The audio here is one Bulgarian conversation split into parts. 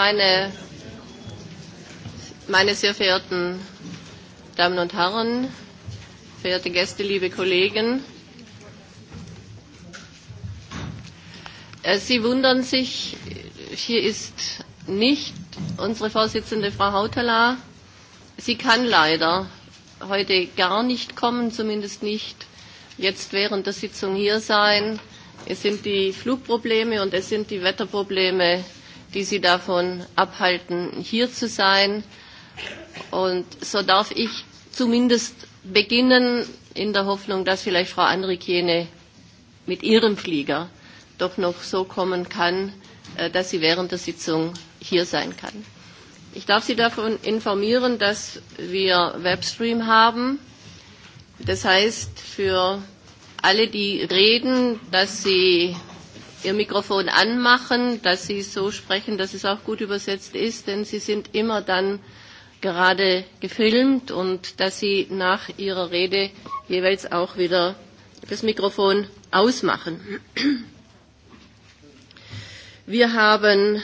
meine, meine sehr verehrten Damen und Herren, verehrte Gäste, liebe Kollegen. Sie wundern sich, hier ist nicht unsere Vorsitzende Frau Hautala. Sie kann leider heute gar nicht kommen, zumindest nicht jetzt während der Sitzung hier sein. Es sind die Flugprobleme und es sind die Wetterprobleme die sie davon abhalten, hier zu sein. Und so darf ich zumindest beginnen in der Hoffnung, dass vielleicht Frau Andrikiene mit ihrem Flieger doch noch so kommen kann, dass sie während der Sitzung hier sein kann. Ich darf Sie davon informieren, dass wir Webstream haben. Das heißt, für alle, die reden, dass sie Ihr Mikrofon anmachen, dass Sie so sprechen, dass es auch gut übersetzt ist, denn Sie sind immer dann gerade gefilmt und dass Sie nach Ihrer Rede jeweils auch wieder das Mikrofon ausmachen. Wir haben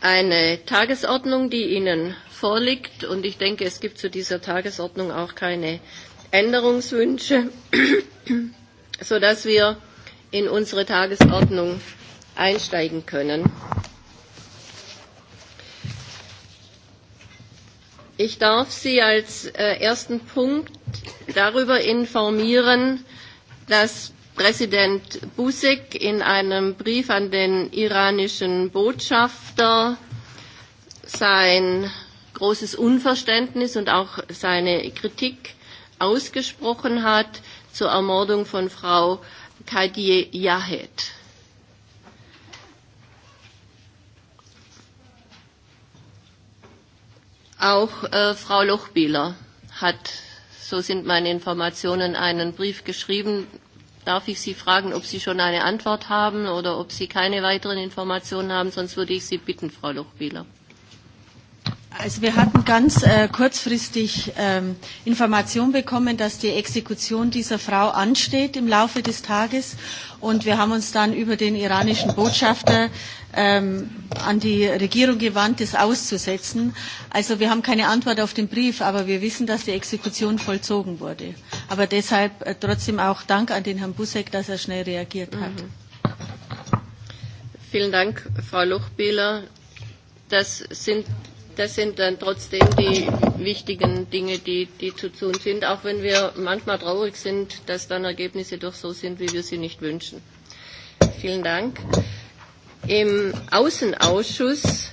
eine Tagesordnung, die Ihnen vorliegt und ich denke, es gibt zu dieser Tagesordnung auch keine Änderungswünsche, sodass wir in unsere Tagesordnung einsteigen können. Ich darf Sie als ersten Punkt darüber informieren, dass Präsident Busek in einem Brief an den iranischen Botschafter sein großes Unverständnis und auch seine Kritik ausgesprochen hat zur Ermordung von Frau Kaidie Yahet. Auch äh, Frau Lochbieler hat, so sind meine Informationen, einen Brief geschrieben. Darf ich Sie fragen, ob Sie schon eine Antwort haben oder ob Sie keine weiteren Informationen haben? Sonst würde ich Sie bitten, Frau Lochbieler. Also wir hatten ganz äh, kurzfristig ähm, Information bekommen, dass die Exekution dieser Frau ansteht im Laufe des Tages. Und wir haben uns dann über den iranischen Botschafter ähm, an die Regierung gewandt, das auszusetzen. Also wir haben keine Antwort auf den Brief, aber wir wissen, dass die Exekution vollzogen wurde. Aber deshalb äh, trotzdem auch Dank an den Herrn Busek, dass er schnell reagiert hat. Vielen Dank, Frau Lochbieler. Das sind das sind dann trotzdem die wichtigen Dinge, die, die zu tun sind, auch wenn wir manchmal traurig sind, dass dann Ergebnisse doch so sind, wie wir sie nicht wünschen. Vielen Dank. Im Außenausschuss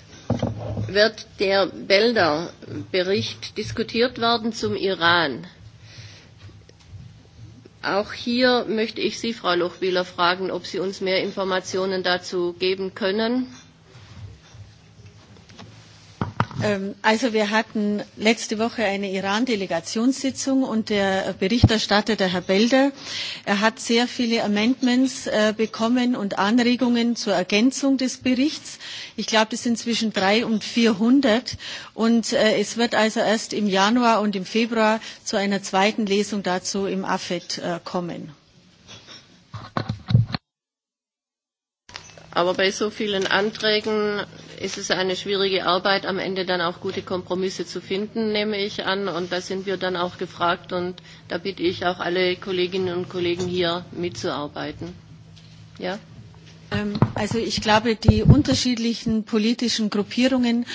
wird der Belder-Bericht diskutiert werden zum Iran. Auch hier möchte ich Sie, Frau Lochbieler, fragen, ob Sie uns mehr Informationen dazu geben können Also wir hatten letzte Woche eine Iran-Delegationssitzung und der Berichterstatter, der Herr Belder, er hat sehr viele Amendments bekommen und Anregungen zur Ergänzung des Berichts. Ich glaube, das sind zwischen drei und 400 und es wird also erst im Januar und im Februar zu einer zweiten Lesung dazu im AFET kommen. Aber bei so vielen Anträgen ist es eine schwierige Arbeit, am Ende dann auch gute Kompromisse zu finden, nehme ich an. Und da sind wir dann auch gefragt. Und da bitte ich auch alle Kolleginnen und Kollegen hier mitzuarbeiten. Ja? Also ich glaube, die unterschiedlichen politischen Gruppierungen,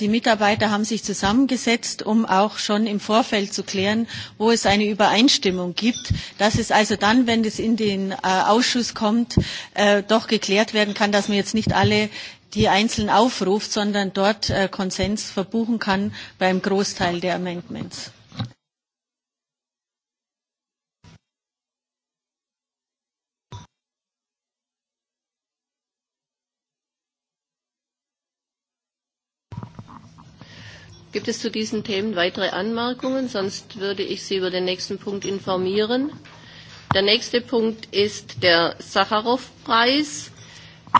die Mitarbeiter haben sich zusammengesetzt, um auch schon im Vorfeld zu klären, wo es eine Übereinstimmung gibt, dass es also dann, wenn es in den Ausschuss kommt, doch geklärt werden kann, dass man jetzt nicht alle die einzeln aufruft, sondern dort Konsens verbuchen kann beim Großteil der Amendments. Gibt es zu diesen Themen weitere Anmerkungen? Sonst würde ich Sie über den nächsten Punkt informieren. Der nächste Punkt ist der Sacharow-Preis.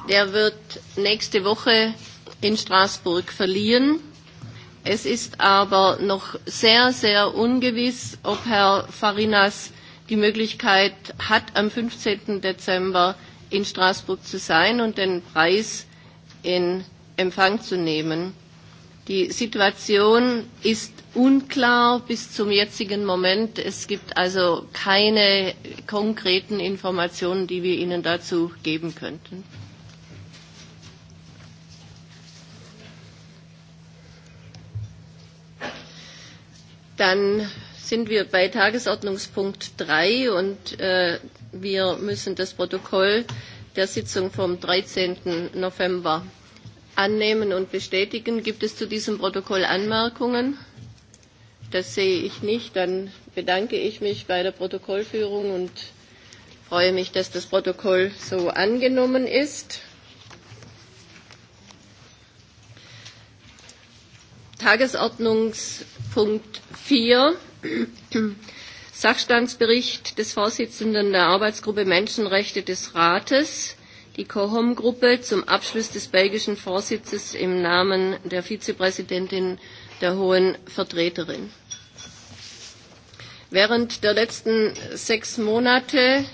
Der wird nächste Woche in Straßburg verliehen. Es ist aber noch sehr, sehr ungewiss, ob Herr Farinas die Möglichkeit hat, am 15. Dezember in Straßburg zu sein und den Preis in Empfang zu nehmen. Die Situation ist unklar bis zum jetzigen Moment. Es gibt also keine konkreten Informationen, die wir Ihnen dazu geben könnten. Dann sind wir bei Tagesordnungspunkt 3 und äh, wir müssen das Protokoll der Sitzung vom 13. November annehmen und bestätigen. Gibt es zu diesem Protokoll Anmerkungen? Das sehe ich nicht. Dann bedanke ich mich bei der Protokollführung und freue mich, dass das Protokoll so angenommen ist. Tagesordnungspunkt 4. Sachstandsbericht des Vorsitzenden der Arbeitsgruppe Menschenrechte des Rates die COHOM-Gruppe zum Abschluss des belgischen Vorsitzes im Namen der Vizepräsidentin der Hohen Vertreterin. Während der letzten sechs Monate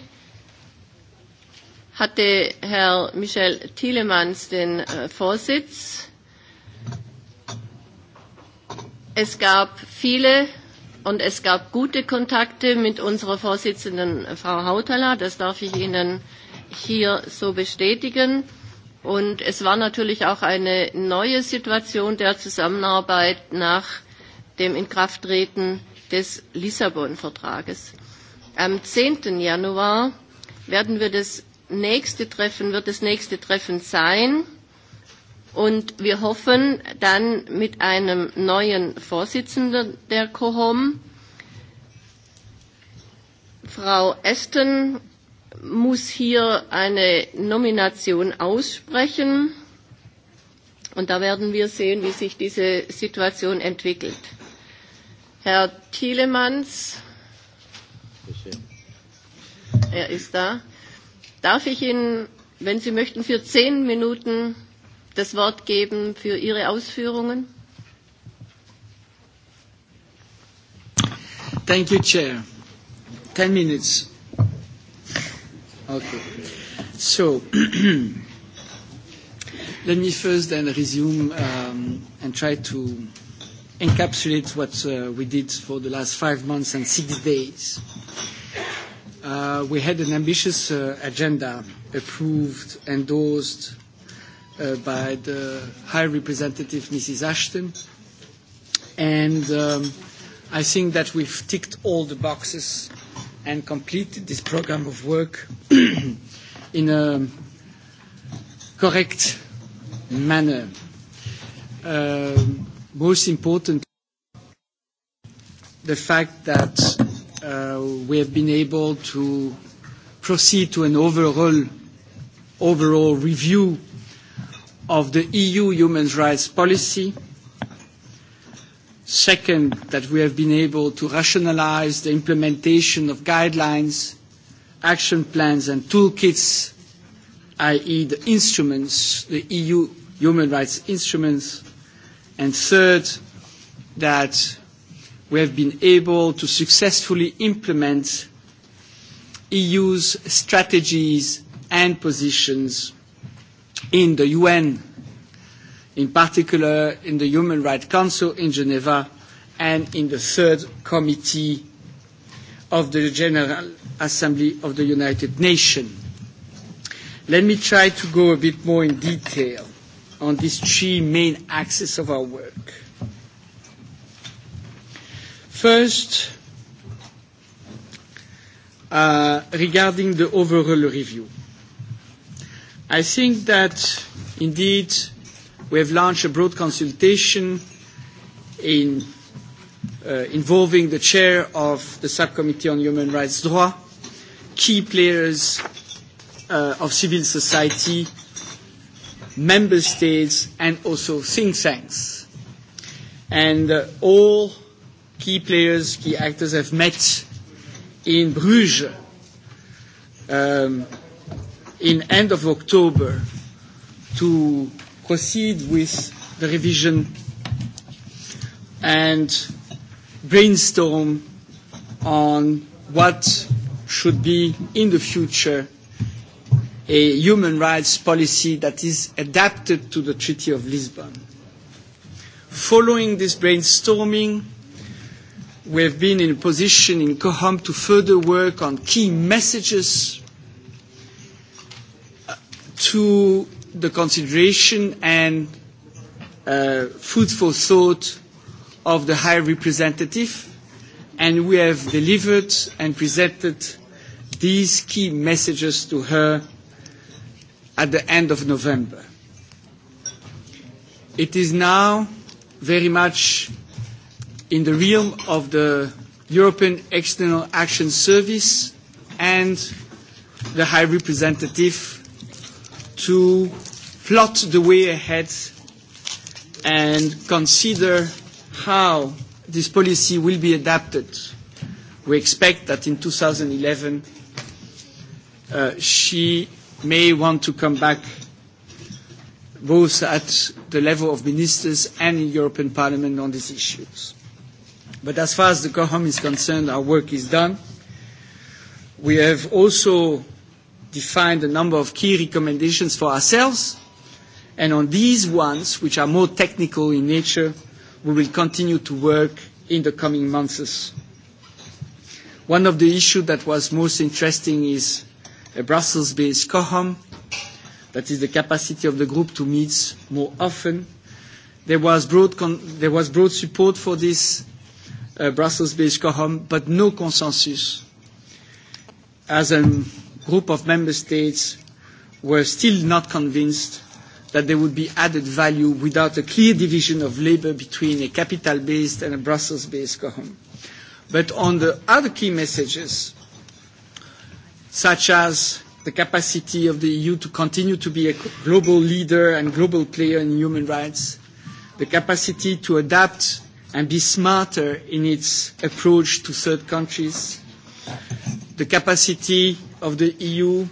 hatte Herr Michel Tielemans den Vorsitz. Es gab viele und es gab gute Kontakte mit unserer Vorsitzenden Frau Hautala, das darf ich Ihnen hier so bestätigen. Und es war natürlich auch eine neue Situation der Zusammenarbeit nach dem Inkrafttreten des Lissabon-Vertrages. Am 10. Januar werden wir das nächste Treffen, wird das nächste Treffen sein. Und wir hoffen dann mit einem neuen Vorsitzenden der COHOM, Frau Ashton muss hier eine Nomination aussprechen. Und da werden wir sehen, wie sich diese Situation entwickelt. Herr Thielemans, er ist da. Darf ich Ihnen, wenn Sie möchten, für zehn Minuten das Wort geben für Ihre Ausführungen? Thank you, Chair. Ten minutes. Okay. So let me first then resume um, and try to encapsulate what uh, we did for the last five months and six days. Uh, we had an ambitious uh, agenda approved, endorsed uh, by the High Representative Mrs. Ashton, and um, I think that we've ticked all the boxes and complete this program of work in a correct manner. Most important, the fact that we have been able to proceed to an overall review of the EU human rights policy Second, that we have been able to rationalize the implementation of guidelines, action plans, and toolkits, i.e., the instruments, the EU human rights instruments. And third, that we have been able to successfully implement EU's strategies and positions in the UN in particular in the Human Rights Council in Geneva and in the third committee of the General Assembly of the United Nations. Let me try to go a bit more in detail on these three main axes of our work. First, uh, regarding the overall review. I think that indeed We have launched a broad consultation in, uh, involving the chair of the subcommittee on human rights droit, key players uh, of civil society, member states, and also think tanks. And uh, all key players, key actors have met in Bruges um, in end of October to proceed with the revision and brainstorm on what should be in the future a human rights policy that is adapted to the Treaty of Lisbon. Following this brainstorming, we have been in a position in COHOM to further work on key messages to the consideration and uh, food for thought of the High Representative, and we have delivered and presented these key messages to her at the end of November. It is now very much in the realm of the European External Action Service and the High Representative to plot the way ahead and consider how this policy will be adapted. We expect that in 2011 uh, she may want to come back both at the level of ministers and in European Parliament on these issues. But as far as the COHOM is concerned, our work is done. We have also defined a number of key recommendations for ourselves, and on these ones, which are more technical in nature, we will continue to work in the coming months. One of the issues that was most interesting is a Brussels-based COHOM, that is the capacity of the group to meet more often. There was broad, con there was broad support for this uh, Brussels-based COHOM, but no consensus. As an group of member states were still not convinced that there would be added value without a clear division of labour between a capital-based and a Brussels-based government. But on the other key messages, such as the capacity of the EU to continue to be a global leader and global player in human rights, the capacity to adapt and be smarter in its approach to third countries, the capacity of the EU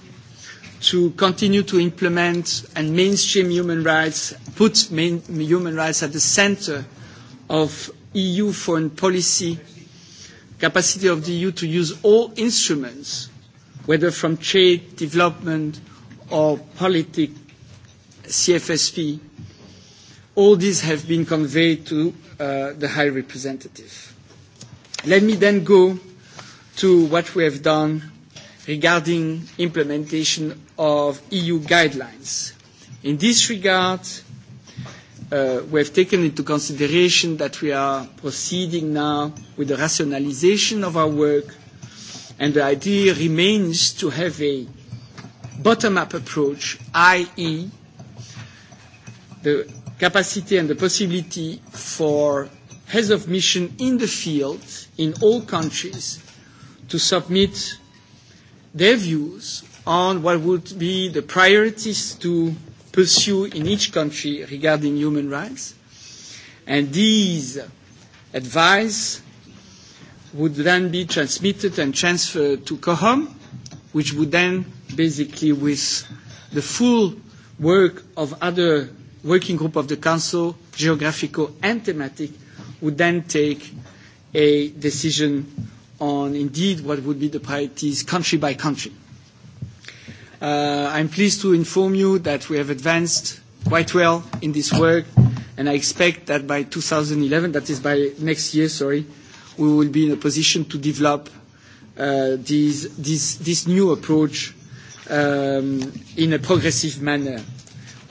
to continue to implement and mainstream human rights, put main, human rights at the centre of EU foreign policy, capacity of the EU to use all instruments, whether from trade, development, or politics, CFSP, all these have been conveyed to the High Representative. Let me then go to what we have done regarding implementation of EU guidelines. In this regard, we have taken into consideration that we are proceeding now with the rationalization of our work, and the idea remains to have a bottom-up approach, i.e., the capacity and the possibility for heads of mission in the field in all countries to submit their views on what would be the priorities to pursue in each country regarding human rights. And these advice would then be transmitted and transferred to COHOM, which would then basically with the full work of other working group of the Council, geographical and thematic, would then take a decision on indeed what would be the priorities country by country. I'm pleased to inform you that we have advanced quite well in this work, and I expect that by 2011, that is by next year, sorry, we will be in a position to develop this new approach in a progressive manner.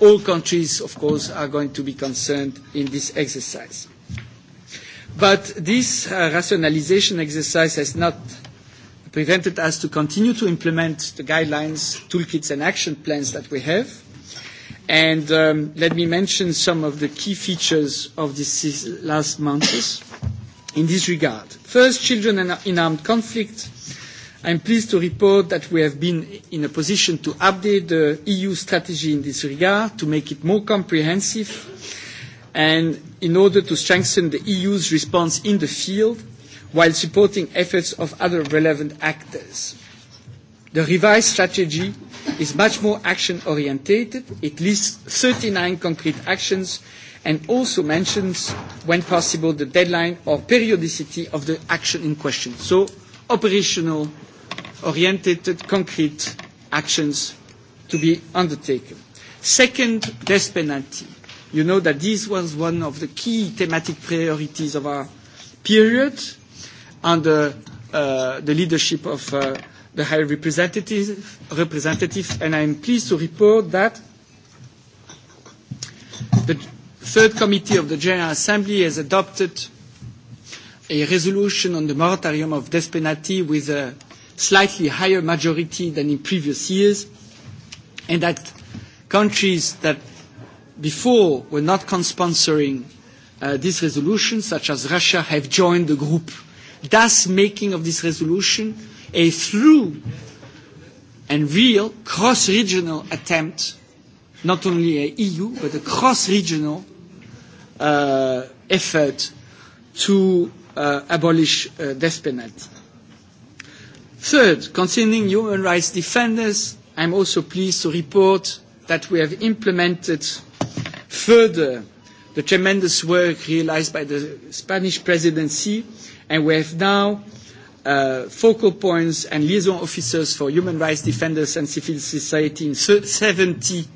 All countries, of course, are going to be concerned in this exercise. But this rationalisation rationalization exercise has not prevented us to continue to implement the guidelines, toolkits, and action plans that we have. And let me mention some of the key features of these last months in this regard. First, children in armed conflict. I am pleased to report that we have been in a position to update the EU strategy in this regard to make it more comprehensive and in order to strengthen the EU's response in the field while supporting efforts of other relevant actors. The revised strategy is much more action oriented It lists nine concrete actions and also mentions, when possible, the deadline or periodicity of the action in question. So operational, oriented, concrete actions to be undertaken. Second, death penalty. You know that this was one of the key thematic priorities of our period under uh, the leadership of uh, the High Representative, representative and I am pleased to report that the Third Committee of the General Assembly has adopted a resolution on the moratorium of death penalty with a slightly higher majority than in previous years, and that countries that before were not co-sponsoring uh, this resolution, such as Russia, have joined the group, thus making of this resolution a true and real cross-regional attempt, not only an EU, but a cross-regional uh, effort to uh, abolish uh, death penalty. Third, concerning human rights defenders, I am also pleased to report that we have implemented further the tremendous work realized by the Spanish presidency, and we have now uh, focal points and liaison officers for human rights defenders and civil society in 70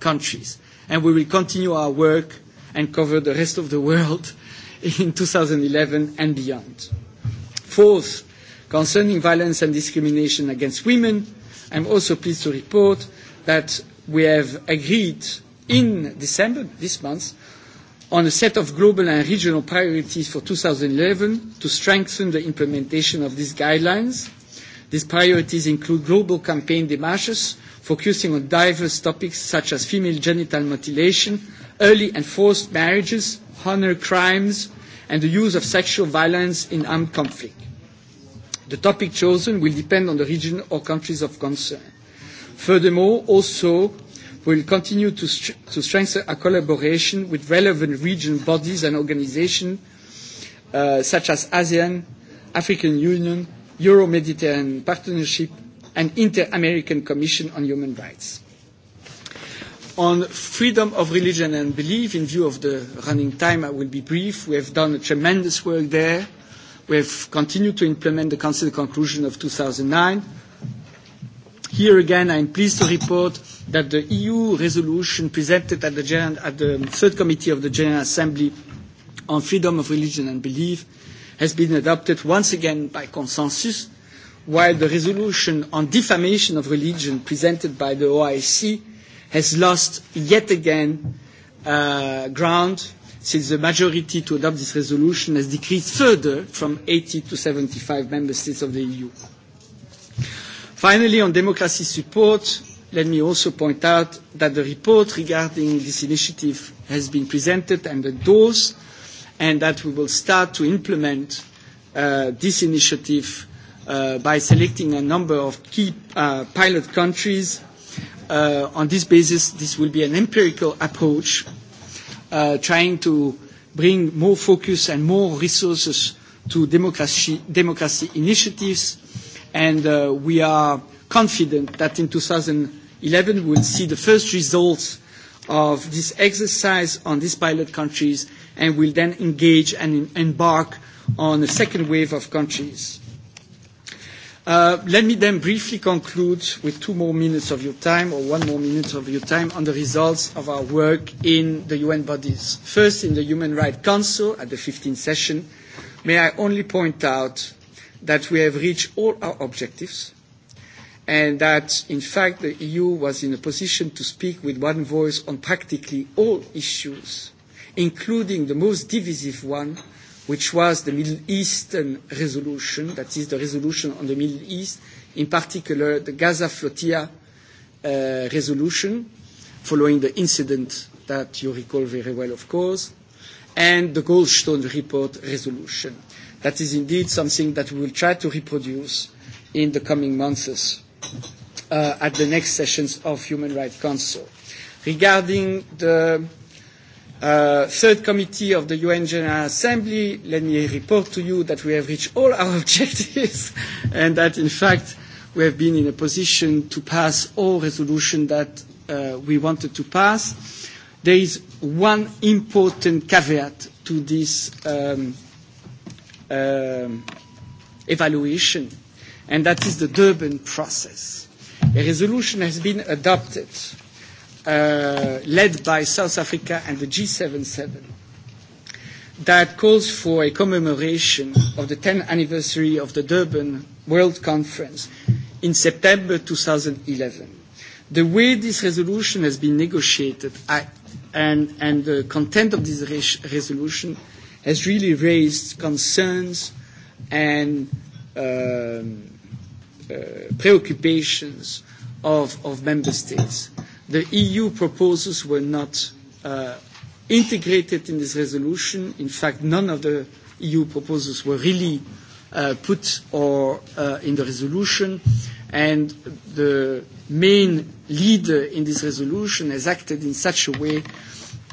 countries. And we will continue our work and cover the rest of the world in 2011 and beyond. Fourth, concerning violence and discrimination against women, I'm also pleased to report that we have agreed in December, this month, on a set of global and regional priorities for 2011 to strengthen the implementation of these guidelines. These priorities include global campaign démarches focusing on diverse topics such as female genital mutilation, early and forced marriages, honour crimes, and the use of sexual violence in armed conflict. The topic chosen will depend on the region or countries of concern. Furthermore, also We will continue to strengthen our collaboration with relevant regional bodies and organizations such as ASEAN, African Union, Euro-Mediterranean Partnership, and Inter-American Commission on Human Rights. On freedom of religion and belief, in view of the running time, I will be brief. We have done tremendous work there. We have continued to implement the Council conclusion of two thousand nine Here again, I'm pleased to report that the EU resolution presented at the, General, at the Third Committee of the General Assembly on freedom of religion and belief has been adopted once again by consensus, while the resolution on defamation of religion presented by the OIC has lost yet again uh, ground since the majority to adopt this resolution has decreased further from 80 to 75 member states of the EU. Finally, on democracy support, let me also point out that the report regarding this initiative has been presented and endorsed, and that we will start to implement this initiative by selecting a number of key pilot countries. on this basis, this will be an empirical approach, trying to bring more focus and more resources to democracy, democracy initiatives and we are confident that in 2011 we'll see the first results of this exercise on these pilot countries, and we'll then engage and embark on a second wave of countries. Let me then briefly conclude with two more minutes of your time, or one more minute of your time, on the results of our work in the UN bodies. First, in the Human Rights Council at the 15th session, may I only point out that we have reached all our objectives and that, in fact, the EU was in a position to speak with one voice on practically all issues, including the most divisive one, which was the Middle Eastern resolution, that is the resolution on the Middle East, in particular the Gaza flotilla resolution, following the incident that you recall very well, of course, and the Goldstone report resolution. That is indeed something that we will try to reproduce in the coming months uh, at the next sessions of Human Rights Council. Regarding the uh, third committee of the UN General Assembly, let me report to you that we have reached all our objectives and that in fact we have been in a position to pass all resolutions that uh, we wanted to pass. There is one important caveat to this um, evaluation, and that is the Durban process. A resolution has been adopted, uh, led by South Africa and the G77, that calls for a commemoration of the 10th anniversary of the Durban World Conference in September 2011. The way this resolution has been negotiated I, and, and the content of this res- resolution has really raised concerns and um, uh, preoccupations of, of member states. The EU proposals were not uh, integrated in this resolution. In fact, none of the EU proposals were really uh, put or uh, in the resolution. And the main leader in this resolution has acted in such a way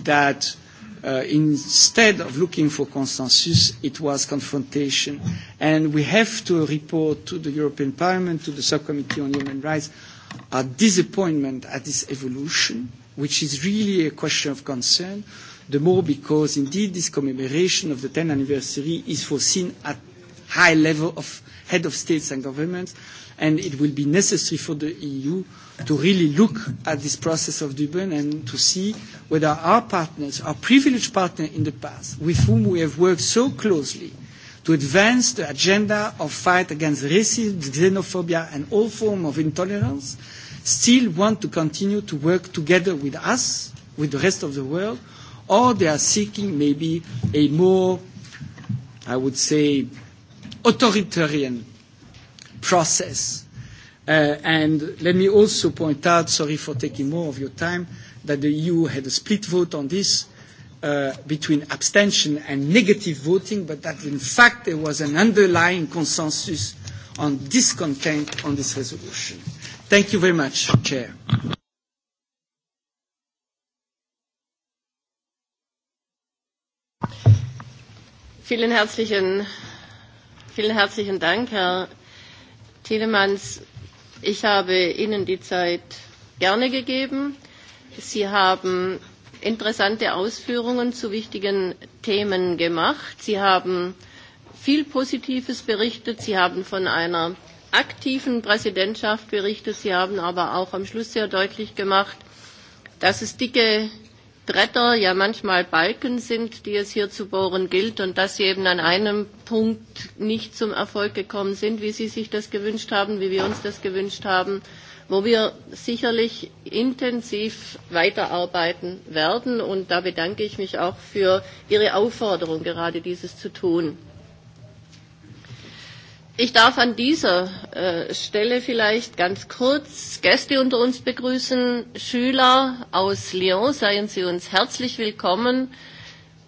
that instead of looking for consensus, it was confrontation. And we have to report to the European Parliament, to the Subcommittee on Human Rights, our disappointment at this evolution, which is really a question of concern, the more because indeed this commemoration of the 10th anniversary is foreseen at high level of head of states and governments and it will be necessary for the EU to really look at this process of Dublin and to see whether our partners, our privileged partners in the past, with whom we have worked so closely to advance the agenda of fight against racism, xenophobia and all forms of intolerance, still want to continue to work together with us, with the rest of the world, or they are seeking maybe a more, I would say, authoritarian process. and let me also point out, sorry for taking more of your time, that the EU had a split vote on this between abstention and negative voting, but that in fact there was an underlying consensus on discontent on this resolution. Thank you very much, Chair. Vielen herzlichen, vielen herzlichen Dank, Herr Tielemans, ich habe Ihnen die Zeit gerne gegeben. Sie haben interessante Ausführungen zu wichtigen Themen gemacht. Sie haben viel Positives berichtet. Sie haben von einer aktiven Präsidentschaft berichtet. Sie haben aber auch am Schluss sehr deutlich gemacht, dass es dicke Bretter ja manchmal Balken sind, die es hier zu bohren gilt und dass Sie eben an einem Punkt nicht zum Erfolg gekommen sind, wie Sie sich das gewünscht haben, wie wir uns das gewünscht haben, wo wir sicherlich intensiv weiterarbeiten werden. Und da bedanke ich mich auch für Ihre Aufforderung, gerade dies zu tun. Ich darf an dieser äh, Stelle vielleicht ganz kurz Gäste unter uns begrüßen, Schüler aus Lyon, seien Sie uns herzlich willkommen.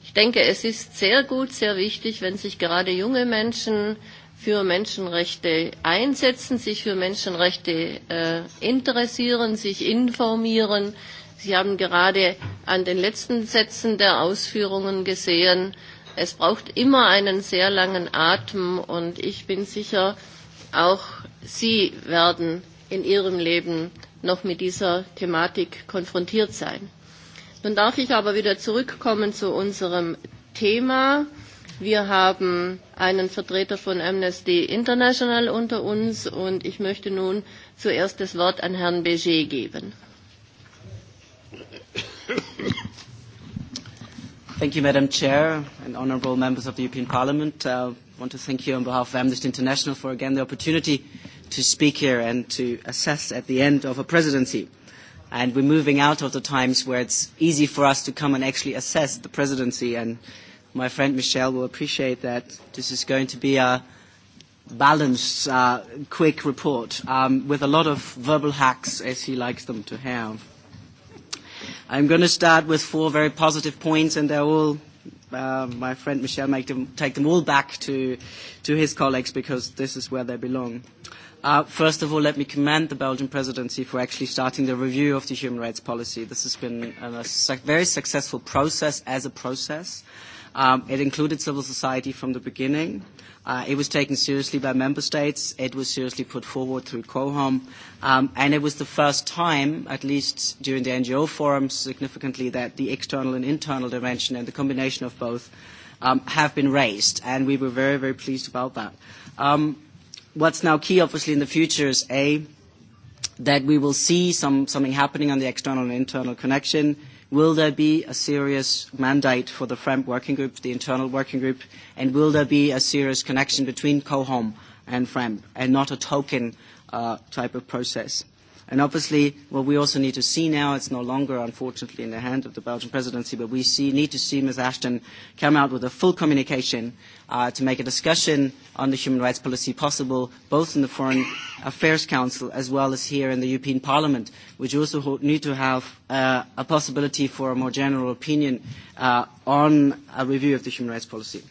Ich denke, es ist sehr gut, sehr wichtig, wenn sich gerade junge Menschen für Menschenrechte einsetzen, sich für Menschenrechte äh, interessieren, sich informieren. Sie haben gerade an den letzten Sätzen der Ausführungen gesehen, es braucht immer einen sehr langen Atem und ich bin sicher, auch Sie werden in Ihrem Leben noch mit dieser Thematik konfrontiert sein. Nun darf ich aber wieder zurückkommen zu unserem Thema. Wir haben einen Vertreter von Amnesty International unter uns und ich möchte nun zuerst das Wort an Herrn Beger geben. Thank you, Madam Chair and honourable members of the European Parliament. I want to thank you on behalf of Amnesty International for again the opportunity to speak here and to assess at the end of a presidency. And we're moving out of the times where it's easy for us to come and actually assess the presidency. And my friend Michel will appreciate that this is going to be a balanced, uh, quick report um, with a lot of verbal hacks, as he likes them to have. I'm going to start with four very positive points, and they're all uh, my friend Michel make them, take them all back to, to his colleagues because this is where they belong. Uh, first of all, let me commend the Belgian presidency for actually starting the review of the human rights policy. This has been a very successful process as a process. Um, it included civil society from the beginning. Uh, it was taken seriously by member states. It was seriously put forward through COHOM. Um, and it was the first time, at least during the NGO forum, significantly, that the external and internal dimension and the combination of both um, have been raised. And we were very, very pleased about that. Um, what's now key, obviously, in the future is A, that we will see some, something happening on the external and internal connection. Will there be a serious mandate for the FRAMP working group, the internal working group, and will there be a serious connection between COHOM and FRAMP, and not a token type of process. And obviously, what we also need to see now, it's no longer, unfortunately, in the hand of the Belgian presidency, but we see, need to see Ms. Ashton come out with a full communication uh, to make a discussion on the human rights policy possible, both in the Foreign Affairs Council as well as here in the European Parliament, which also need to have uh, a possibility for a more general opinion uh, on a review of the human rights policy.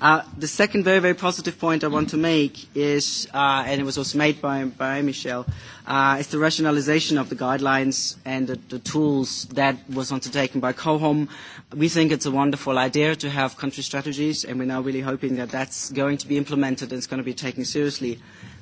Uh, the second very, very positive point I want to make is, uh, and it was also made by, by Michelle, uh, is the rationalization of the guidelines and the, the tools that was undertaken by COHOM. We think it's a wonderful idea to have country strategies, and we're now really hoping that that's going to be implemented and it's going to be taken seriously.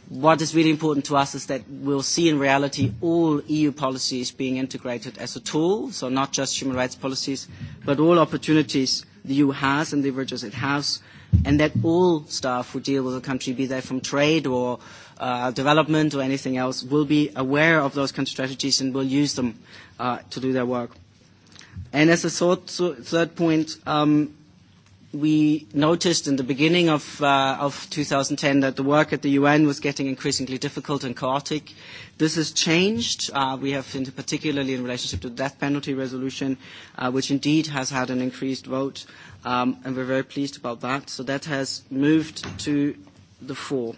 What is really important to us is that we'll see in reality all EU policies being integrated as a tool, so not just human rights policies, but all opportunities the EU has and the leverages it has and that all staff who deal with a country, be they from trade or uh, development or anything else, will be aware of those country strategies and will use them uh, to do their work. And as a third, third point, um, we noticed in the beginning of, uh, of 2010 that the work at the UN was getting increasingly difficult and chaotic. This has changed. Uh, we have, in particularly in relationship to the death penalty resolution, uh, which indeed has had an increased vote, um, and we're very pleased about that. So that has moved to the fore.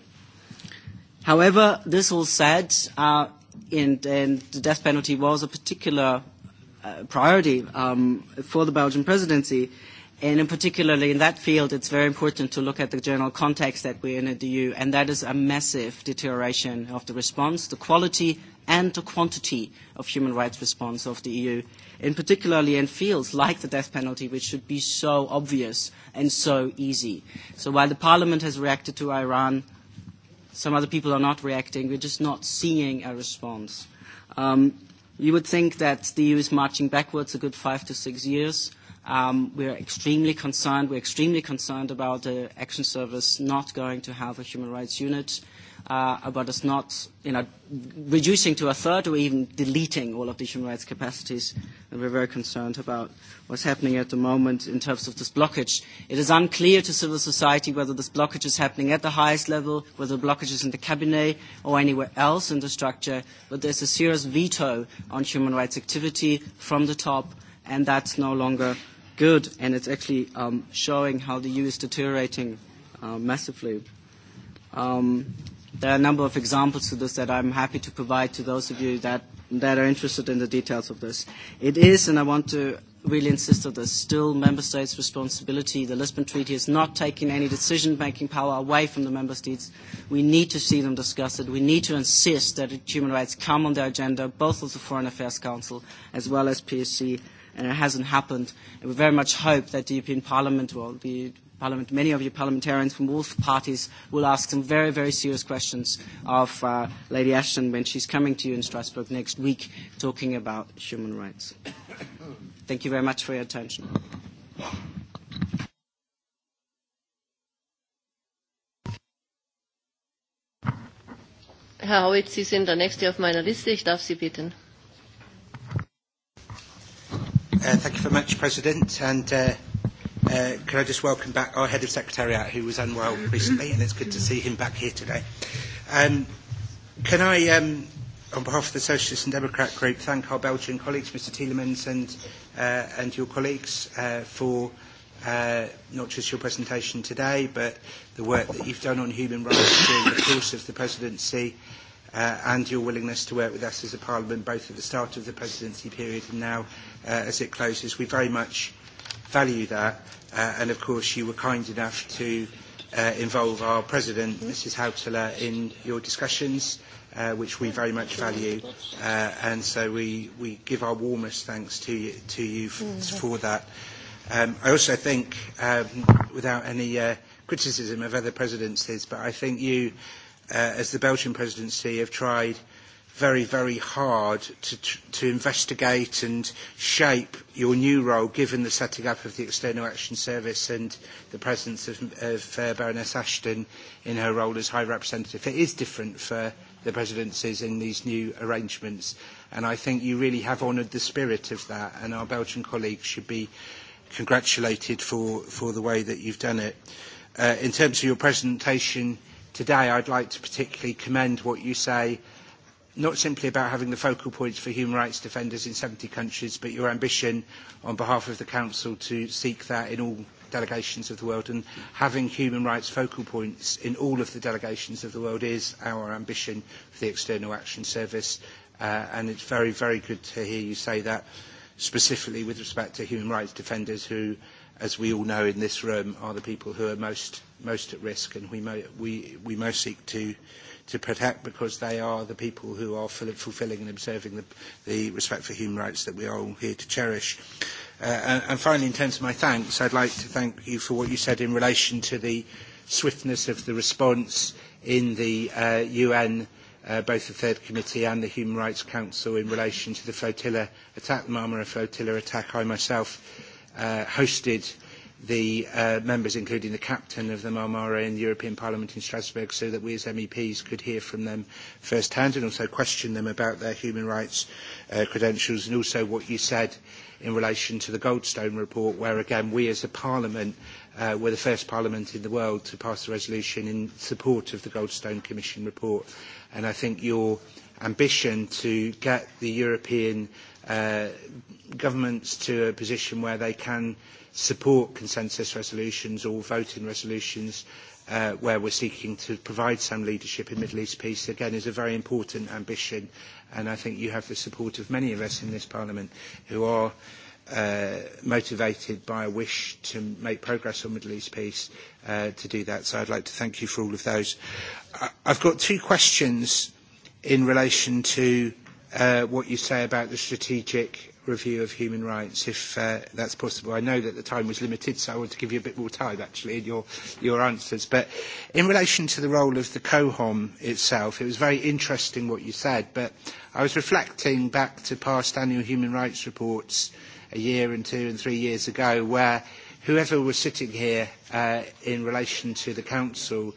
However, this all said, uh, and, and the death penalty was a particular uh, priority um, for the Belgian presidency. And in particularly in that field, it's very important to look at the general context that we're in at the EU, and that is a massive deterioration of the response, the quality and the quantity of human rights response of the EU, and particularly in fields like the death penalty, which should be so obvious and so easy. So while the Parliament has reacted to Iran, some other people are not reacting. We're just not seeing a response. Um, you would think that the EU is marching backwards a good five to six years Um, we're extremely concerned. We're extremely concerned about the Action Service not going to have a human rights unit, uh, about us not, you know, reducing to a third or even deleting all of the human rights capacities. And we're very concerned about what's happening at the moment in terms of this blockage. It is unclear to civil society whether this blockage is happening at the highest level, whether the blockage is in the cabinet or anywhere else in the structure, but there's a serious veto on human rights activity from the top, and that's no longer good, and it's actually um, showing how the EU is deteriorating uh, massively. Um, there are a number of examples to this that I'm happy to provide to those of you that, that are interested in the details of this. It is, and I want to really insist on this, still member states' responsibility. The Lisbon Treaty is not taking any decision-making power away from the member states. We need to see them discuss it. We need to insist that human rights come on their agenda, both of the Foreign Affairs Council as well as PSC and it hasn't happened. And we very much hope that the European Parliament will be Parliament, many of you parliamentarians from all parties will ask some very, very serious questions of uh, Lady Ashton when she's coming to you in Strasbourg next week talking about human rights. Thank you very much for your attention. Herr Howitz, Sie sind der Nächste auf meiner Liste. Ich darf Sie bitten thank you very much, President. And uh, uh, can I just welcome back our head of secretariat, who was unwell recently, and it's good to see him back here today. Um, can I, um, on behalf of the Socialist and Democrat Group, thank our Belgian colleagues, Mr. Tielemans and, uh, and your colleagues, uh, for uh, not just your presentation today, but the work that you've done on human rights during the course of the presidency uh, and your willingness to work with us as a Parliament, both at the start of the presidency period and now uh, as it closes. We very much value that, uh, and of course you were kind enough to uh, involve our President, Mrs Hautala, in your discussions, uh, which we very much value, uh, and so we, we give our warmest thanks to you, to you f- for that. Um, I also think, um, without any uh, criticism of other presidencies, but I think you as the Belgian presidency, have tried very, very hard to, to investigate and shape your new role, given the setting up of the External Action Service and the presence of, of uh, Baroness Ashton in her role as High Representative. It is different for the presidencies in these new arrangements, and I think you really have honoured the spirit of that, and our Belgian colleagues should be congratulated for, for the way that you've done it. Uh, in terms of your presentation, today, I'd like to particularly commend what you say, not simply about having the focal points for human rights defenders in 70 countries, but your ambition on behalf of the Council to seek that in all delegations of the world. And having human rights focal points in all of the delegations of the world is our ambition for the External Action Service. Uh, and it's very, very good to hear you say that, specifically with respect to human rights defenders who, as we all know in this room, are the people who are most most at risk and we, mo- we, we most seek to, to protect because they are the people who are fulfilling and observing the, the respect for human rights that we are all here to cherish. Uh, and, and finally, in terms of my thanks, I'd like to thank you for what you said in relation to the swiftness of the response in the uh, UN uh, both the Third Committee and the Human Rights Council in relation to the flotilla attack, the Marmara flotilla attack. I myself uh, hosted uh, the uh, members, including the captain of the Marmara in the European Parliament in Strasbourg, so that we as MEPs could hear from them firsthand and also question them about their human rights uh, credentials and also what you said in relation to the Goldstone report, where again we as a parliament uh, were the first parliament in the world to pass a resolution in support of the Goldstone Commission report. And I think your ambition to get the European governments to a position where they can support consensus resolutions or voting resolutions where we are seeking to provide some leadership in Middle East peace, again, is a very important ambition. And I think you have the support of many of us in this Parliament who are motivated by a wish to make progress on Middle East peace to do that. So I would like to thank you for all of those. I, have got two questions in relation to uh, what you say about the strategic review of human rights, if uh, that's possible. I know that the time was limited, so I want to give you a bit more time, actually, in your, your answers. But in relation to the role of the COHOM itself, it was very interesting what you said, but I was reflecting back to past annual human rights reports a year and two and three years ago, where whoever was sitting here uh, in relation to the Council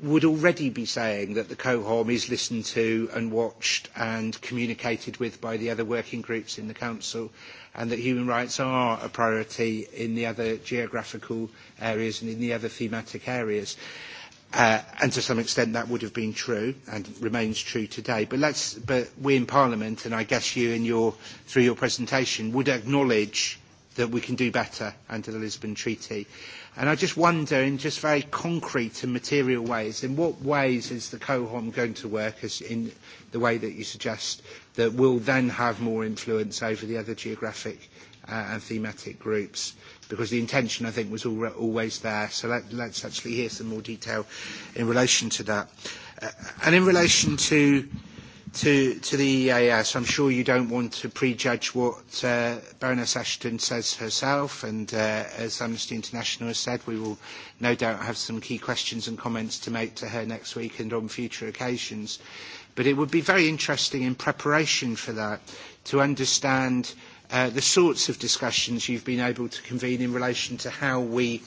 would already be saying that the cohom is listened to and watched and communicated with by the other working groups in the Council and that human rights are a priority in the other geographical areas and in the other thematic areas. Uh, and to some extent that would have been true and remains true today. But, let's, but we in Parliament, and I guess you in your, through your presentation, would acknowledge that we can do better under the Lisbon Treaty And I just wonder, in just very concrete and material ways, in what ways is the COHOM going to work as in the way that you suggest that will then have more influence over the other geographic uh, and thematic groups? Because the intention, I think, was al- always there. So let, let's actually hear some more detail in relation to that. Uh, and in relation to to, to the EAS. I'm sure you don't want to prejudge what uh, Baroness Ashton says herself, and uh, as Amnesty International has said, we will no doubt have some key questions and comments to make to her next week and on future occasions. But it would be very interesting in preparation for that to understand uh, the sorts of discussions you've been able to convene in relation to how we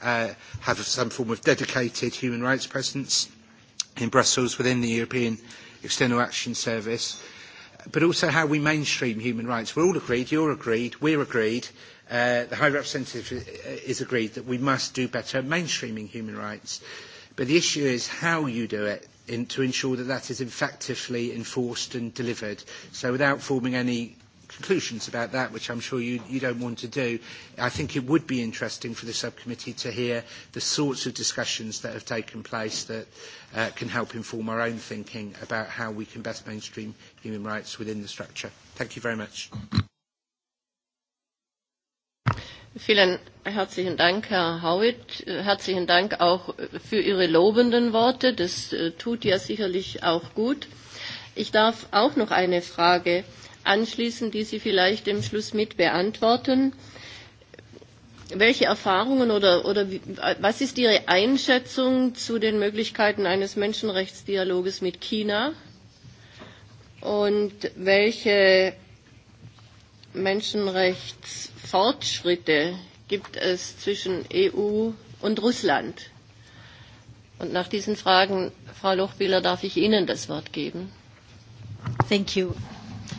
uh, have some form of dedicated human rights presence in Brussels within the European Union External Action Service, but also how we mainstream human rights. We're all agreed, you're agreed, we're agreed, uh, the High Representative is agreed that we must do better at mainstreaming human rights. But the issue is how you do it in, to ensure that that is effectively enforced and delivered. So without forming any conclusions about that, which I'm sure you, you don't want to do, I think it would be interesting for the subcommittee to hear the sorts of discussions that have taken place that uh, can help inform our own thinking about how we can best mainstream human rights within the structure. Thank you very much. Vielen herzlichen Dank, Herr Howitt. Herzlichen Dank auch für Ihre lobenden Worte. Das tut ja sicherlich auch gut. Ich darf auch noch eine Frage anschließen, die Sie vielleicht im Schluss mit beantworten. Welche Erfahrungen oder, oder was ist Ihre Einschätzung zu den Möglichkeiten eines Menschenrechtsdialoges mit China? Und welche Menschenrechtsfortschritte gibt es zwischen EU und Russland? Und nach diesen Fragen, Frau Lochbiller, darf ich Ihnen das Wort geben. Thank you.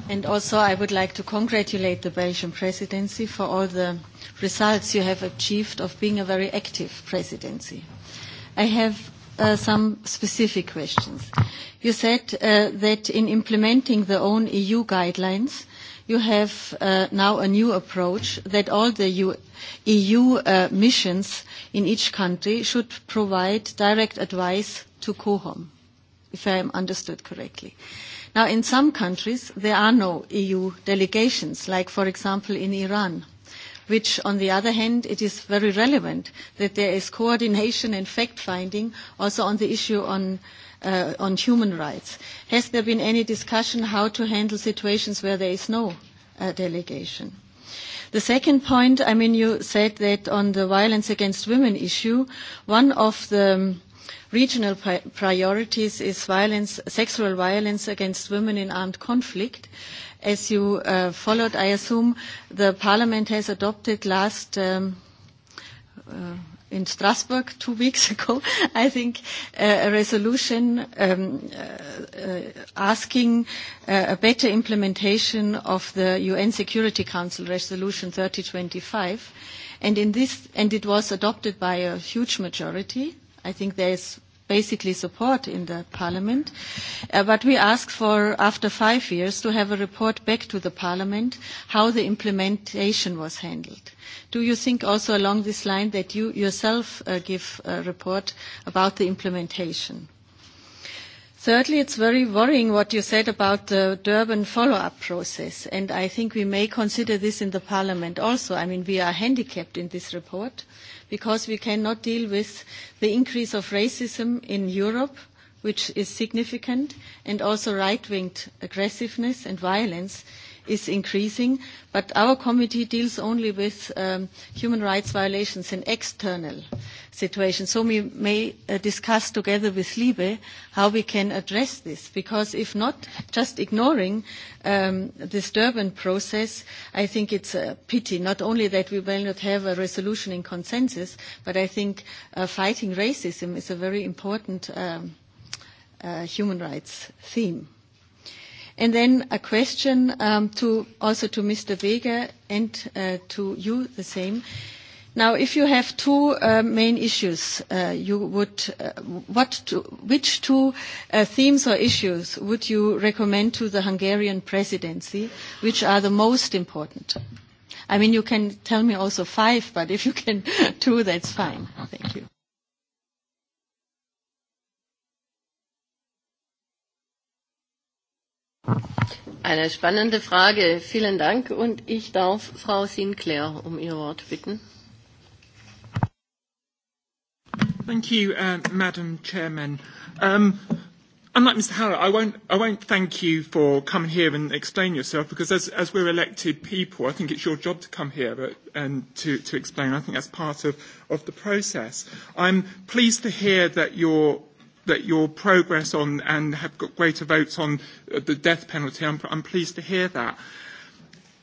And also, I would like to congratulate the Belgian presidency for all the results you have achieved of being a very active presidency. I have uh, some specific questions. You said uh, that in implementing the own EU guidelines, you have uh, now a new approach that all the EU, EU uh, missions in each country should provide direct advice to COHOM, if I am understood correctly. Uh, Now, in some countries, there are no EU delegations, like, for example, in Iran which on the other hand it is very relevant that there is coordination and fact finding also on the issue on uh, on human rights. Has there been any discussion how to handle situations where there is no uh, delegation? The second point, I mean, you said that on the violence against women issue, one of the um, regional priorities is violence, sexual violence against women in armed conflict. As you uh, followed, I assume the Parliament has adopted last um, uh, in Strasbourg two weeks ago, I think, a resolution asking a better implementation of the UN Security Council Resolution 3025. And, in this, and it was adopted by a huge majority. I think there is basically support in the parliament. Uh, but we ask for, after five years, to have a report back to the parliament how the implementation was handled. Do you think also along this line that you yourself uh, give a report about the implementation? Thirdly, it's very worrying what you said about the Durban follow-up process, and I think we may consider this in the Parliament also. I mean, we are handicapped in this report because we cannot deal with the increase of racism in Europe, which is significant, and also right winged aggressiveness and violence is increasing, but our committee deals only with human rights violations in external situations. So we may discuss together with LIBE how we can address this, because if not, just ignoring this Durban process, I think it's a pity, not only that we will not have a resolution in consensus, but I think fighting racism is a very important human rights theme. And then a question um, to also to Mr. Weger and uh, to you the same. Now, if you have two uh, main issues, uh, you would uh, what to, which two uh, themes or issues would you recommend to the Hungarian presidency, which are the most important? I mean, you can tell me also five, but if you can two, that's fine. Thank you. Eine spannende Frage. Vielen Dank. Und ich darf Frau Sinclair um ihr Wort bitten. Thank you, uh, Madam Chairman. Um, unlike Mr. Howard, I won't, I won't thank you for coming here and explaining yourself because as, as we're elected people, I think it's your job to come here and to, to explain. I think that's part of, of the process. I'm pleased to hear that you're that your progress on and have got greater votes on the death penalty. I'm, I'm pleased to hear that.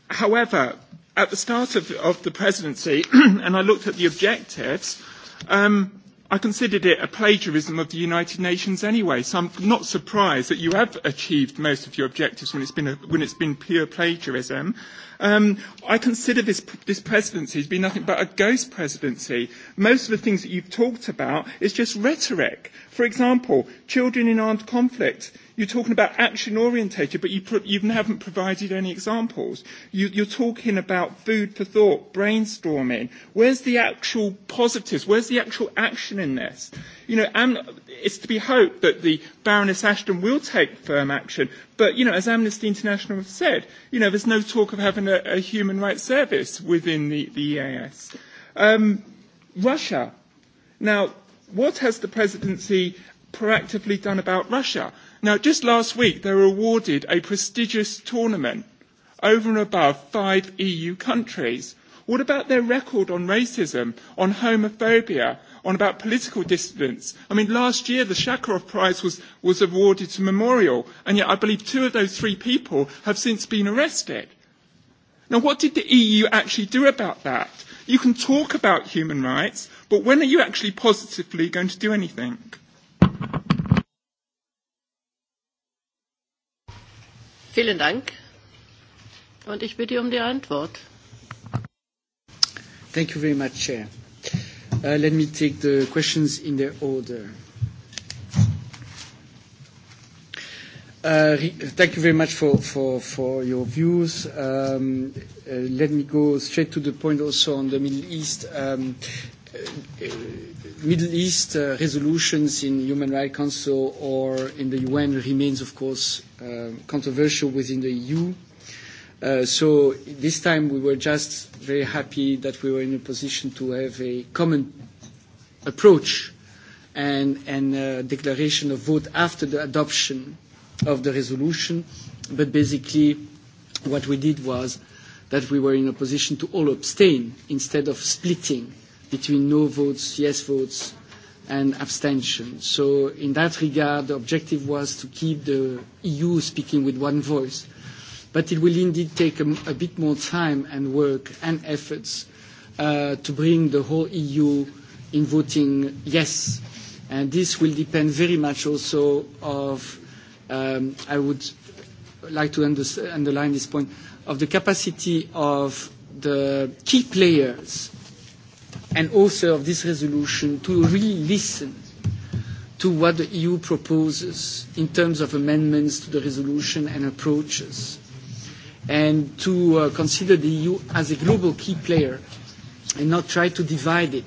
However, at the start of, of the presidency, and I looked at the objectives, um, I considered it a plagiarism of the United Nations anyway, so I'm not surprised that you have achieved most of your objectives when it's been, a, when it's been pure plagiarism. Um, I consider this, this presidency to be nothing but a ghost presidency. Most of the things that you've talked about is just rhetoric. For example, children in armed conflict You're talking about action orientated, but you, pr- you haven't provided any examples. You, you're talking about food for thought, brainstorming. Where's the actual positives? Where's the actual action in this? You know, Am- it's to be hoped that the Baroness Ashton will take firm action. But, you know, as Amnesty International have said, you know, there's no talk of having a, a human rights service within the, the EAS. Um, Russia. Now, what has the presidency proactively done about Russia? Now, just last week, they were awarded a prestigious tournament over and above five EU countries. What about their record on racism, on homophobia, on about political dissidents? I mean, last year the Shakarov Prize was, was awarded to Memorial, and yet I believe two of those three people have since been arrested. Now, what did the EU actually do about that? You can talk about human rights, but when are you actually positively going to do anything? Vielen Dank. Und ich bitte um die Antwort. Thank you very much, Chair. Uh, let me take the questions in their order. Uh, Thank you very much for for, for your views. Um, uh, Let me go straight to the point also on the Middle East. Um, Middle East uh, resolutions in Human Rights Council or in the UN remains, of course, controversial within the EU. Uh, so this time we were just very happy that we were in a position to have a common approach and, and a declaration of vote after the adoption of the resolution. But basically, what we did was that we were in a position to all abstain instead of splitting between no votes, yes votes, and abstention. So in that regard, the objective was to keep the EU speaking with one voice. But it will indeed take a bit more time and work and efforts to bring the whole EU in voting yes. And this will depend very much also of, I would like to underline this point, of the capacity of the key players and author of this resolution to really listen to what the EU proposes in terms of amendments to the resolution and approaches, and to uh, consider the EU as a global key player and not try to divide it.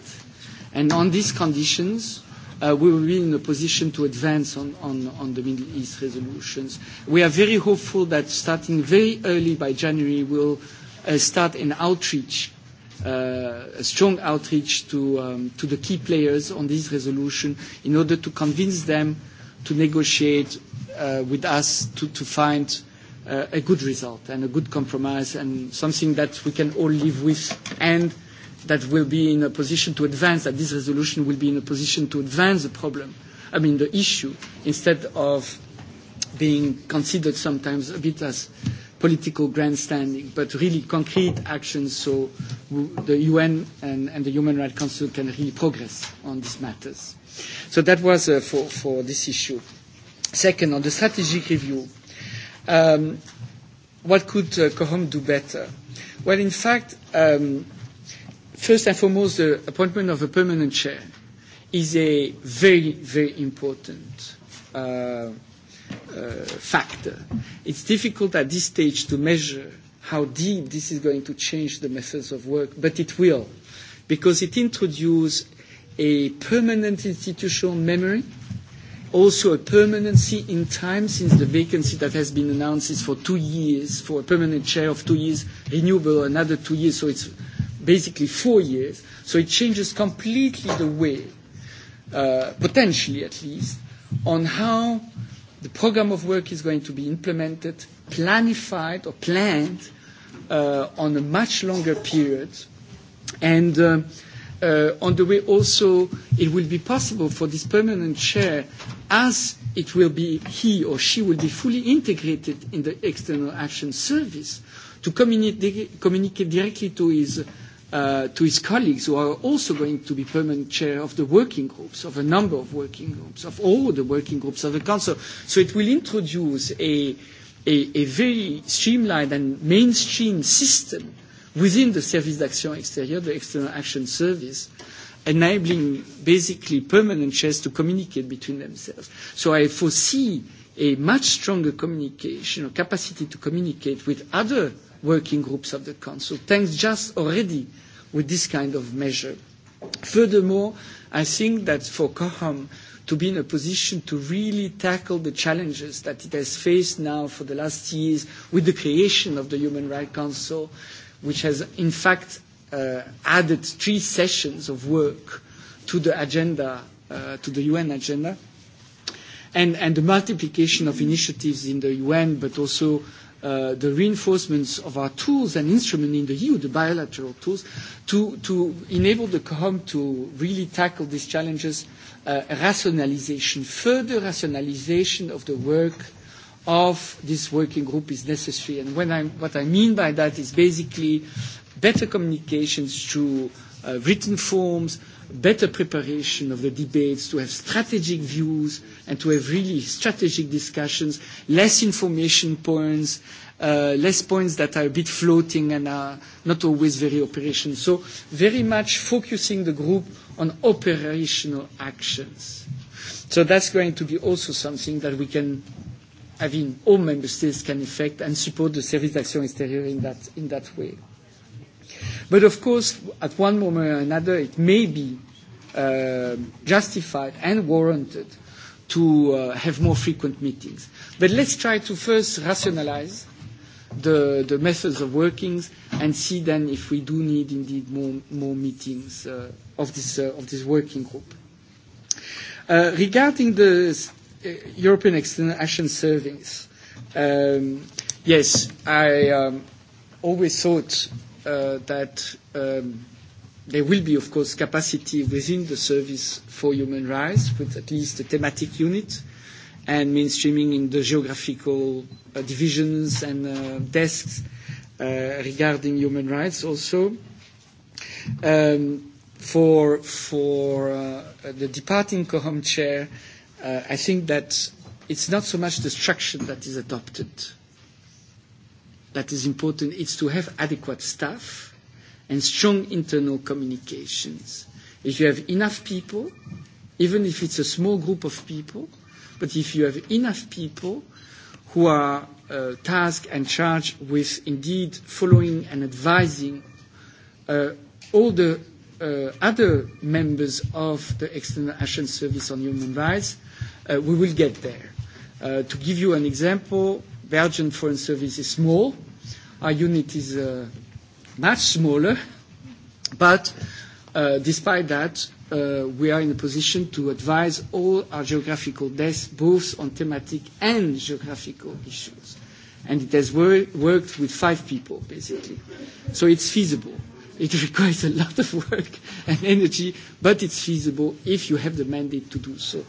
And on these conditions, uh, we will be in a position to advance on, on, on the Middle East resolutions. We are very hopeful that starting very early by January, we'll uh, start an outreach a strong outreach to the key players on this resolution in order to convince them to negotiate with us to find a good result and a good compromise and something that we can all live with and that will be in a position to advance, that this resolution will be in a position to advance the problem, I mean the issue, instead of being considered sometimes a bit as political grandstanding, but really concrete actions so the UN and, and the Human Rights Council can really progress on these matters. So that was uh, for, for this issue. Second, on the strategic review, um, what could uh, COHOM do better? Well, in fact, um, first and foremost, the appointment of a permanent chair is a very, very important uh, factor. It's difficult at this stage to measure how deep this is going to change the methods of work, but it will, because it introduces a permanent institutional memory, also a permanency in time, since the vacancy that has been announced is for two years, for a permanent chair of two years, renewable another two years, so it's basically four years. So it changes completely the way, uh, potentially at least, on how the program of work is going to be implemented, planified or planned uh, on a much longer period. And uh, uh, on the way also, it will be possible for this permanent chair, as it will be he or she will be fully integrated in the external action service, to communicate, communicate directly to his to his colleagues who are also going to be permanent chair of the working groups, of a number of working groups, of all the working groups of the Council. So it will introduce a, a, very streamlined and mainstream system within the Service d'Action Extérieure, the External Action Service, enabling basically permanent chairs to communicate between themselves. So I foresee a much stronger communication or capacity to communicate with other working groups of the Council, thanks just already with this kind of measure. Furthermore, I think that for COHOM to be in a position to really tackle the challenges that it has faced now for the last years with the creation of the Human Rights Council, which has in fact added three sessions of work to the agenda, to the UN agenda, and, the multiplication of initiatives in the UN, but also the reinforcements of our tools and instruments in the EU, the bilateral tools, to, to enable the COHOM to really tackle these challenges, uh, rationalization, further rationalization of the work of this working group is necessary. And when I, what I mean by that is basically better communications through uh, written forms, better preparation of the debates, to have strategic views, and to have really strategic discussions, less information points, uh, less points that are a bit floating and are not always very operational. So very much focusing the group on operational actions. So that's going to be also something that we can I mean all member states can affect and support the service d'action extérieure in that, in that way. But of course, at one moment or another, it may be uh, justified and warranted to uh, have more frequent meetings. But let's try to first rationalize the, the methods of working and see then if we do need indeed more, more meetings uh, of, this, uh, of this working group. Uh, regarding the uh, European External Action Service, um, yes, I um, always thought that there will be, of course, capacity within the Service for Human Rights with at least a thematic unit and mainstreaming in the geographical divisions and desks regarding human rights also. For the departing COHOM chair, I think that it's not so much the structure that is adopted that is important is to have adequate staff and strong internal communications. If you have enough people, even if it's a small group of people, but if you have enough people who are uh, tasked and charged with indeed following and advising uh, all the uh, other members of the External Action Service on Human Rights, uh, we will get there. Uh, to give you an example, Belgian Foreign Service is small. Our unit is uh, much smaller, but uh, despite that, uh, we are in a position to advise all our geographical desks, both on thematic and geographical issues. And it has wor- worked with five people, basically. So it's feasible. It requires a lot of work and energy, but it's feasible if you have the mandate to do so.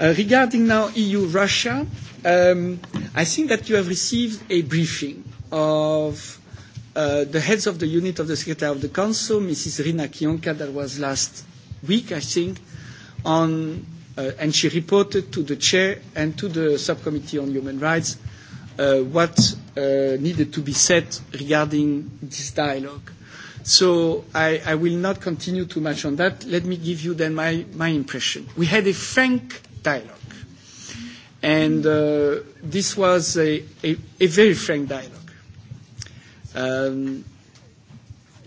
Uh, regarding now EU-Russia, Um, I think that you have received a briefing of uh, the heads of the unit of the Secretary of the Council, Mrs. Rina Kionka, that was last week, I think, on, uh, and she reported to the chair and to the subcommittee on human rights uh, what uh, needed to be said regarding this dialogue. So I, I will not continue too much on that. Let me give you then my, my impression. We had a frank dialogue And uh, this was a, a, a very frank dialogue. Um,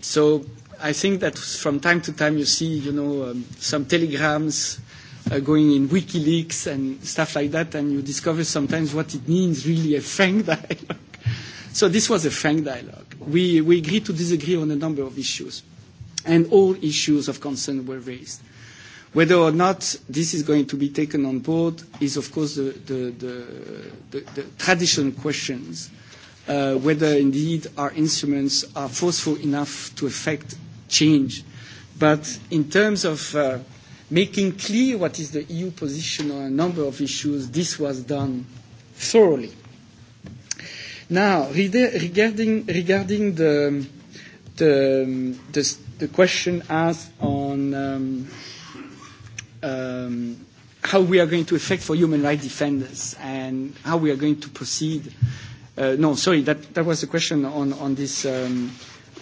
so I think that from time to time you see, you know, um, some telegrams uh, going in WikiLeaks and stuff like that, and you discover sometimes what it means really a frank dialogue. So this was a frank dialogue. We, we agreed to disagree on a number of issues, and all issues of concern were raised. Whether or not this is going to be taken on board is, of course, the, the, the, the, the traditional questions, uh, whether indeed our instruments are forceful enough to affect change. But in terms of making clear what is the EU position on a number of issues, this was done thoroughly. Now, regarding, regarding the, the, the, the question asked on... Um, um, how we are going to affect for human rights defenders and how we are going to proceed. Uh, no, sorry, that, that was the question on, on this, um,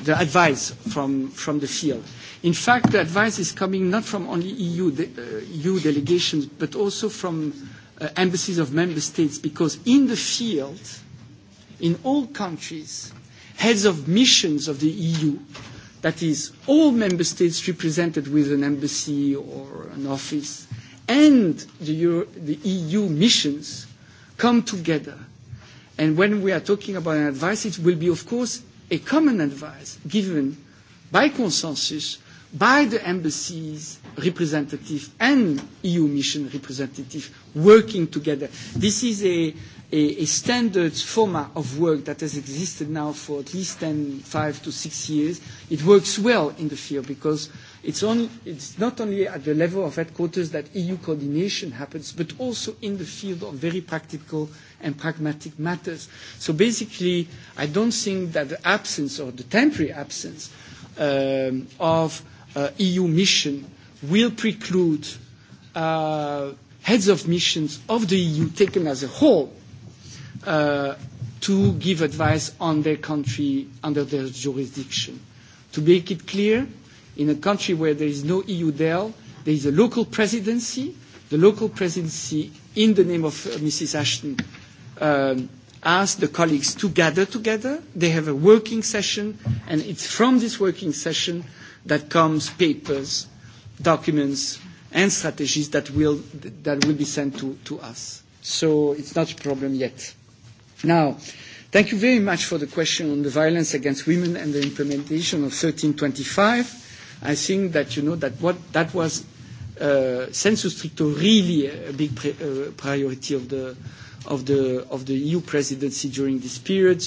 the advice from, from the field. In fact, the advice is coming not from only EU, de, uh, EU delegations, but also from uh, embassies of member states, because in the field, in all countries, heads of missions of the EU that is, all member states represented with an embassy or an office and the, Euro, the EU missions come together. And when we are talking about an advice, it will be, of course, a common advice given by consensus by the embassy's representative and EU mission representative working together. This is a a, a standard format of work that has existed now for at least 10, 5 to 6 years. It works well in the field because it's, only, it's not only at the level of headquarters that EU coordination happens, but also in the field of very practical and pragmatic matters. So basically, I don't think that the absence or the temporary absence um, of uh, EU mission will preclude uh, heads of missions of the EU taken as a whole to give advice on their country under their jurisdiction. To make it clear, in a country where there is no EU DEL, there is a local presidency. The local presidency, in the name of Mrs. Ashton, um, asked the colleagues to gather together. They have a working session, and it's from this working session that comes papers, documents, and strategies that will, that will be sent to, to us. So it's not a problem yet. Now, thank you very much for the question on the violence against women and the implementation of 1325. I think that you know that what that was uh, sensu stricto really a big pre uh, priority of the of the of the EU presidency during this period.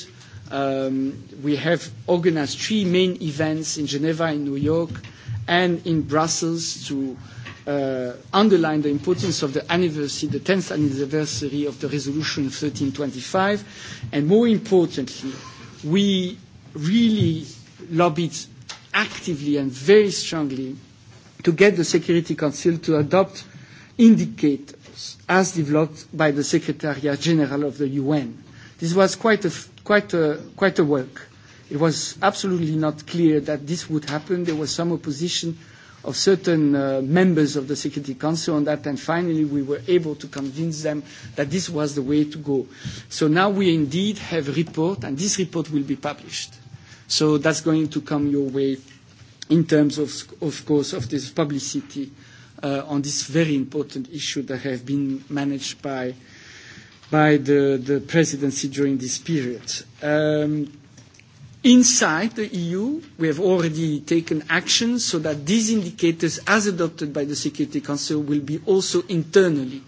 Um, we have organized three main events in Geneva, in New York, and in Brussels to uh, underline the importance of the anniversary, the 10th anniversary of the resolution 1325. And more importantly, we really lobbied actively and very strongly to get the Security Council to adopt indicators as developed by the Secretariat General of the UN. This was quite a, quite a, quite a work. It was absolutely not clear that this would happen. There was some opposition of certain uh, members of the Security Council on that, and finally we were able to convince them that this was the way to go. So now we indeed have a report, and this report will be published. So that's going to come your way in terms of, of course, of this publicity uh, on this very important issue that has been managed by by the, the presidency during this period. Um, Inside the EU, we have already taken action so that these indicators, as adopted by the Security Council, will be also internally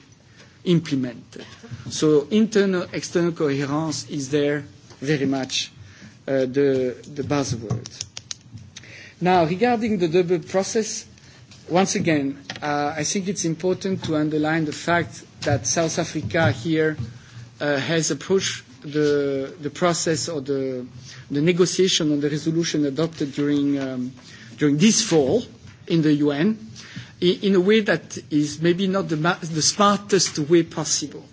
implemented. So internal, external coherence is there very much the, buzzword. Now, regarding the double process, once again, I think it's important to underline the fact that South Africa here has approached the, the process or the, the negotiation on the resolution adopted during, um, during this fall in the UN in a way that is maybe not the, the smartest way possible.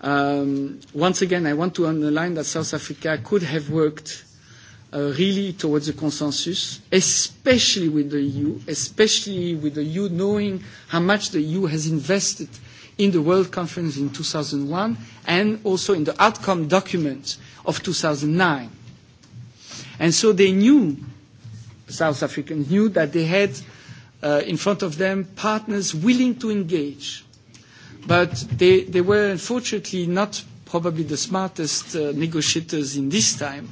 Um, once again, I want to underline that South Africa could have worked uh, really towards a consensus, especially with the EU, especially with the EU knowing how much the EU has invested – in the World Conference in 2001 and also in the outcome document of 2009. And so they knew, South Africans knew that they had uh, in front of them partners willing to engage. But they, they were unfortunately not probably the smartest uh, negotiators in this time.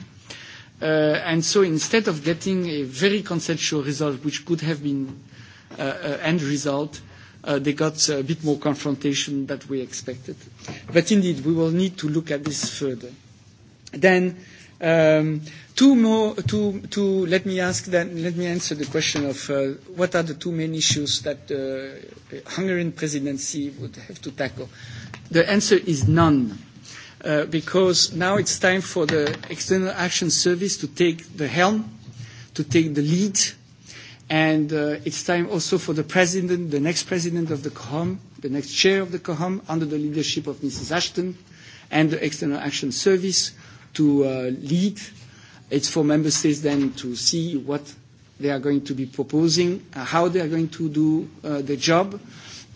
Uh, and so instead of getting a very consensual result, which could have been uh, end result, they got a bit more confrontation than we expected. But indeed, we will need to look at this further. Then, two more, let me ask me answer the question of what are the two main issues that the Hungarian presidency would have to tackle. The answer is none. because now it's time for the External Action Service to take the helm, to take the lead, And uh, it's time also for the president, the next president of the COHOM, the next chair of the COHOM, under the leadership of Mrs. Ashton and the External Action Service, to uh, lead. It's for member states then to see what they are going to be proposing, uh, how they are going to do uh, the job.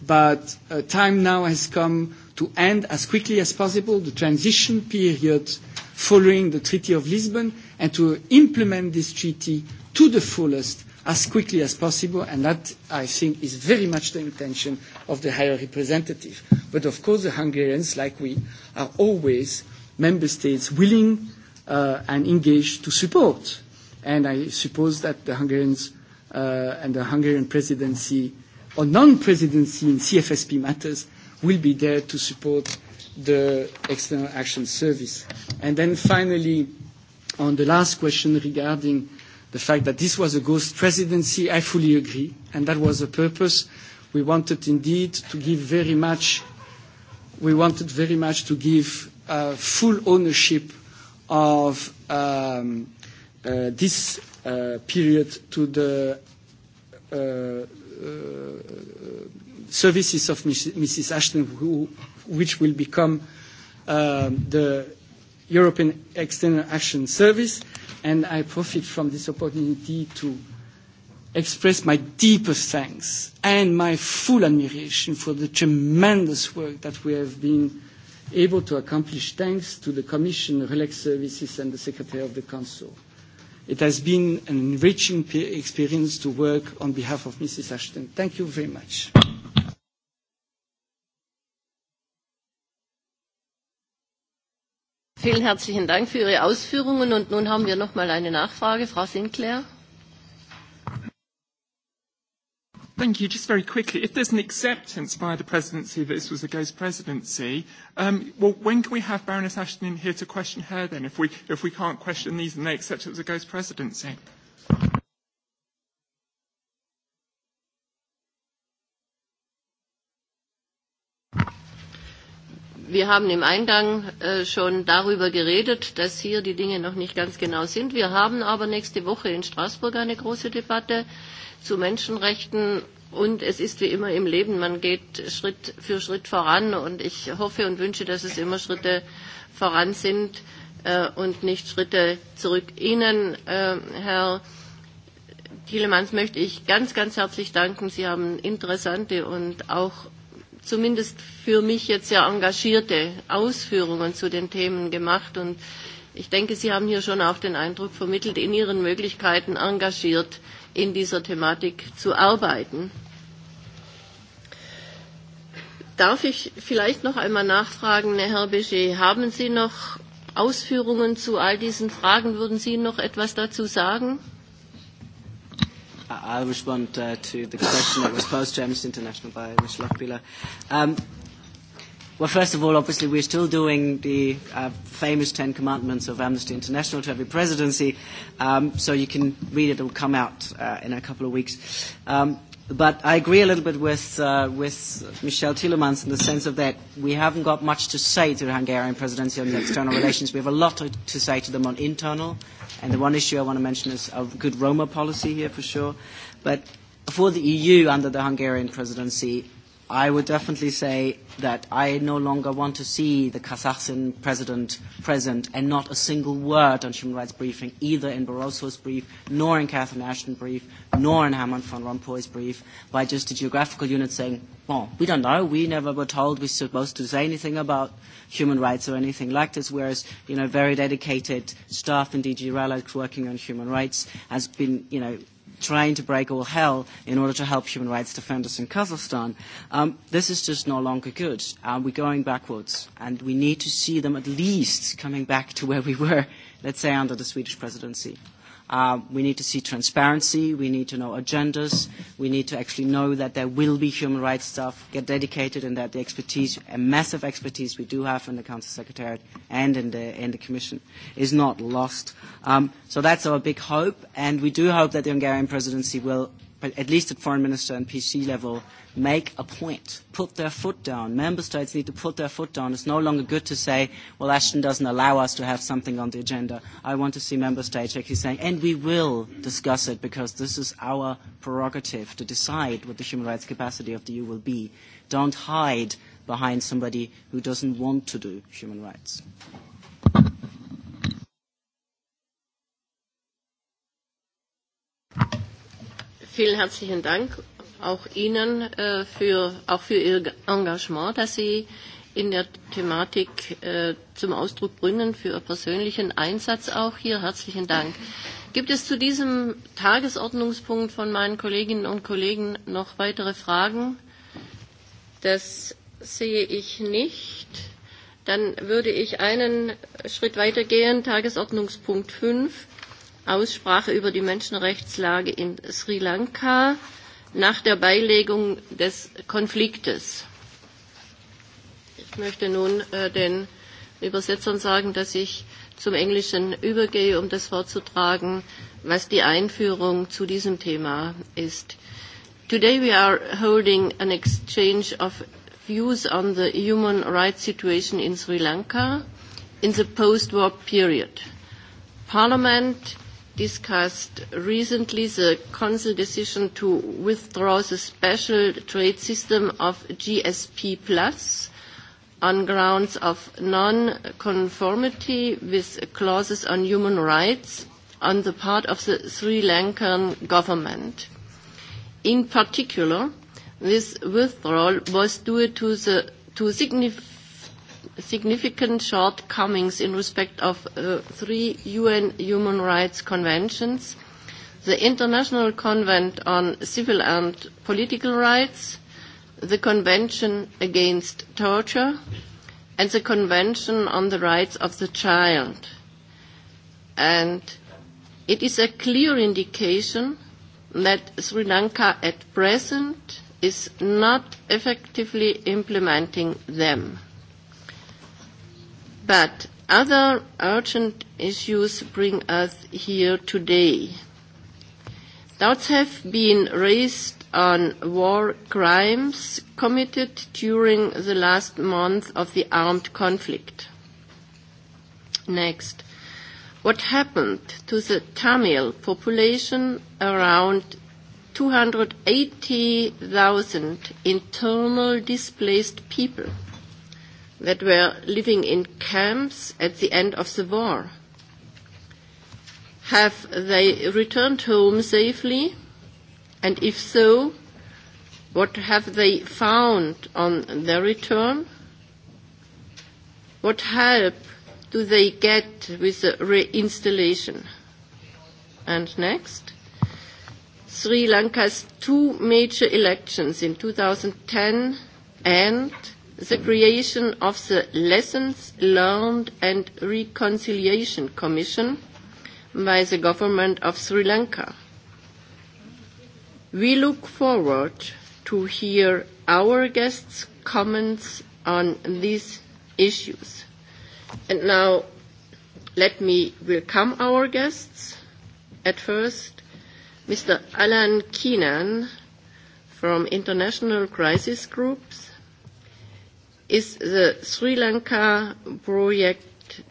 But uh, time now has come to end as quickly as possible the transition period following the Treaty of Lisbon and to implement this treaty to the fullest as quickly as possible, and that, I think, is very much the intention of the High Representative. But of course, the Hungarians, like we, are always member states willing and engaged to support. And I suppose that the Hungarians and the Hungarian presidency or non-presidency in CFSP matters will be there to support the External Action Service. And then finally, on the last question regarding the fact that this was a ghost presidency, I fully agree, and that was the purpose. We wanted indeed to give very much, we wanted very much to give uh, full ownership of um, uh, this uh, period to the uh, uh, services of Mrs. Ashton, who, which will become the European External Action Service and I profit from this opportunity to express my deepest thanks and my full admiration for the tremendous work that we have been able to accomplish thanks to the Commission, RELEX Services and the Secretary of the Council. It has been an enriching experience to work on behalf of Mrs. Ashton. Thank you very much. Vielen herzlichen Dank für Ihre Ausführungen. Und nun haben wir noch mal eine Nachfrage. Frau Sinclair. Thank you. Just very quickly, if there's an acceptance by the presidency that this was a ghost presidency, um, well, when can we have Baroness Ashton in here to question her then, if we, if we can't question these and they accept it was a ghost presidency? wir haben im Eingang schon darüber geredet, dass hier die Dinge noch nicht ganz genau sind. Wir haben aber nächste Woche in Straßburg eine große Debatte zu Menschenrechten. Und es ist wie immer im Leben, man geht Schritt für Schritt voran. Und ich hoffe und wünsche, dass es immer Schritte voran sind und nicht Schritte zurück. Ihnen, Herr Tielemans, möchte ich ganz, ganz herzlich danken. Sie haben interessante und auch zumindest für mich jetzt sehr engagierte Ausführungen zu den Themen gemacht. Und ich denke, Sie haben hier schon auch den Eindruck vermittelt, in Ihren Möglichkeiten engagiert in dieser Thematik zu arbeiten. Darf ich vielleicht noch einmal nachfragen, Herr Bechet, haben Sie noch Ausführungen zu all diesen Fragen? Würden Sie noch etwas dazu sagen? I'll respond uh, to the question that was posed to Amnesty International by Ms. Lochbieler. Um, well, first of all, obviously, we're still doing the uh, famous Ten Commandments of Amnesty International to every presidency, um, so you can read it. It will come out uh, in a couple of weeks. Um, But I agree a little bit with, uh, with Michel Tillemans in the sense of that we haven't got much to say to the Hungarian presidency on the external relations. We have a lot to, to say to them on internal. And the one issue I want to mention is a good Roma policy here for sure. But for the EU under the Hungarian presidency, I would definitely say that I no longer want to see the Kazakhstan president present and not a single word on human rights briefing, either in Barroso's brief, nor in Catherine Ashton's brief, nor in Hermann van Rompuy's brief, by just a geographical unit saying, well, we don't know, we never were told we're supposed to say anything about human rights or anything like this, whereas, you know, very dedicated staff in DG Rally working on human rights has been, you know, trying to break all hell in order to help human rights defenders in Kazakhstan. Um, this is just no longer good. Um, we're going backwards, and we need to see them at least coming back to where we were, let's say, under the Swedish presidency. Uh, we need to see transparency. We need to know agendas. We need to actually know that there will be human rights stuff, get dedicated, and that the expertise, a massive expertise we do have in the Council Secretariat and in the, in the Commission, is not lost. Um, so that's our big hope, and we do hope that the Hungarian presidency will but at least at foreign minister and PC level, make a point, put their foot down. Member states need to put their foot down. It's no longer good to say, well, Ashton doesn't allow us to have something on the agenda. I want to see member states actually saying, and we will discuss it because this is our prerogative to decide what the human rights capacity of the EU will be. Don't hide behind somebody who doesn't want to do human rights. Vielen herzlichen Dank auch Ihnen äh, für, auch für Ihr Engagement, das Sie in der Thematik äh, zum Ausdruck bringen, für Ihren persönlichen Einsatz auch hier. Herzlichen Dank. Gibt es zu diesem Tagesordnungspunkt von meinen Kolleginnen und Kollegen noch weitere Fragen? Das sehe ich nicht. Dann würde ich einen Schritt weitergehen, Tagesordnungspunkt 5 Aussprache über die Menschenrechtslage in Sri Lanka nach der Beilegung des Konfliktes. Ich möchte nun den Übersetzern sagen, dass ich zum Englischen übergehe, um das vorzutragen, was die Einführung zu diesem Thema ist. Today we are holding an exchange of views on the human rights situation in Sri Lanka in the post-war period. Parliament discussed recently the Council decision to withdraw the special trade system of GSP Plus on grounds of non-conformity with clauses on human rights on the part of the Sri Lankan government. In particular, this withdrawal was due to the to significant significant shortcomings in respect of uh, three UN human rights conventions, the International Convent on Civil and Political Rights, the Convention Against Torture, and the Convention on the Rights of the Child. And it is a clear indication that Sri Lanka at present is not effectively implementing them. But other urgent issues bring us here today. Doubts have been raised on war crimes committed during the last month of the armed conflict. Next, what happened to the Tamil population around 280,000 internal displaced people? that were living in camps at the end of the war? Have they returned home safely? And if so, what have they found on their return? What help do they get with the reinstallation? And next, Sri Lanka's two major elections in 2010 and the creation of the Lessons Learned and Reconciliation Commission by the government of Sri Lanka. We look forward to hear our guests' comments on these issues. And now let me welcome our guests. At first, Mr. Alan Keenan from International Crisis Groups is the Sri Lanka project,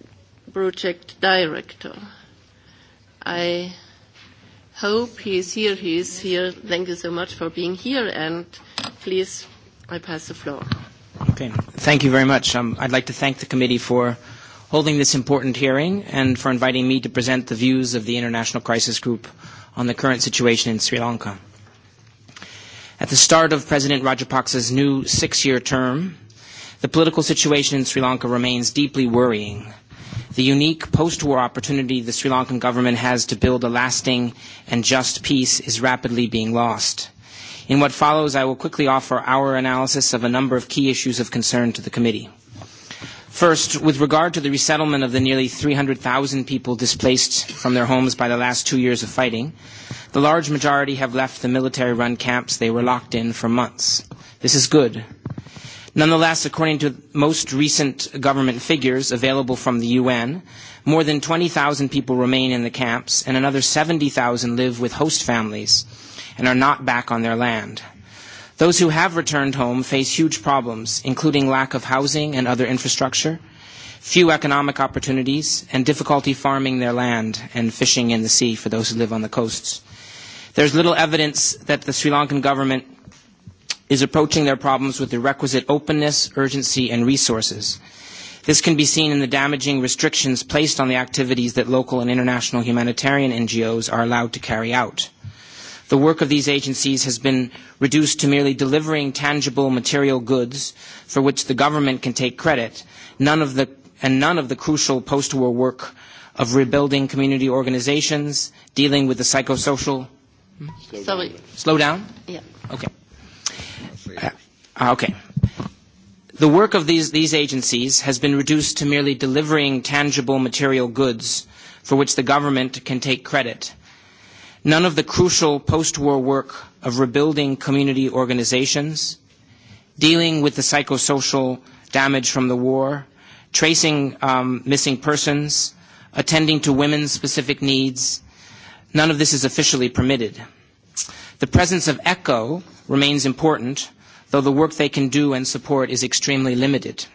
project director. I hope he is here. He is here. Thank you so much for being here. And please, I pass the floor. Okay. Thank you very much. Um, I'd like to thank the committee for holding this important hearing and for inviting me to present the views of the International Crisis Group on the current situation in Sri Lanka. At the start of President Rajapaksa's new six-year term, The political situation in Sri Lanka remains deeply worrying. The unique post-war opportunity the Sri Lankan government has to build a lasting and just peace is rapidly being lost. In what follows, I will quickly offer our analysis of a number of key issues of concern to the committee. First, with regard to the resettlement of the nearly 300,000 people displaced from their homes by the last two years of fighting, the large majority have left the military-run camps they were locked in for months. This is good, Nonetheless, according to most recent government figures available from the UN, more than 20,000 people remain in the camps and another 70,000 live with host families and are not back on their land. Those who have returned home face huge problems, including lack of housing and other infrastructure, few economic opportunities, and difficulty farming their land and fishing in the sea for those who live on the coasts. There's little evidence that the Sri Lankan government is approaching their problems with the requisite openness, urgency, and resources. This can be seen in the damaging restrictions placed on the activities that local and international humanitarian NGOs are allowed to carry out. The work of these agencies has been reduced to merely delivering tangible material goods for which the government can take credit, none of the, and none of the crucial post-war work of rebuilding community organizations, dealing with the psychosocial... Slow down? Yeah. Okay Okay. The work of these, these agencies has been reduced to merely delivering tangible material goods for which the government can take credit. None of the crucial post-war work of rebuilding community organizations, dealing with the psychosocial damage from the war, tracing um, missing persons, attending to women's specific needs, none of this is officially permitted. The presence of ECHO remains important, though the work they can do and support is extremely limited.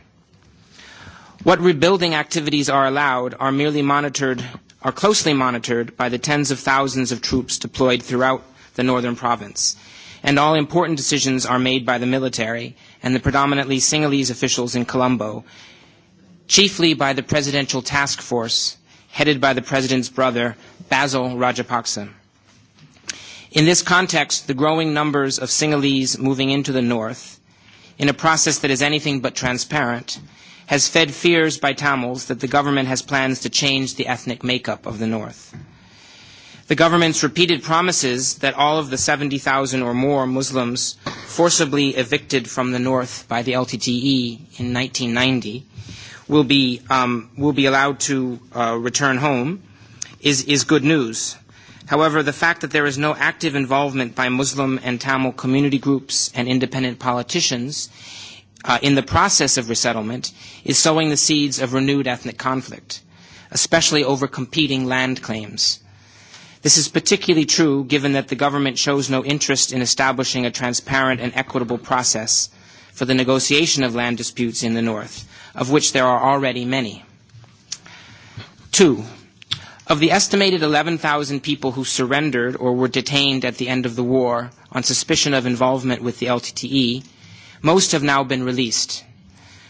What rebuilding activities are allowed are merely monitored, are closely monitored by the tens of thousands of troops deployed throughout the northern province. And all important decisions are made by the military and the predominantly Sinhalese officials in Colombo, chiefly by the presidential task force headed by the president's brother, Basil Rajapaksa. In this context, the growing numbers of Sinhalese moving into the north, in a process that is anything but transparent, has fed fears by Tamils that the government has plans to change the ethnic makeup of the north. The government's repeated promises that all of the 70,000 or more Muslims forcibly evicted from the north by the LTTE in 1990 will be, um, will be allowed to uh, return home is, is good news However, the fact that there is no active involvement by Muslim and Tamil community groups and independent politicians uh, in the process of resettlement is sowing the seeds of renewed ethnic conflict, especially over competing land claims. This is particularly true given that the government shows no interest in establishing a transparent and equitable process for the negotiation of land disputes in the north, of which there are already many. Two, Of the estimated 11,000 people who surrendered or were detained at the end of the war on suspicion of involvement with the LTTE, most have now been released.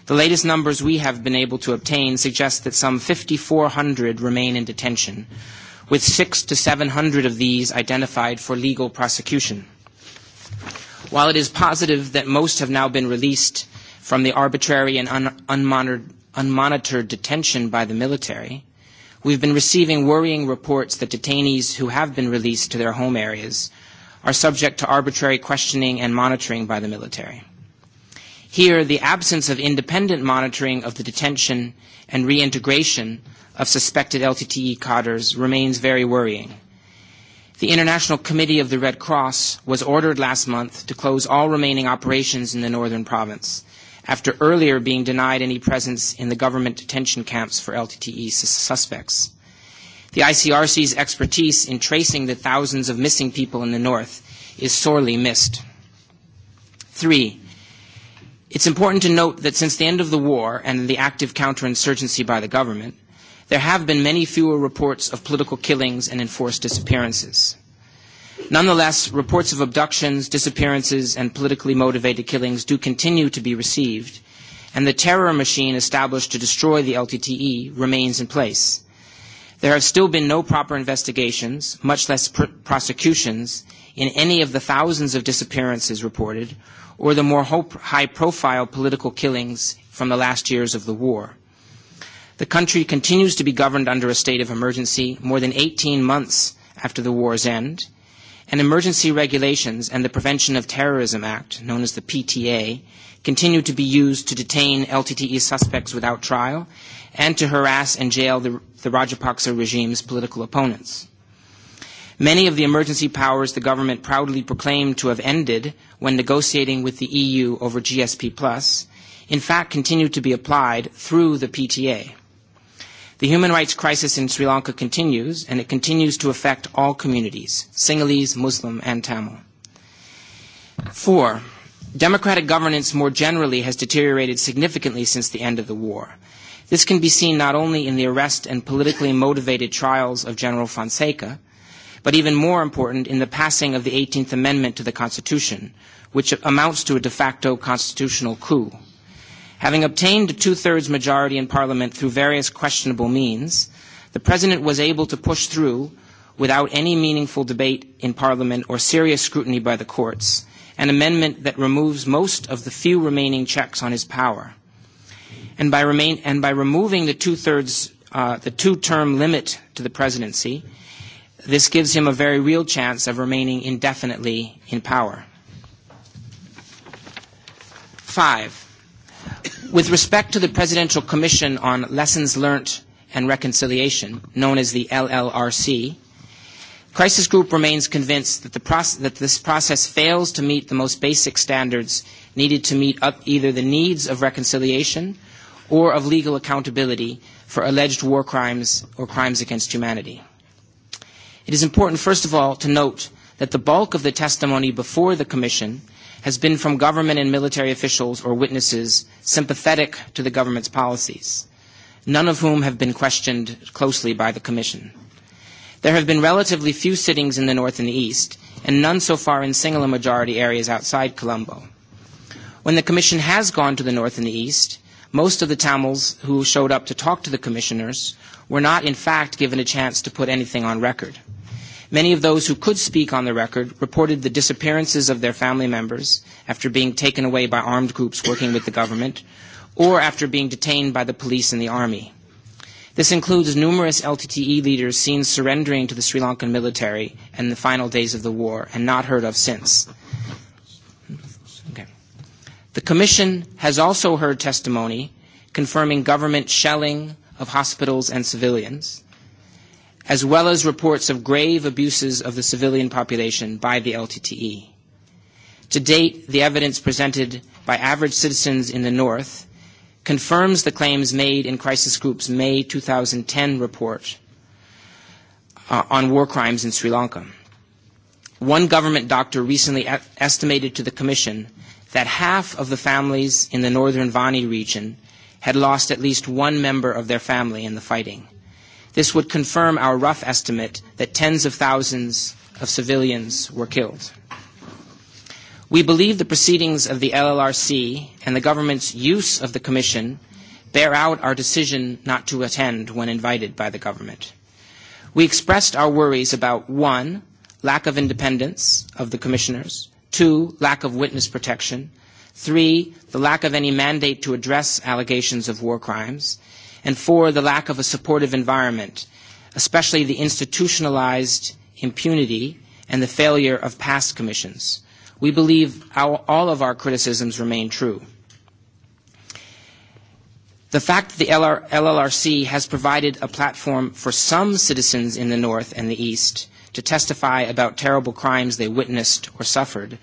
The latest numbers we have been able to obtain suggest that some 5,400 remain in detention, with six to 700 of these identified for legal prosecution. While it is positive that most have now been released from the arbitrary and un- unmonitored, unmonitored detention by the military, We've been receiving worrying reports that detainees who have been released to their home areas are subject to arbitrary questioning and monitoring by the military. Here, the absence of independent monitoring of the detention and reintegration of suspected LTTE cadres remains very worrying. The International Committee of the Red Cross was ordered last month to close all remaining operations in the northern province after earlier being denied any presence in the government detention camps for LTTE suspects. The ICRC's expertise in tracing the thousands of missing people in the north is sorely missed. Three, it's important to note that since the end of the war and the active counterinsurgency by the government, there have been many fewer reports of political killings and enforced disappearances. Nonetheless, reports of abductions, disappearances, and politically motivated killings do continue to be received, and the terror machine established to destroy the LTTE remains in place. There have still been no proper investigations, much less pr- prosecutions, in any of the thousands of disappearances reported or the more high profile political killings from the last years of the war. The country continues to be governed under a state of emergency more than 18 months after the war's end, and emergency regulations and the Prevention of Terrorism Act, known as the PTA, continue to be used to detain LTTE suspects without trial and to harass and jail the, the Rajapaksa regime's political opponents. Many of the emergency powers the government proudly proclaimed to have ended when negotiating with the EU over GSP Plus, in fact, continue to be applied through the PTA. The human rights crisis in Sri Lanka continues, and it continues to affect all communities, Sinhalese, Muslim, and Tamil. Four, democratic governance more generally has deteriorated significantly since the end of the war. This can be seen not only in the arrest and politically motivated trials of General Fonseca, but even more important in the passing of the 18th Amendment to the Constitution, which amounts to a de facto constitutional coup. Having obtained a two-thirds majority in Parliament through various questionable means, the President was able to push through, without any meaningful debate in Parliament or serious scrutiny by the courts, an amendment that removes most of the few remaining checks on his power. And by, remain, and by removing the two-thirds, uh, the two-term limit to the presidency, this gives him a very real chance of remaining indefinitely in power. Five, With respect to the Presidential Commission on Lessons Learned and Reconciliation, known as the LLRC, Crisis Group remains convinced that, the proce- that this process fails to meet the most basic standards needed to meet up either the needs of reconciliation or of legal accountability for alleged war crimes or crimes against humanity. It is important, first of all, to note that the bulk of the testimony before the Commission – has been from government and military officials or witnesses sympathetic to the government's policies, none of whom have been questioned closely by the Commission. There have been relatively few sittings in the north and the east, and none so far in single majority areas outside Colombo. When the Commission has gone to the north and the east, most of the Tamils who showed up to talk to the commissioners were not, in fact, given a chance to put anything on record. Many of those who could speak on the record reported the disappearances of their family members after being taken away by armed groups working with the government or after being detained by the police and the army. This includes numerous LTTE leaders seen surrendering to the Sri Lankan military in the final days of the war and not heard of since. Okay. The Commission has also heard testimony confirming government shelling of hospitals and civilians as well as reports of grave abuses of the civilian population by the LTTE. To date, the evidence presented by average citizens in the North confirms the claims made in Crisis Group's May 2010 report uh, on war crimes in Sri Lanka. One government doctor recently estimated to the Commission that half of the families in the northern Vani region had lost at least one member of their family in the fighting. This would confirm our rough estimate that tens of thousands of civilians were killed. We believe the proceedings of the LLRC and the government's use of the commission bear out our decision not to attend when invited by the government. We expressed our worries about one, lack of independence of the commissioners, two, lack of witness protection, three, the lack of any mandate to address allegations of war crimes, and four, the lack of a supportive environment, especially the institutionalized impunity and the failure of past commissions. We believe our, all of our criticisms remain true. The fact that the LR, LLRC has provided a platform for some citizens in the North and the East to testify about terrible crimes they witnessed or suffered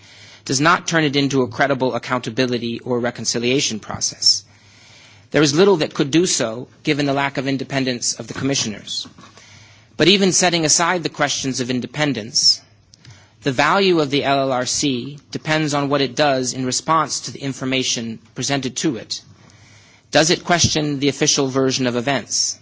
does not turn it into a credible accountability or reconciliation process. There is little that could do so, given the lack of independence of the commissioners. But even setting aside the questions of independence, the value of the LLRC depends on what it does in response to the information presented to it. Does it question the official version of events?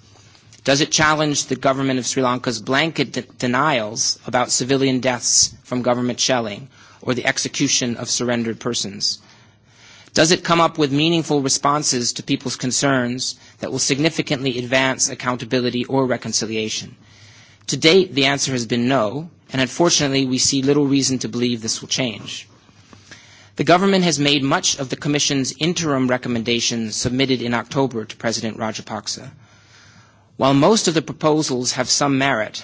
Does it challenge the government of Sri Lanka's blanket de- denials about civilian deaths from government shelling or the execution of surrendered persons? Does it come up with meaningful responses to people's concerns that will significantly advance accountability or reconciliation? To date, the answer has been no, and unfortunately, we see little reason to believe this will change. The government has made much of the Commission's interim recommendations submitted in October to President Rajapaksa. While most of the proposals have some merit,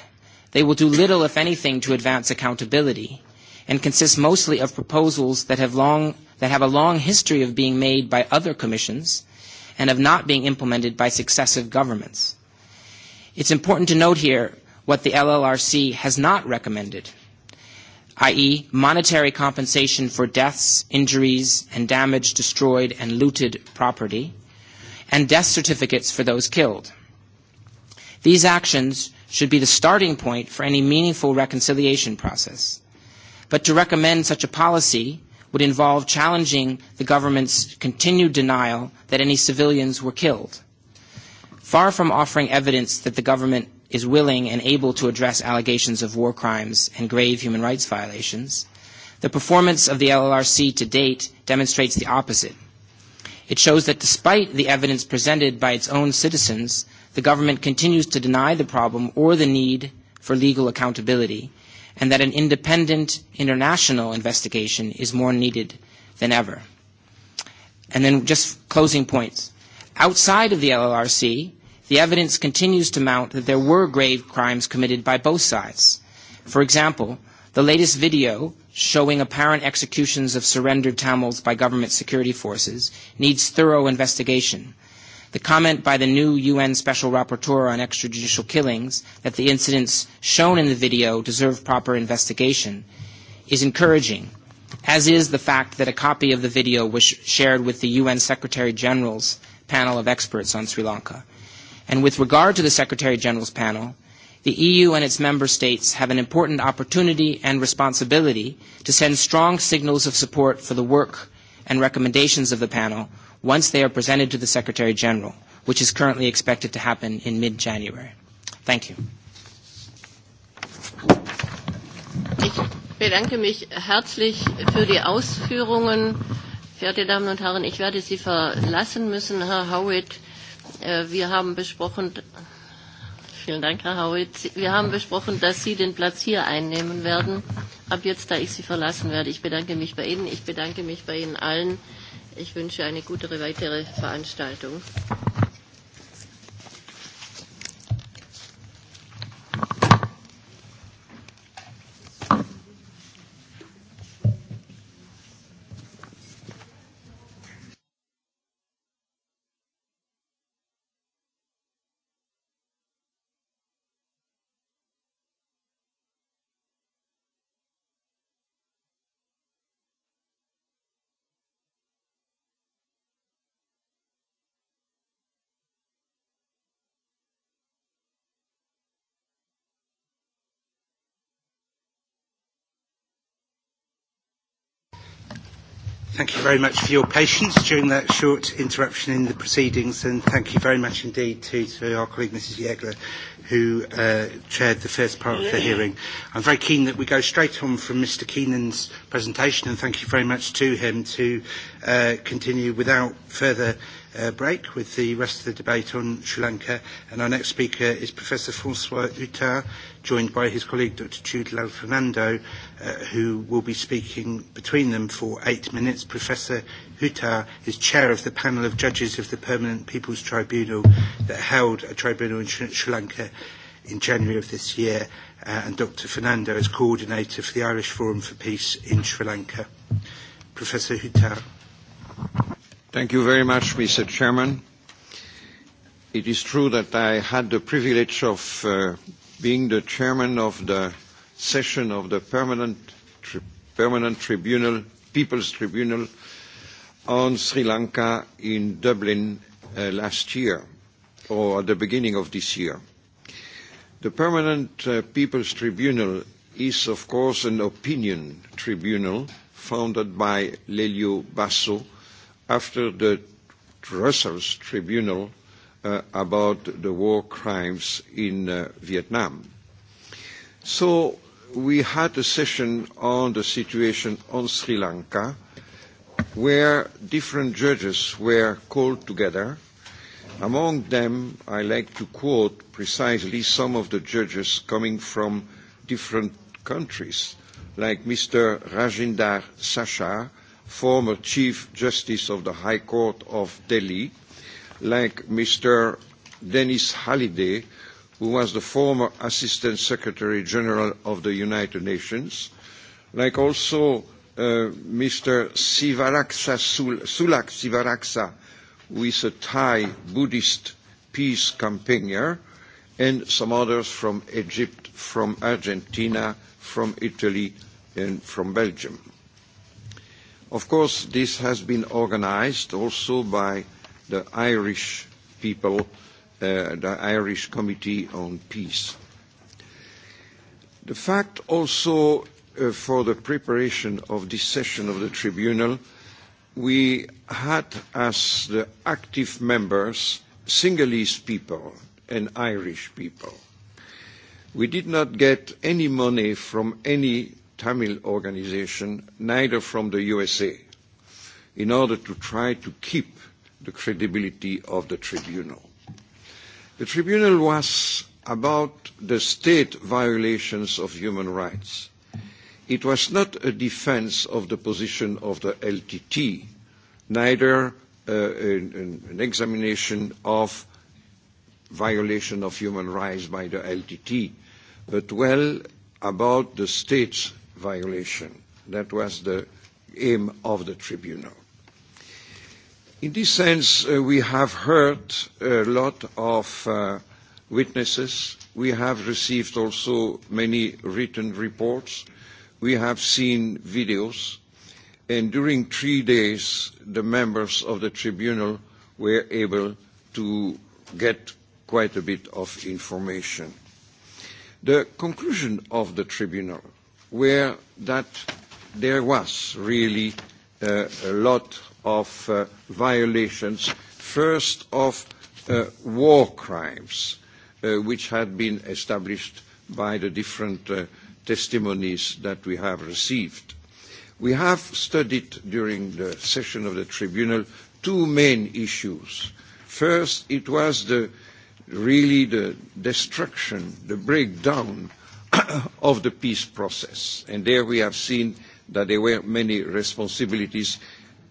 they will do little, if anything, to advance accountability and consists mostly of proposals that have, long, that have a long history of being made by other commissions and of not being implemented by successive governments. It's important to note here what the LLRC has not recommended, i.e. monetary compensation for deaths, injuries, and damage destroyed and looted property, and death certificates for those killed. These actions should be the starting point for any meaningful reconciliation process. But to recommend such a policy would involve challenging the government's continued denial that any civilians were killed. Far from offering evidence that the government is willing and able to address allegations of war crimes and grave human rights violations, the performance of the LLRC to date demonstrates the opposite. It shows that despite the evidence presented by its own citizens, the government continues to deny the problem or the need for legal accountability and that an independent international investigation is more needed than ever. And then just closing points. Outside of the LLRC, the evidence continues to mount that there were grave crimes committed by both sides. For example, the latest video showing apparent executions of surrendered Tamils by government security forces needs thorough investigation The comment by the new UN Special Rapporteur on extrajudicial killings that the incidents shown in the video deserve proper investigation is encouraging, as is the fact that a copy of the video was shared with the UN Secretary General's panel of experts on Sri Lanka. And with regard to the Secretary General's panel, the EU and its member states have an important opportunity and responsibility to send strong signals of support for the work and recommendations of the panel once they are presented to the Secretary General, which is currently expected to happen in mid-January. Thank you. Ich bedanke mich herzlich für die Ausführungen. Verehrte Damen und Herren, ich werde Sie verlassen müssen, Herr Howitt. Wir haben besprochen, vielen Dank, Herr Howitt. Wir haben besprochen, dass Sie den Platz hier einnehmen werden. Ab jetzt, da ich Sie verlassen werde, ich bedanke mich bei Ihnen. Ich bedanke mich bei Ihnen allen. Ich wünsche eine gute weitere Veranstaltung. Thank you very much for your patience during that short interruption in the proceedings, and thank you very much indeed to, to our colleague Mrs. Yegler, who uh, chaired the first part of the hearing. I'm very keen that we go straight on from Mr. Keenan's presentation, and thank you very much to him to uh, continue without further uh, break with the rest of the debate on Sri Lanka. And our next speaker is Professor Francois Hutin, joined by his colleague Dr. Jude Lal Fernando, uh, who will be speaking between them for eight minutes. Professor Huta is chair of the panel of judges of the Permanent People's Tribunal that held a tribunal in Sri Lanka in January of this year, uh, and Dr. Fernando is coordinator for the Irish Forum for Peace in Sri Lanka. Professor you. Thank you very much, Mr. Chairman. It is true that I had the privilege of uh, being the chairman of the session of the Permanent, tri- Permanent Tribunal, People's Tribunal on Sri Lanka in Dublin uh, last year, or at the beginning of this year. The Permanent uh, People's Tribunal is, of course, an opinion tribunal founded by Lelio Basso after the Brussels Tribunal uh, about the war crimes in uh, Vietnam. So we had a session on the situation on Sri Lanka where different judges were called together. Among them, I like to quote precisely some of the judges coming from different countries, like Mr. Rajinder Sachar, former Chief Justice of the High Court of Delhi, like Mr. Dennis Halliday, who was the former Assistant Secretary General of the United Nations, like also Mr. Sivaraksa Sulak Sivaraksa, who is a Thai Buddhist peace campaigner, and some others from Egypt, from Argentina, from Italy, and from Belgium. Of course, this has been organised also by the Irish people, the Irish Committee on Peace. The fact also for the preparation of this session of the tribunal, we had as the active members Sinhalese people and Irish people. We did not get any money from any Tamil organization, neither from the USA, in order to try to keep the credibility of the tribunal. The tribunal was about the state violations of human rights. It was not a defense of the position of the LTT, neither an examination of violation of human rights by the LTT, but well about the state's violation. That was the aim of the tribunal. In this sense, we have heard a lot of witnesses. We have received also many written reports. We have seen videos. And during three days, the members of the tribunal were able to get quite a bit of information. The conclusion of the tribunal where that there was really a lot of violations, first of war crimes, which had been established by the different testimonies that we have received. We have studied during the session of the tribunal two main issues. First, it was the, really the destruction, the breakdown of the peace process. And there we have seen that there were many responsibilities,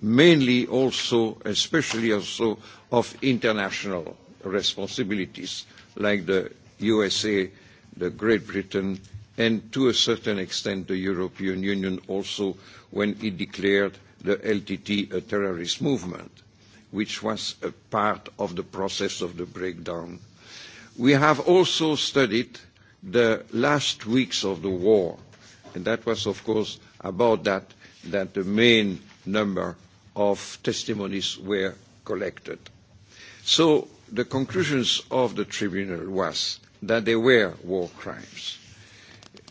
mainly also, especially also, of international responsibilities, like the USA, the Great Britain, and to a certain extent the European Union also, when it declared the LTT a terrorist movement, which was a part of the process of the breakdown. We have also studied the last weeks of the war. And that was, of course, about that that the main number of testimonies were collected. So the conclusions of the tribunal was that there were war crimes.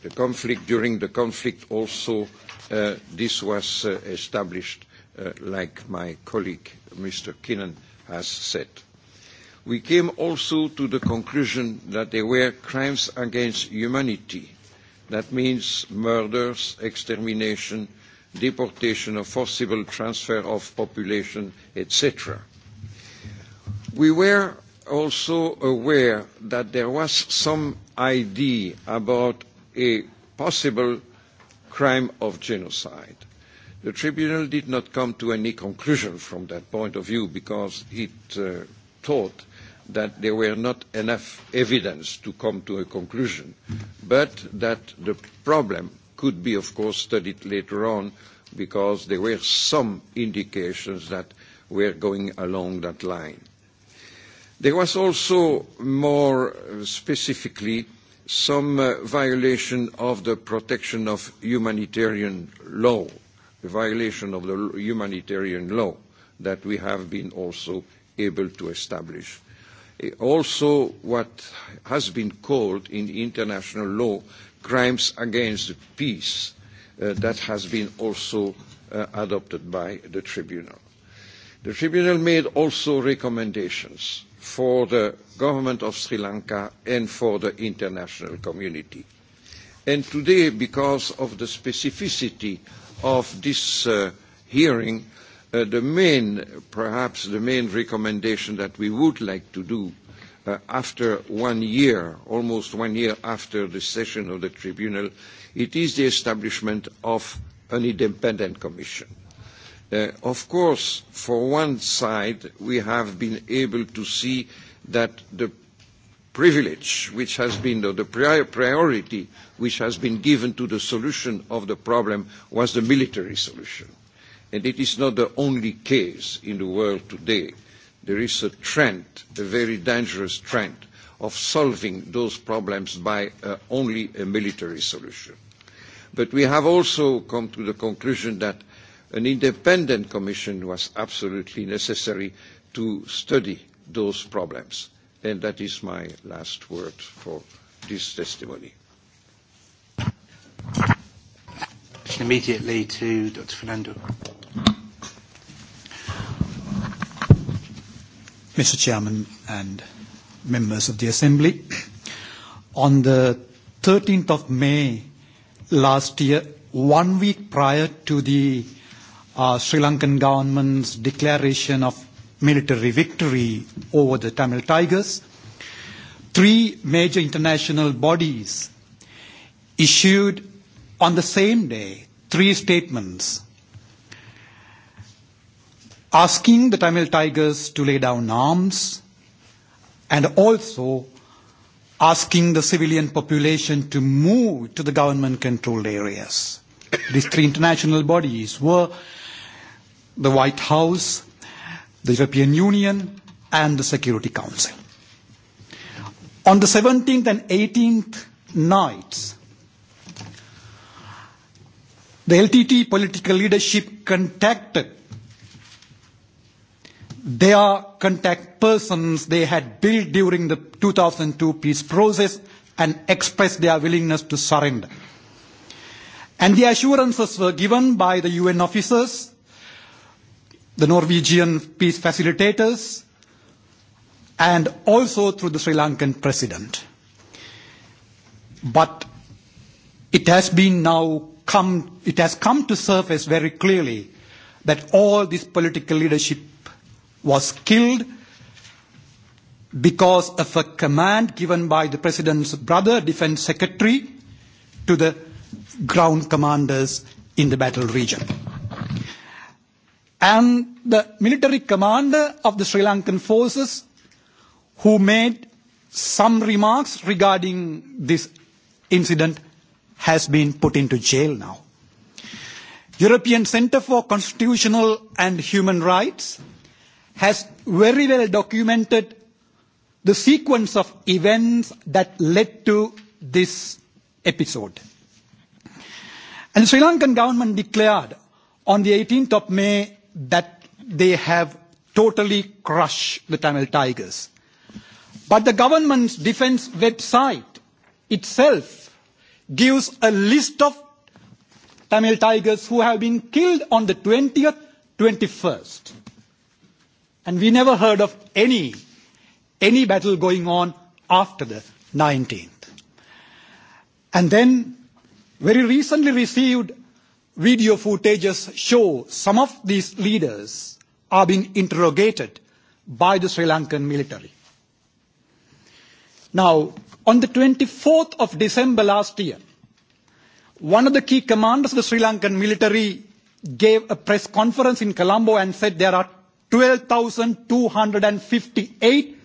The conflict during the conflict also this was established, like my colleague Mr. Kinnan has said we came also to the conclusion that they were crimes against humanity. That means murders, extermination, deportation or forcible transfer of population, etc. We were also aware that there was some idea about a possible crime of genocide. The tribunal did not come to any conclusion from that point of view because it thought that there were not enough evidence to come to a conclusion, but that the problem could be, of course, studied later on because there were some indications that were going along that line. There was also, more specifically, some violation of the protection of humanitarian law, the violation of the humanitarian law that we have been also able to establish also what has been called in international law crimes against peace that has been also adopted by the tribunal. The tribunal made also recommendations for the government of Sri Lanka and for the international community. And today, because of the specificity of this hearing, the main, perhaps the main recommendation that we would like to do after one year, almost one year after the session of the tribunal, it is the establishment of an independent commission. of course, for one side, we have been able to see that the privilege which has been, or the priority which has been given to the solution of the problem was the military solution And it is not the only case in the world today. There is a trend, a very dangerous trend, of solving those problems by only a military solution. But we have also come to the conclusion that an independent commission was absolutely necessary to study those problems. And that is my last word for this testimony. Immediately to Dr. Fernando. Mr. Chairman and members of the Assembly. On the 13th of May last year, one week prior to the uh, Sri Lankan government's declaration of military victory over the Tamil Tigers, three major international bodies issued on the same day three statements asking the Tamil Tigers to lay down arms and also asking the civilian population to move to the government controlled areas. These three international bodies were the White House, the European Union, and the Security Council. On the 17th and 18th nights, the LTT political leadership contacted their contact persons they had built during the 2002 peace process and expressed their willingness to surrender. And the assurances were given by the UN officers, the Norwegian peace facilitators, and also through the Sri Lankan president. But it has been now come, it has come to surface very clearly that all this political leadership was killed because of a command given by the president's brother, defense secretary, to the ground commanders in the battle region. And the military commander of the Sri Lankan forces, who made some remarks regarding this incident, has been put into jail now. European Centre for Constitutional and Human Rights has very well documented the sequence of events that led to this episode. And Sri Lankan government declared on the 18th of May that they have totally crushed the Tamil Tigers. But the government's defense website itself gives a list of Tamil Tigers who have been killed on the 20th, 21st. And we never heard of any, any battle going on after the 19th. And then very recently received video footages show some of these leaders are being interrogated by the Sri Lankan military. Now, on the 24th of December last year, one of the key commanders of the Sri Lankan military gave a press conference in Colombo and said there are 12,258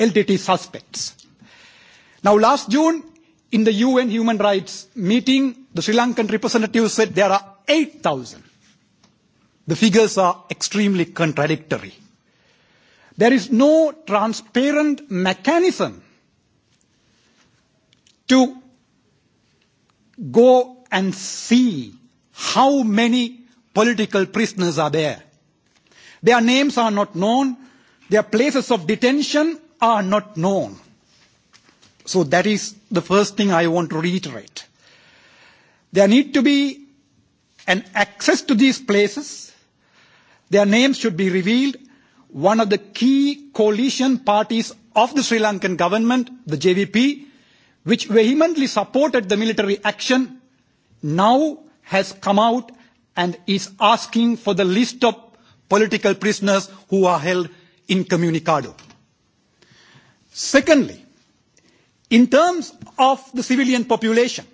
LTT suspects. Now, last June, in the UN Human Rights meeting, the Sri Lankan representatives said there are 8,000. The figures are extremely contradictory. There is no transparent mechanism to go and see how many political prisoners are there Their names are not known. Their places of detention are not known. So that is the first thing I want to reiterate. There need to be an access to these places. Their names should be revealed. One of the key coalition parties of the Sri Lankan government, the JVP, which vehemently supported the military action, now has come out and is asking for the list of political prisoners who are held incommunicado. Secondly, in terms of the civilian population,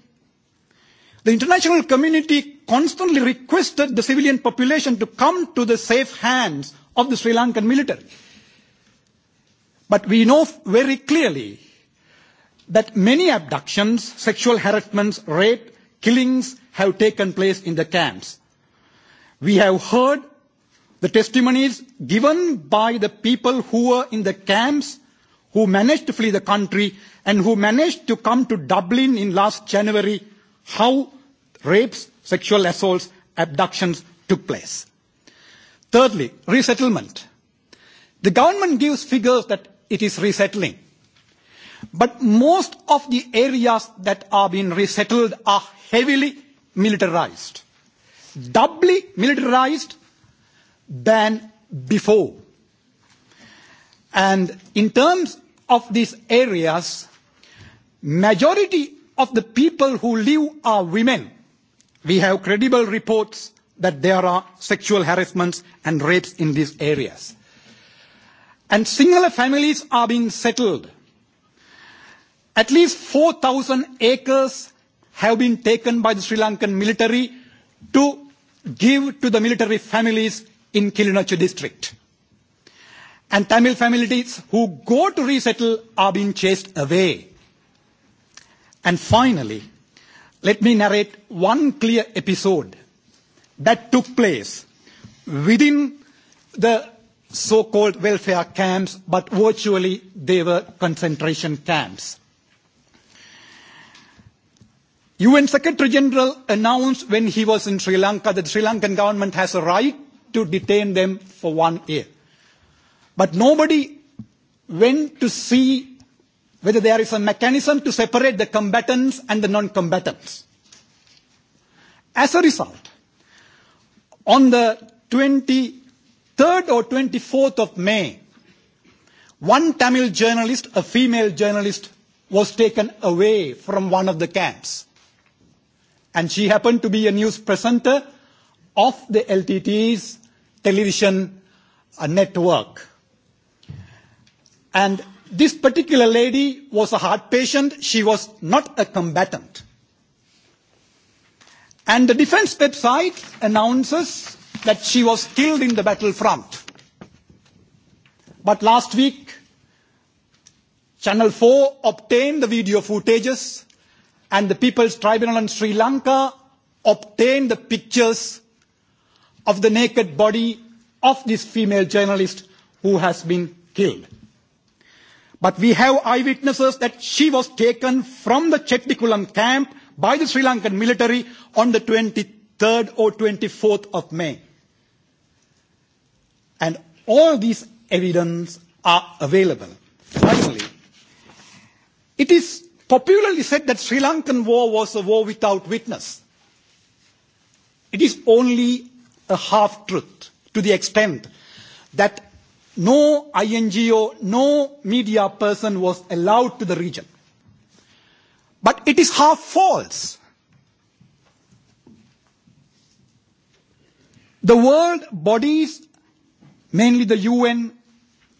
the international community constantly requested the civilian population to come to the safe hands of the Sri Lankan military. But we know very clearly that many abductions, sexual harassments, rape, killings have taken place in the camps. We have heard The testimonies given by the people who were in the camps, who managed to flee the country, and who managed to come to Dublin in last January, how rapes, sexual assaults, abductions took place. Thirdly, resettlement. The government gives figures that it is resettling. But most of the areas that are being resettled are heavily militarized. Doubly militarized than before. And in terms of these areas, majority of the people who live are women. We have credible reports that there are sexual harassments and rapes in these areas. And singular families are being settled. At least 4,000 acres have been taken by the Sri Lankan military to give to the military families in Kilinochu district. And Tamil families who go to resettle are being chased away. And finally, let me narrate one clear episode that took place within the so-called welfare camps, but virtually they were concentration camps. UN Secretary General announced when he was in Sri Lanka that the Sri Lankan government has a right to detain them for one year. But nobody went to see whether there is a mechanism to separate the combatants and the non-combatants. As a result, on the 23rd or 24th of May, one Tamil journalist, a female journalist, was taken away from one of the camps. And she happened to be a news presenter of the LTT's television network. And this particular lady was a heart patient. She was not a combatant. And the defense website announces that she was killed in the battlefront. But last week, Channel 4 obtained the video footages, and the People's Tribunal in Sri Lanka obtained the pictures of the naked body of this female journalist who has been killed. But we have eyewitnesses that she was taken from the Chetikulam camp by the Sri Lankan military on the 23rd or 24th of May. And all these evidence are available. Finally, it is popularly said that Sri Lankan war was a war without witness. It is only a half truth to the extent that no INGO, no media person was allowed to the region. But it is half false. The world bodies, mainly the UN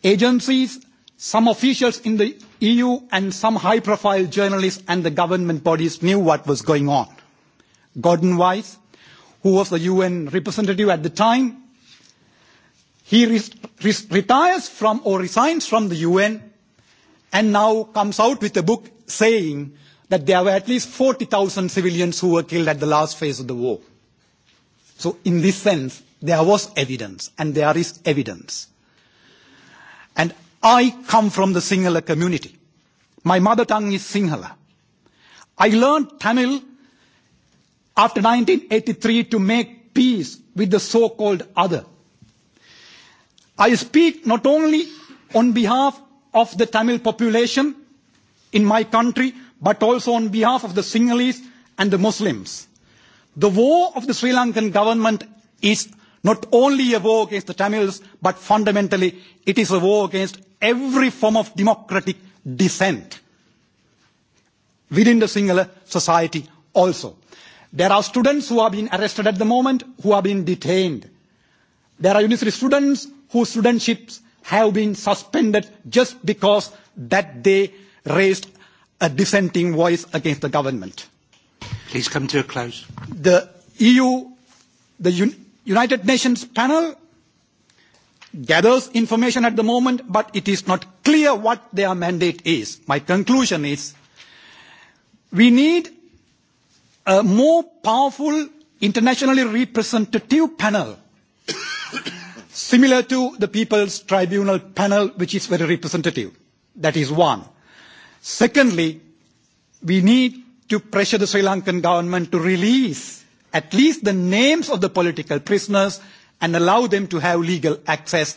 agencies, some officials in the EU, and some high profile journalists and the government bodies knew what was going on. Gordon Weiss, who was the UN representative at the time. He re- re- retires from or resigns from the UN and now comes out with a book saying that there were at least 40,000 civilians who were killed at the last phase of the war. So in this sense, there was evidence and there is evidence. And I come from the Sinhala community. My mother tongue is Sinhala. I learned Tamil after 1983 to make peace with the so-called other. I speak not only on behalf of the Tamil population in my country, but also on behalf of the Sinhalese and the Muslims. The war of the Sri Lankan government is not only a war against the Tamils, but fundamentally it is a war against every form of democratic dissent within the Sinhala society also. There are students who have been arrested at the moment, who have been detained. There are university students whose studentships have been suspended just because that they raised a dissenting voice against the government. Please come to a close. The EU, the United Nations panel gathers information at the moment, but it is not clear what their mandate is. My conclusion is we need a more powerful internationally representative panel similar to the People's Tribunal panel, which is very representative. That is one. Secondly, we need to pressure the Sri Lankan government to release at least the names of the political prisoners and allow them to have legal access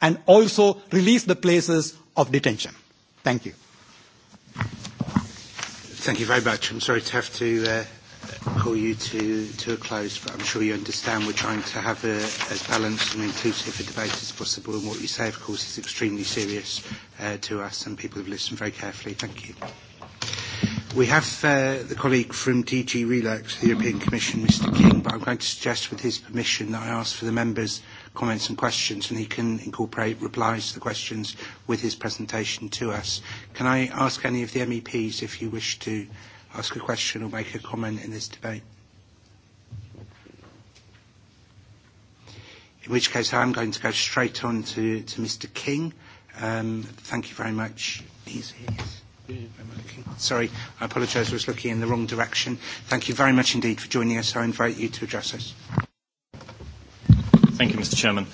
and also release the places of detention. Thank you. Thank you very much. I'm sorry to have to uh, call you to, to a close, but I'm sure you understand we're trying to have a, as balanced and inclusive a debate as possible, and what you say, of course, is extremely serious uh, to us, and people have listened very carefully. Thank you. We have uh, the colleague from DG Relax, the European Commission, Mr King, but I'm going to suggest with his permission that I ask for the members' comments and questions and he can incorporate replies to the questions with his presentation to us. Can I ask any of the MEPs if you wish to ask a question or make a comment in this debate? In which case, I'm going to go straight on to, to Mr. King. Um, thank you very much. He's, he's. Sorry, I apologise, I was looking in the wrong direction. Thank you very much indeed for joining us. I invite you to address us. Thank you, Mr Chairman.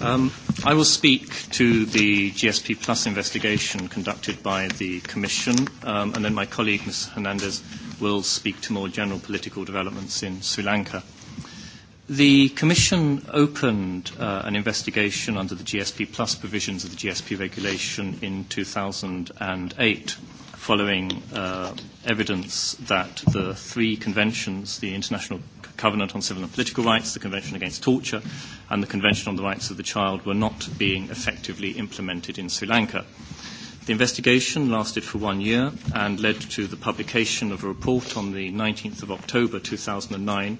Um, I will speak to the GSP Plus investigation conducted by the Commission, um, and then my colleague, Ms. Hernandez, will speak to more general political developments in Sri Lanka. The Commission opened uh, an investigation under the GSP Plus provisions of the GSP regulation in 2008 following uh, evidence that the three conventions, the International Covenant on Civil and Political Rights, the Convention Against Torture, and the Convention on the Rights of the Child were not being effectively implemented in Sri Lanka. The investigation lasted for one year and led to the publication of a report on the 19th of October 2009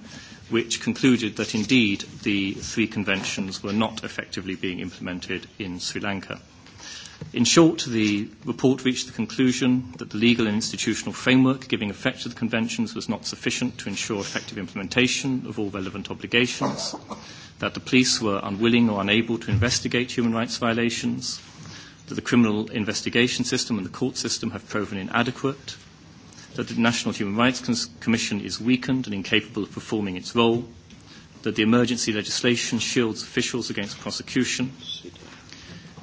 which concluded that indeed the three conventions were not effectively being implemented in Sri Lanka. In short, the report reached the conclusion that the legal and institutional framework giving effect to the conventions was not sufficient to ensure effective implementation of all relevant obligations, that the police were unwilling or unable to investigate human rights violations, that the criminal investigation system and the court system have proven inadequate, that the National Human Rights Commission is weakened and incapable of performing its role, that the emergency legislation shields officials against prosecution,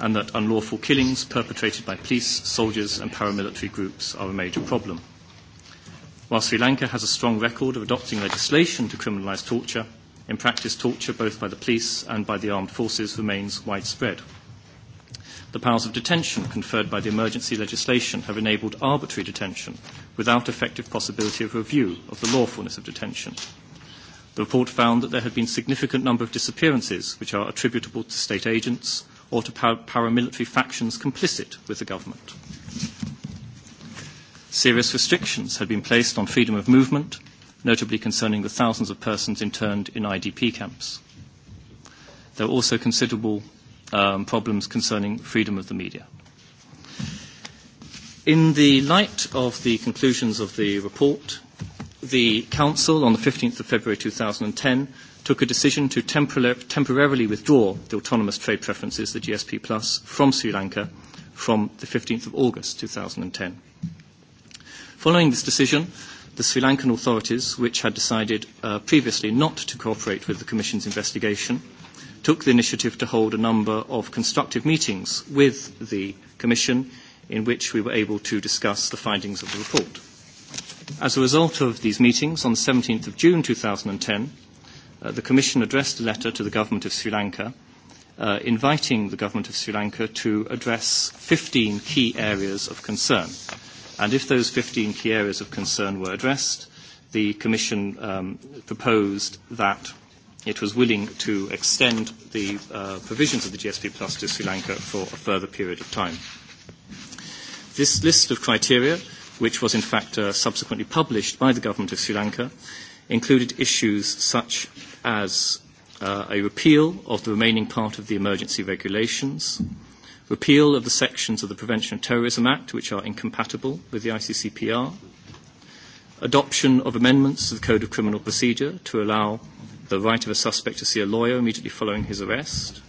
and that unlawful killings perpetrated by police, soldiers and paramilitary groups are a major problem. While Sri Lanka has a strong record of adopting legislation to criminalise torture, in practice torture both by the police and by the armed forces remains widespread. The powers of detention conferred by the emergency legislation have enabled arbitrary detention without effective possibility of review of the lawfulness of detention. The report found that there had been significant number of disappearances which are attributable to state agents, or to paramilitary factions complicit with the government. Serious restrictions had been placed on freedom of movement, notably concerning the thousands of persons interned in IDP camps. There were also considerable um, problems concerning freedom of the media. In the light of the conclusions of the report, the Council on the 15th of February 2010 took a decision to temporarily withdraw the autonomous trade preferences, the GSP Plus, from Sri Lanka from the 15th of August 2010. Following this decision, the Sri Lankan authorities, which had decided uh, previously not to cooperate with the Commission's investigation, took the initiative to hold a number of constructive meetings with the Commission in which we were able to discuss the findings of the report. As a result of these meetings, on the 17th of June 2010, the Commission addressed a letter to the government of Sri Lanka inviting the government of Sri Lanka to address 15 key areas of concern. And if those 15 key areas of concern were addressed, the Commission um, proposed that it was willing to extend the uh, provisions of the GSP Plus to Sri Lanka for a further period of time. This list of criteria, which was in fact uh, subsequently published by the government of Sri Lanka, included issues such as uh, a repeal of the remaining part of the emergency regulations, repeal of the sections of the Prevention of Terrorism Act which are incompatible with the ICCPR, adoption of amendments to the Code of Criminal Procedure to allow the right of a suspect to see a lawyer immediately following his arrest,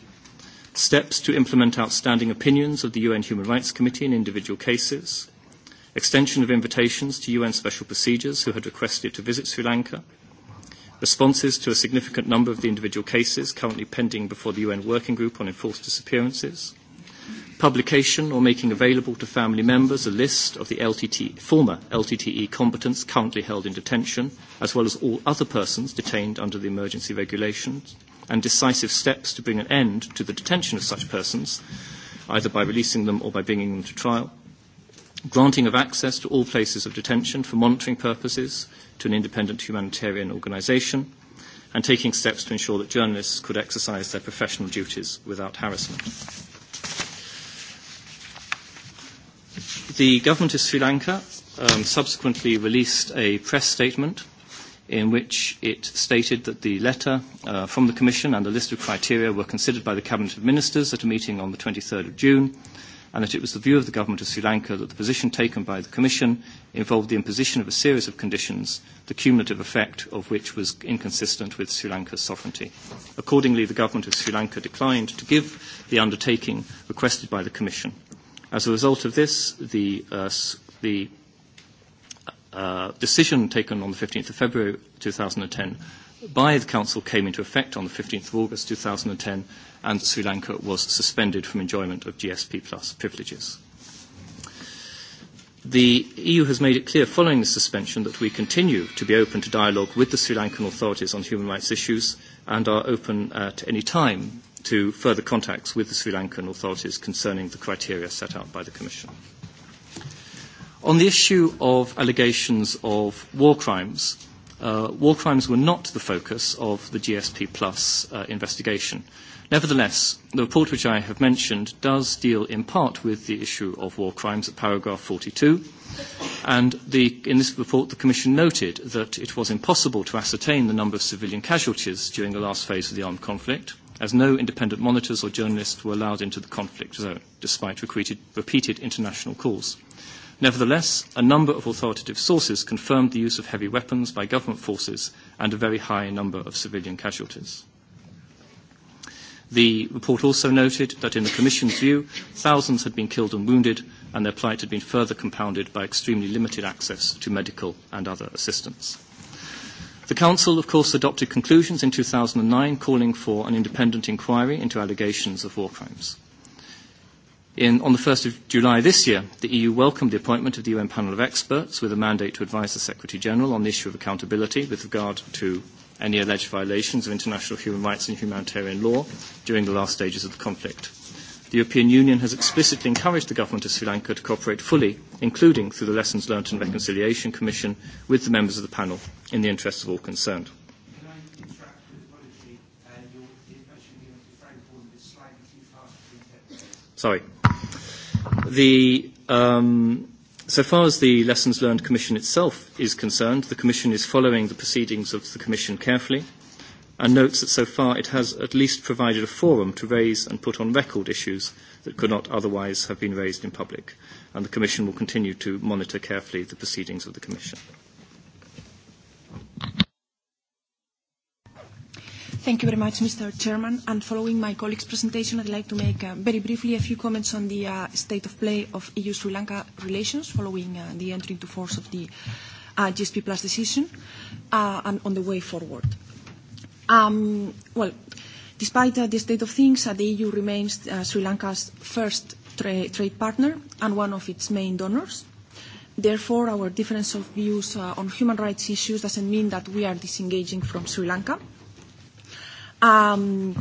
steps to implement outstanding opinions of the UN Human Rights Committee in individual cases, extension of invitations to UN special procedures who had requested to visit Sri Lanka, responses to a significant number of the individual cases currently pending before the UN Working Group on Enforced Disappearances, publication or making available to family members a list of the LTT, former LTTE combatants currently held in detention, as well as all other persons detained under the emergency regulations, and decisive steps to bring an end to the detention of such persons, either by releasing them or by bringing them to trial, granting of access to all places of detention for monitoring purposes to an independent humanitarian organisation, and taking steps to ensure that journalists could exercise their professional duties without harassment. The government of Sri Lanka um, subsequently released a press statement in which it stated that the letter uh, from the Commission and the list of criteria were considered by the Cabinet of Ministers at a meeting on the 23rd of June and that it was the view of the Government of Sri Lanka that the position taken by the Commission involved the imposition of a series of conditions, the cumulative effect of which was inconsistent with Sri Lanka's sovereignty. Accordingly, the Government of Sri Lanka declined to give the undertaking requested by the Commission. As a result of this, the, uh, the uh, decision taken on the 15th of February 2010 by the Council came into effect on the 15th of August 2010, and Sri Lanka was suspended from enjoyment of GSP Plus privileges. The EU has made it clear following the suspension that we continue to be open to dialogue with the Sri Lankan authorities on human rights issues and are open at any time to further contacts with the Sri Lankan authorities concerning the criteria set out by the Commission. On the issue of allegations of war crimes, uh, war crimes were not the focus of the GSP Plus uh, investigation. Nevertheless, the report which I have mentioned does deal in part with the issue of war crimes at paragraph 42, and the, in this report the Commission noted that it was impossible to ascertain the number of civilian casualties during the last phase of the armed conflict, as no independent monitors or journalists were allowed into the conflict zone, despite repeated international calls. Nevertheless, a number of authoritative sources confirmed the use of heavy weapons by government forces and a very high number of civilian casualties. The report also noted that in the Commission's view, thousands had been killed and wounded, and their plight had been further compounded by extremely limited access to medical and other assistance. The Council, of course, adopted conclusions in 2009 calling for an independent inquiry into allegations of war crimes. In, on the 1st of July this year, the EU welcomed the appointment of the UN panel of experts with a mandate to advise the Secretary General on the issue of accountability with regard to any alleged violations of international human rights and humanitarian law during the last stages of the conflict. The European Union has explicitly encouraged the government of Sri Lanka to cooperate fully, including through the Lessons Learned and Reconciliation Commission, with the members of the panel in the interests of all concerned. Sorry. The, um, so far as the Lessons Learned Commission itself is concerned, the Commission is following the proceedings of the Commission carefully and notes that so far it has at least provided a forum to raise and put on record issues that could not otherwise have been raised in public, and the Commission will continue to monitor carefully the proceedings of the Commission. Thank you very much, Mr. Chairman. And following my colleague's presentation, I'd like to make very briefly a few comments on the state of play of EU-Sri Lanka relations following the entry into force of the GSP Plus decision and on the way forward. well, despite the state of things, the EU remains Sri Lanka's first trade partner and one of its main donors. Therefore, our difference of views on human rights issues doesn't mean that we are disengaging from Sri Lanka. Um,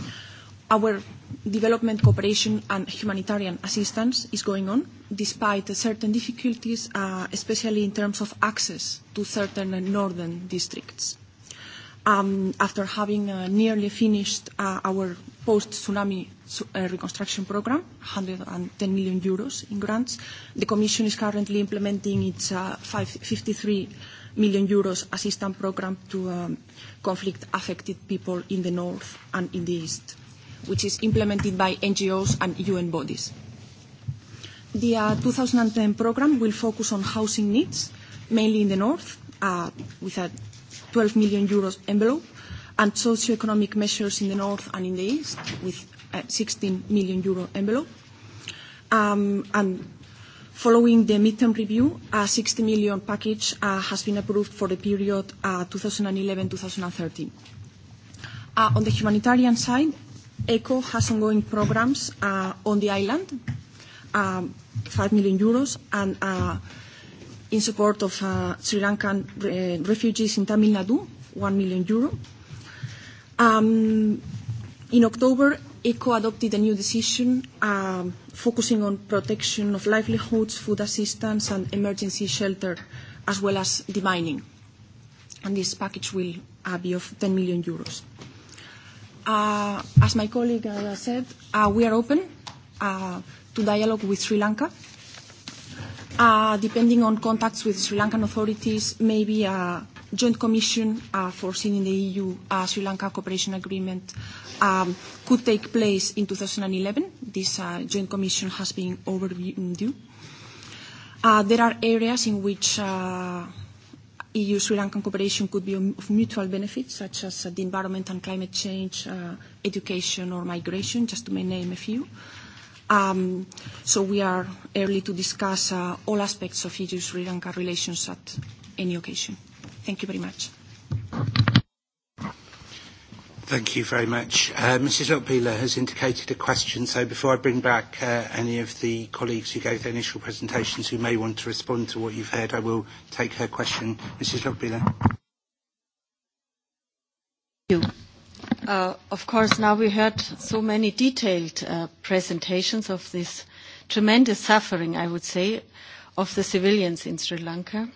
our development cooperation and humanitarian assistance is going on, despite certain difficulties, uh, especially in terms of access to certain northern districts. Um, after having uh, nearly finished uh, our post-tsunami uh, reconstruction program, 110 million euros in grants, the Commission is currently implementing its uh, 553 million euros assistance program to um, conflict-affected people in the north and in the east, which is implemented by NGOs and UN bodies. The uh, 2010 program will focus on housing needs, mainly in the north, uh, with a 12 million euros envelope, and socioeconomic measures in the north and in the east, with a 16 million euro envelope. Um, and Following the midterm review, a 60 million package has been approved for the period 2011-2013. On the humanitarian side, ECHO has ongoing programs on the island, 5 million euros, and in support of Sri Lankan refugees in Tamil Nadu, 1 million euro. In October, ECO adopted a new decision um, focusing on protection of livelihoods, food assistance and emergency shelter, as well as the mining, And this package will uh, be of 10 million euros. Uh, as my colleague uh, said, uh, we are open uh, to dialogue with Sri Lanka. Uh, depending on contacts with Sri Lankan authorities, maybe uh, joint commission uh, foreseen in the EU uh, Sri Lanka cooperation agreement um, could take place in 2011. This uh, joint commission has been overdue. Uh, there are areas in which uh, EU Sri Lankan cooperation could be of mutual benefit, such as the environment and climate change, uh, education, or migration, just to name a few. Um, so we are early to discuss uh, all aspects of EU Sri Lanka relations at any occasion. Thank you very much. Thank you very much. Uh, Mrs. Lockbeeler has indicated a question, so before I bring back uh, any of the colleagues who gave their initial presentations who may want to respond to what you've heard, I will take her question. Mrs. Lockbeeler. Thank you. Uh, of course, now we heard so many detailed uh, presentations of this tremendous suffering, I would say, of the civilians in Sri Lanka.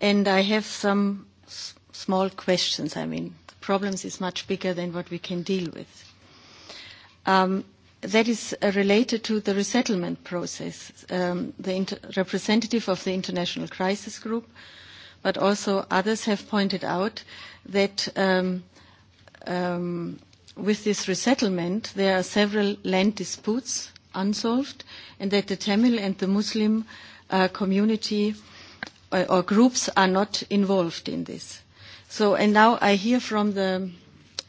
And I have some s- small questions. I mean, the problems is much bigger than what we can deal with. Um, that is related to the resettlement process. Um, the inter- representative of the International Crisis Group, but also others have pointed out that um, um, with this resettlement, there are several land disputes unsolved, and that the Tamil and the Muslim uh, community or groups are not involved in this. So, and now I hear from the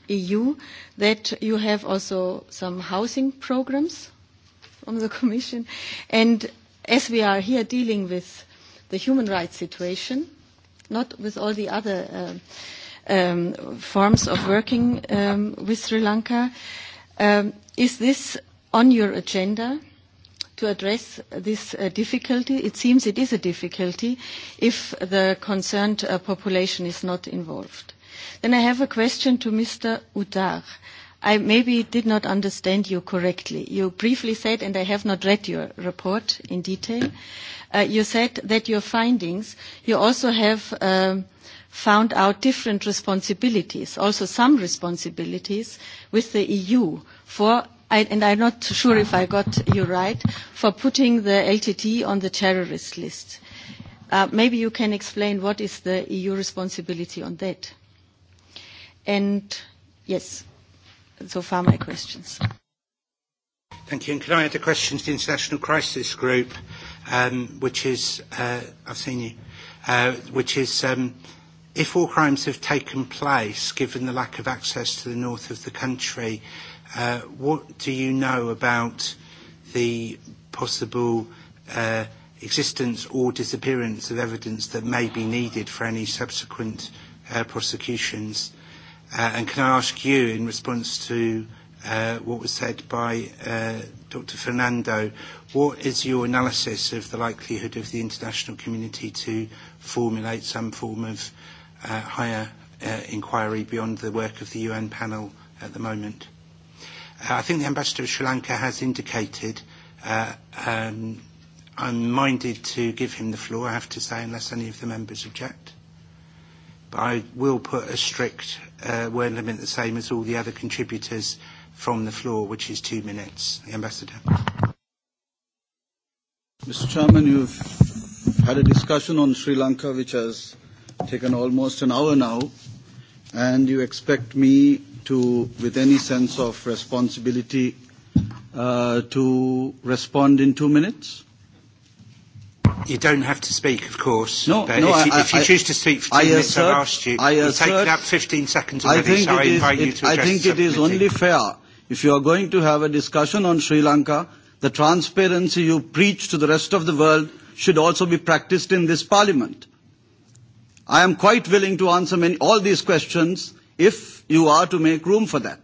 EU that you have also some housing programs from the Commission. And as we are here dealing with the human rights situation, not with all the other uh, um, forms of working um, with Sri Lanka, um, is this on your agenda? to address this uh, difficulty? It seems it is a difficulty if the concerned uh, population is not involved. Then I have a question to Mr. Udar. I maybe did not understand you correctly. You briefly said, and I have not read your report in detail, uh, you said that your findings, you also have uh, found out different responsibilities, also some responsibilities with the EU for I, and I'm not sure if I got you right, for putting the LTT on the terrorist list. maybe you can explain what is the EU responsibility on that. And yes, so far my questions. Thank you. And can I add a question to the International Crisis Group, which is, I've seen you, which is if war crimes have taken place, given the lack of access to the north of the country, Uh, what do you know about the possible uh, existence or disappearance of evidence that may be needed for any subsequent uh, prosecutions? Uh, and can I ask you, in response to uh, what was said by uh, Dr. Fernando, what is your analysis of the likelihood of the international community to formulate some form of uh, higher uh, inquiry beyond the work of the UN panel at the moment? I think the Ambassador of Sri Lanka has indicated. Uh, um, I'm minded to give him the floor, I have to say, unless any of the members object. But I will put a strict uh, word limit the same as all the other contributors from the floor, which is two minutes. The Ambassador. Mr. Chairman, you've had a discussion on Sri Lanka which has taken almost an hour now, and you expect me to, with any sense of responsibility, uh, to respond in two minutes? You don't have to speak, of course. No, but no, if, you, I, if you choose to speak for two I minutes, assert, I've asked you. I assert, take up 15 seconds already, I think so I invite is, you to address I think it is only fair, if you are going to have a discussion on Sri Lanka, the transparency you preach to the rest of the world should also be practiced in this parliament. I am quite willing to answer many, all these questions if you are to make room for that.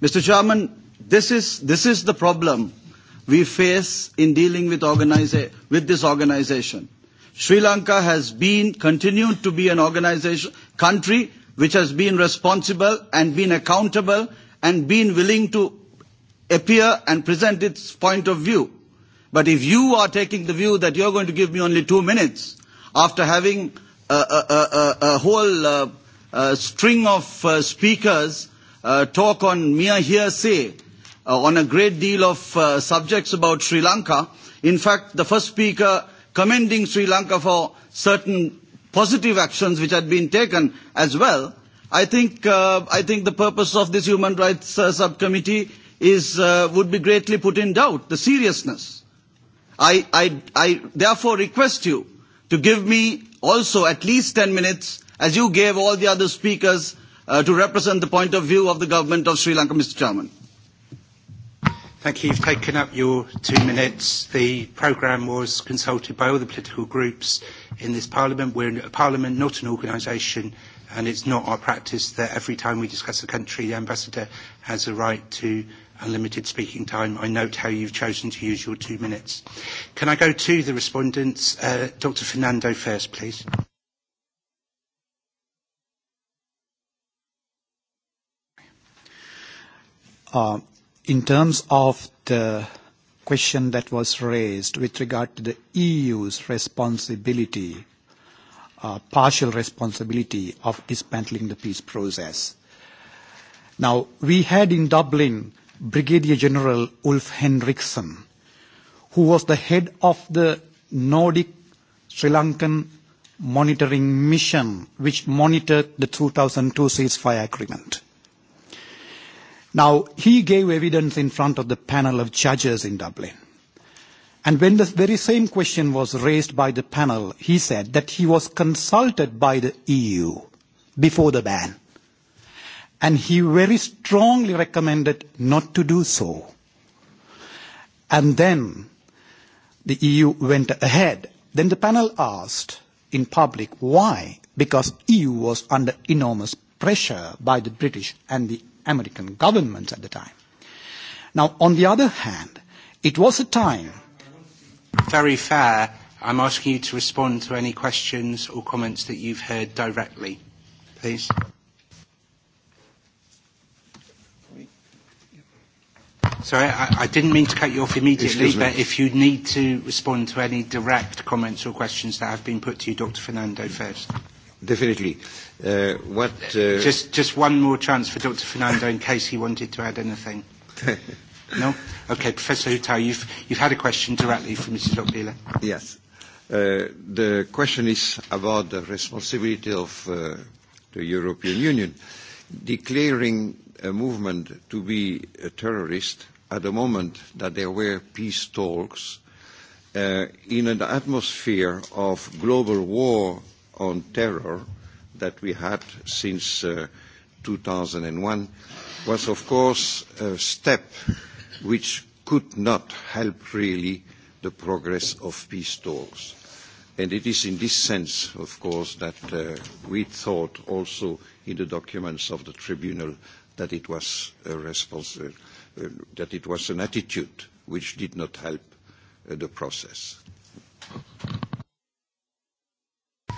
Mr. Chairman, this is, this is the problem we face in dealing with, with this organization. Sri Lanka has been, continued to be an organization, country which has been responsible and been accountable and been willing to appear and present its point of view. But if you are taking the view that you're going to give me only two minutes after having a, a, a, a whole uh, a string of uh, speakers uh, talk on mere hearsay uh, on a great deal of uh, subjects about Sri Lanka. In fact, the first speaker commending Sri Lanka for certain positive actions which had been taken as well. I think, uh, I think the purpose of this human rights uh, subcommittee is, uh, would be greatly put in doubt, the seriousness. I, I, I therefore request you to give me also at least 10 minutes as you gave all the other speakers uh, to represent the point of view of the government of Sri Lanka, Mr. Chairman. Thank you. You've taken up your two minutes. The programme was consulted by all the political groups in this Parliament. We're a Parliament, not an organisation, and it's not our practice that every time we discuss a country, the Ambassador has a right to unlimited speaking time. I note how you've chosen to use your two minutes. Can I go to the respondents? Uh, Dr Fernando first, please. in terms of the question that was raised with regard to the EU's responsibility, uh, partial responsibility of dismantling the peace process. Now, we had in Dublin Brigadier General Ulf Henriksson, who was the head of the Nordic Sri Lankan monitoring mission, which monitored the 2002 ceasefire agreement. Now, he gave evidence in front of the panel of judges in Dublin. And when the very same question was raised by the panel, he said that he was consulted by the EU before the ban. And he very strongly recommended not to do so. And then the EU went ahead. Then the panel asked in public why? Because EU was under enormous pressure by the British and the American government at the time. Now, on the other hand, it was a time. Very fair. I'm asking you to respond to any questions or comments that you've heard directly, please. Sorry, I, I didn't mean to cut you off immediately, but if you need to respond to any direct comments or questions that have been put to you, Dr. Fernando first. Definitely. Uh, what, uh, just, just one more chance for Dr. Fernando in case he wanted to add anything. no? Okay, Professor Hutau, you've, you've had a question directly from Mrs. Lopila. Yes. Uh, the question is about the responsibility of uh, the European Union. Declaring a movement to be a terrorist at the moment that there were peace talks uh, in an atmosphere of global war on terror that we had since uh, 2001 was, of course, a step which could not help really the progress of peace talks. And it is in this sense, of course, that we thought also in the documents of the tribunal that it was a response, that it was an attitude which did not help the process.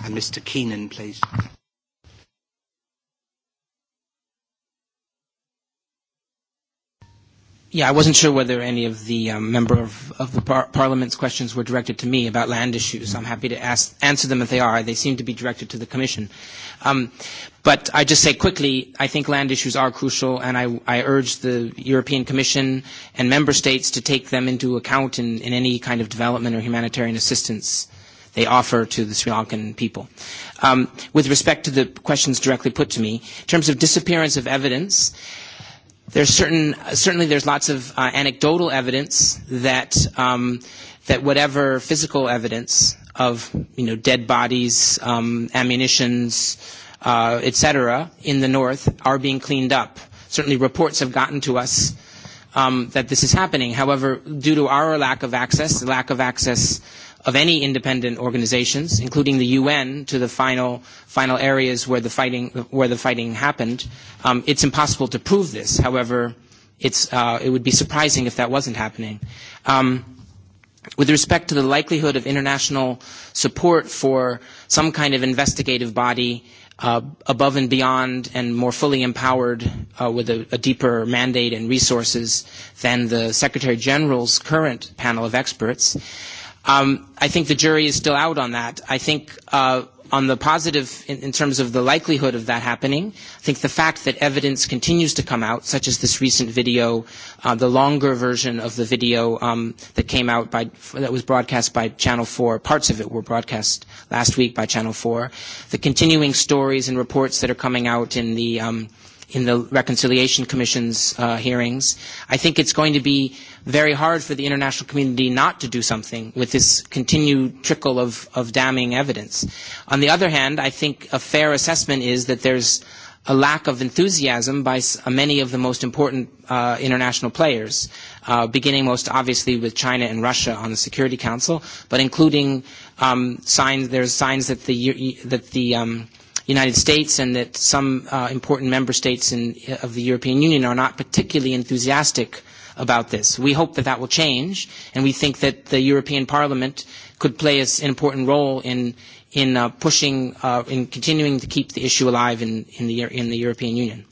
And Mr. Keenan, please. Yeah, I wasn't sure whether any of the um, member of, of the par- Parliament's questions were directed to me about land issues. I'm happy to ask, answer them if they are. They seem to be directed to the Commission. Um, but I just say quickly, I think land issues are crucial, and I, I urge the European Commission and member states to take them into account in, in any kind of development or humanitarian assistance they offer to the Sri Lankan people. Um, with respect to the questions directly put to me, in terms of disappearance of evidence, there's certain, certainly there's lots of uh, anecdotal evidence that, um, that whatever physical evidence of you know, dead bodies, um, ammunitions, uh, etc., in the north are being cleaned up. Certainly reports have gotten to us um, that this is happening. However, due to our lack of access, the lack of access of any independent organizations, including the UN, to the final, final areas where the fighting, where the fighting happened. Um, it's impossible to prove this. However, it's, uh, it would be surprising if that wasn't happening. Um, with respect to the likelihood of international support for some kind of investigative body uh, above and beyond and more fully empowered uh, with a, a deeper mandate and resources than the Secretary General's current panel of experts, Um, I think the jury is still out on that. I think uh, on the positive in, in terms of the likelihood of that happening, I think the fact that evidence continues to come out, such as this recent video, uh, the longer version of the video um, that came out by that was broadcast by Channel 4, parts of it were broadcast last week by Channel 4, the continuing stories and reports that are coming out in the um, in the Reconciliation Commission's uh, hearings. I think it's going to be very hard for the international community not to do something with this continued trickle of, of damning evidence. On the other hand, I think a fair assessment is that there's a lack of enthusiasm by many of the most important uh, international players, uh, beginning most obviously with China and Russia on the Security Council, but including um, signs. There's signs that the that the um, United States and that some uh, important member states in, of the European Union are not particularly enthusiastic about this. We hope that that will change, and we think that the European Parliament could play an important role in, in uh, pushing, uh, in continuing to keep the issue alive in, in, the, in the European Union.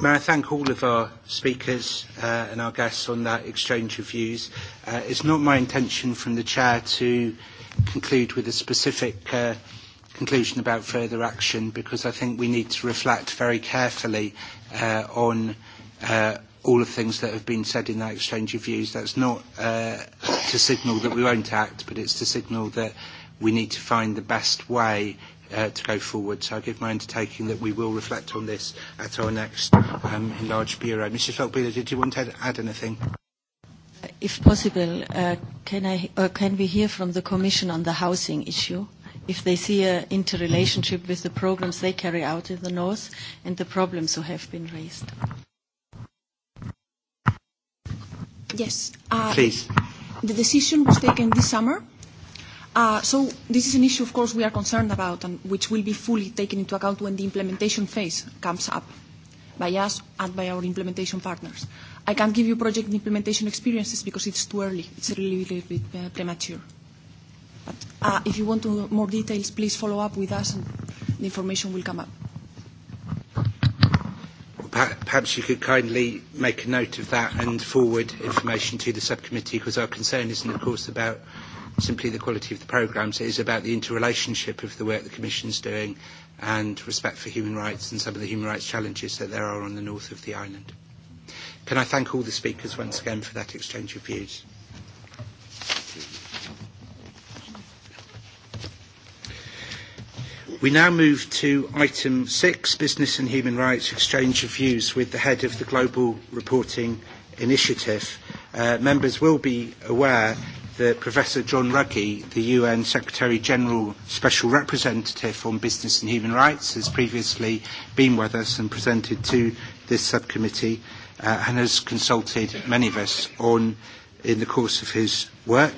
May I thank all of our speakers uh, and our guests on that exchange of views. Uh, it's not my intention from the Chair to conclude with a specific uh, conclusion about further action because I think we need to reflect very carefully uh, on uh, all the things that have been said in that exchange of views. That's not uh, to signal that we won't act, but it's to signal that we need to find the best way uh, to go forward. So I give my undertaking that we will reflect on this at our next um, enlarged bureau. Mr Felkbeeler, did you want to add anything? If possible, uh, can, I, or can we hear from the Commission on the housing issue? If they see an interrelationship with the programs they carry out in the north and the problems who have been raised. Yes. Uh, Please. The decision was taken this summer Uh, so this is an issue, of course, we are concerned about and which will be fully taken into account when the implementation phase comes up by us and by our implementation partners. I can't give you project implementation experiences because it's too early. It's really, really bit, uh, premature. But uh, if you want to, more details, please follow up with us and the information will come up. Perhaps you could kindly make a note of that and forward information to the subcommittee because our concern isn't, of course, about simply the quality of the programmes. It is about the interrelationship of the work the Commission is doing and respect for human rights and some of the human rights challenges that there are on the north of the island. Can I thank all the speakers once again for that exchange of views? We now move to item six, business and human rights exchange of views with the head of the Global Reporting Initiative. Uh, members will be aware that Professor John Ruggie, the UN Secretary General Special Representative on Business and Human Rights, has previously been with us and presented to this subcommittee uh, and has consulted many of us on in the course of his work.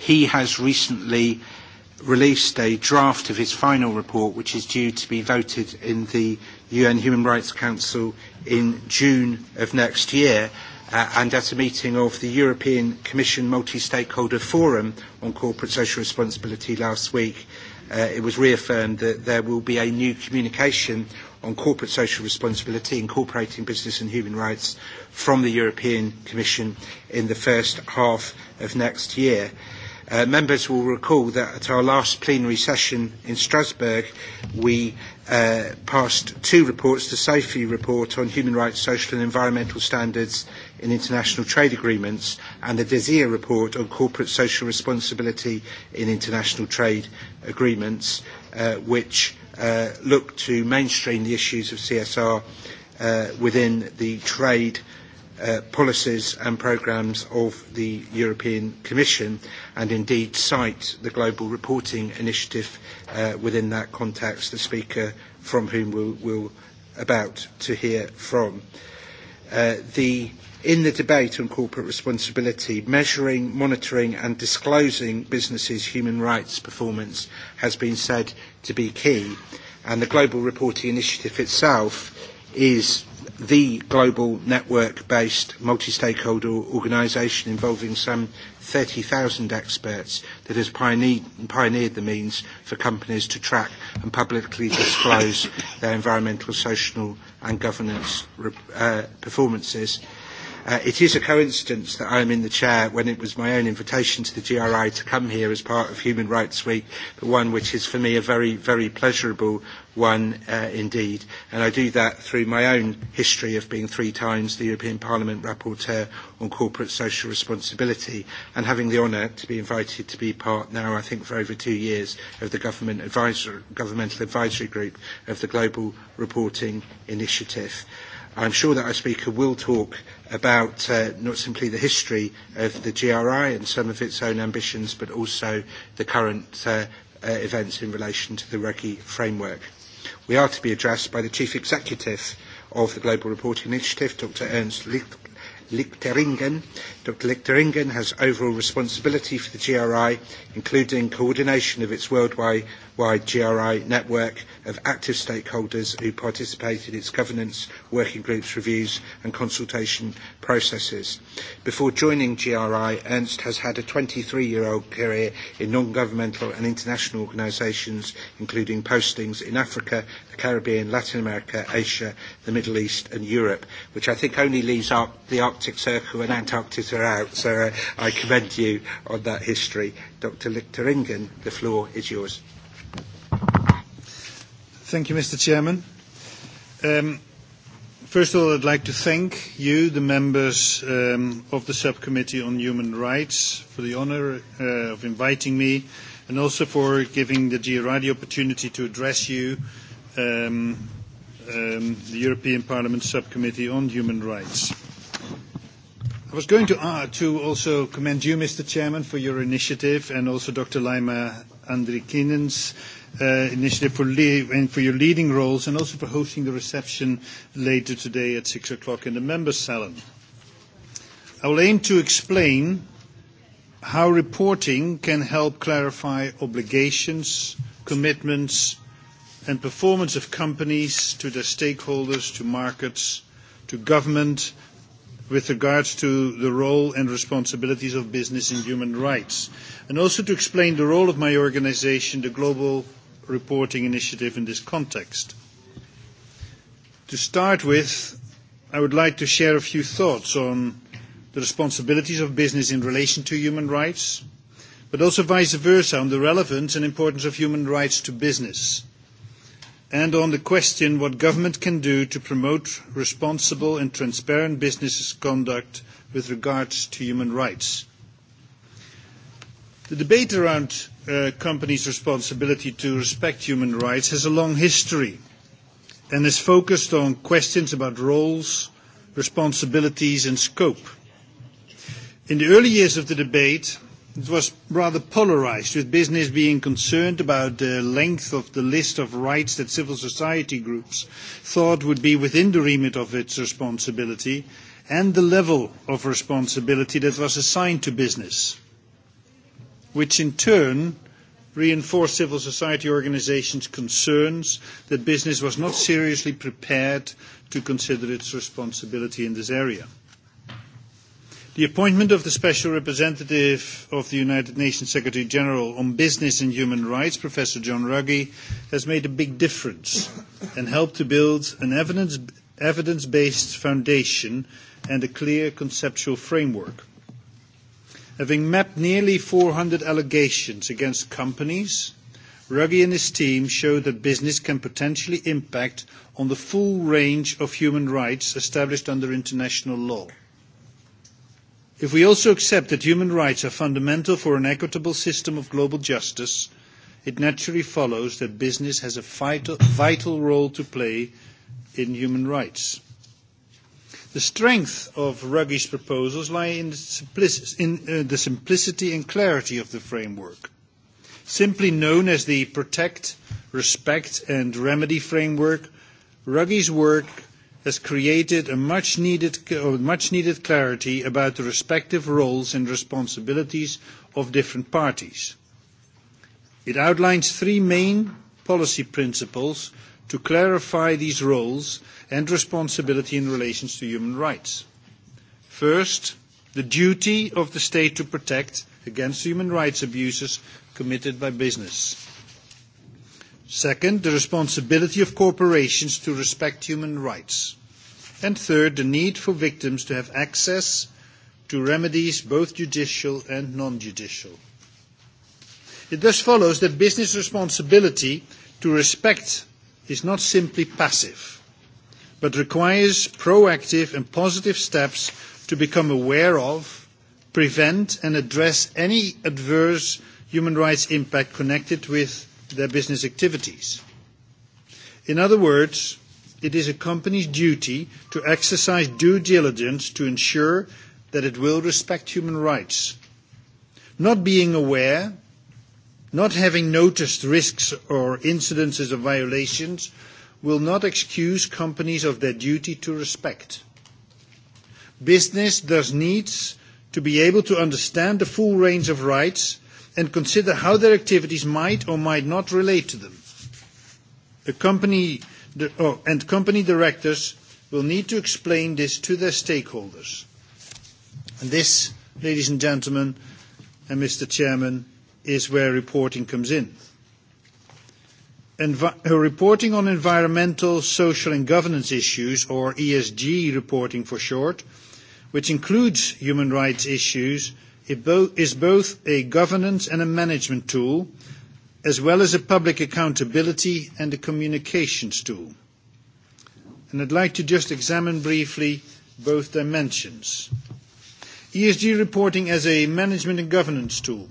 He has recently released a draft of his final report, which is due to be voted in the UN Human Rights Council in June of next year and at a meeting of the European Commission Multi-Stakeholder Forum on Corporate Social Responsibility last week, it was reaffirmed that there will be a new communication on corporate social responsibility, incorporating business and human rights from the European Commission in the first half of next year. members will recall that at our last plenary session in Strasbourg, we passed two reports, the SAFI report on human rights, social and environmental standards, in international trade agreements and the Desir report on corporate social responsibility in international trade agreements, uh, which uh, look to mainstream the issues of CSR uh, within the trade uh, policies and programmes of the European Commission and indeed cite the Global Reporting Initiative uh, within that context, the speaker from whom we'll, we'll about to hear from. Uh, the in the debate on corporate responsibility, measuring, monitoring and disclosing businesses' human rights performance has been said to be key. And the Global Reporting Initiative itself is the global network-based multi-stakeholder organisation involving some 30,000 experts that has pioneered, pioneered the means for companies to track and publicly disclose their environmental, social and governance uh, performances Uh, it is a coincidence that I am in the chair when it was my own invitation to the GRI to come here as part of Human Rights Week, but one which is for me a very, very pleasurable one uh, indeed. And I do that through my own history of being three times the European Parliament Rapporteur on Corporate Social Responsibility and having the honour to be invited to be part now, I think, for over two years of the government advisor, Governmental Advisory Group of the Global Reporting Initiative. I'm sure that our speaker will talk about uh, not simply the history of the GRI and some of its own ambitions, but also the current uh, uh, events in relation to the RUGI framework. We are to be addressed by the Chief Executive of the Global Reporting Initiative, Dr. Ernst Lichteringen, Dr. Lichtenringen has overall responsibility for the GRI, including coordination of its worldwide GRI network of active stakeholders who participate in its governance, working groups, reviews and consultation processes. Before joining GRI, Ernst has had a 23-year-old career in non-governmental and international organisations, including postings in Africa, the Caribbean, Latin America, Asia, the Middle East and Europe, which I think only leaves out the Arctic Circle and Antarctic sector out. So uh, I commend you on that history. Dr. Lichteringen, the floor is yours. Thank you, Mr. Chairman. Um, First of all, I'd like to thank you, the members of the Subcommittee on Human Rights, for the honour of inviting me and also for giving the GRI the opportunity to address you, the European Parliament Subcommittee on Human Rights. I was going to, uh, to also commend you, Mr. Chairman, for your initiative, and also Dr. Laima Andrikinen's uh, initiative for le- and for your leading roles, and also for hosting the reception later today at six o'clock in the Members' Salon. I will aim to explain how reporting can help clarify obligations, commitments, and performance of companies to their stakeholders, to markets, to government, with regard to the role and responsibilities of business and human rights, and also to explain the role of my organisation, the Global Reporting Initiative, in this context. To start with, I would like to share a few thoughts on the responsibilities of business in relation to human rights, but also vice versa on the relevance and importance of human rights to business and on the question what government can do to promote responsible and transparent business conduct with regards to human rights. The debate around companies' responsibility to respect human rights has a long history and is focused on questions about roles, responsibilities and scope. In the early years of the debate, it was rather polarized, with business being concerned about the length of the list of rights that civil society groups thought would be within the remit of its responsibility and the level of responsibility that was assigned to business, which in turn reinforced civil society organisations' concerns that business was not seriously prepared to consider its responsibility in this area. The appointment of the Special Representative of the United Nations Secretary General on Business and Human Rights, Professor John Ruggie, has made a big difference and helped to build an evidence based foundation and a clear conceptual framework. Having mapped nearly four hundred allegations against companies, Ruggie and his team showed that business can potentially impact on the full range of human rights established under international law If we also accept that human rights are fundamental for an equitable system of global justice, it naturally follows that business has a vital, role to play in human rights. The strength of Ruggie's proposals lies in, the simplicity and clarity of the framework. Simply known as the Protect, Respect and Remedy framework, Ruggie's work has created a much needed clarity about the respective roles and responsibilities of different parties. It outlines three main policy principles to clarify these roles and responsibility in relation to human rights. First, the duty of the state to protect against human rights abuses committed by business. Second, the responsibility of corporations to respect human rights. And third, the need for victims to have access to remedies, both judicial and non-judicial. It thus follows that business responsibility to respect is not simply passive, but requires proactive and positive steps to become aware of, prevent and address any adverse human rights impact connected with their business activities. In other words, it is a company's duty to exercise due diligence to ensure that it will respect human rights. Not being aware, not having noticed risks or incidences of violations will not excuse companies of their duty to respect. Business thus needs to be able to understand the full range of rights and consider how their activities might or might not relate to them. The company oh, and company directors will need to explain this to their stakeholders. And this, ladies and gentlemen, and Mr. Chairman, is where reporting comes in. Envi- reporting on environmental, social and governance issues, or ESG reporting for short, which includes human rights issues is both a governance and a management tool, as well as a public accountability and a communications tool. And I'd like to just examine briefly both dimensions. ESG reporting as a management and governance tool.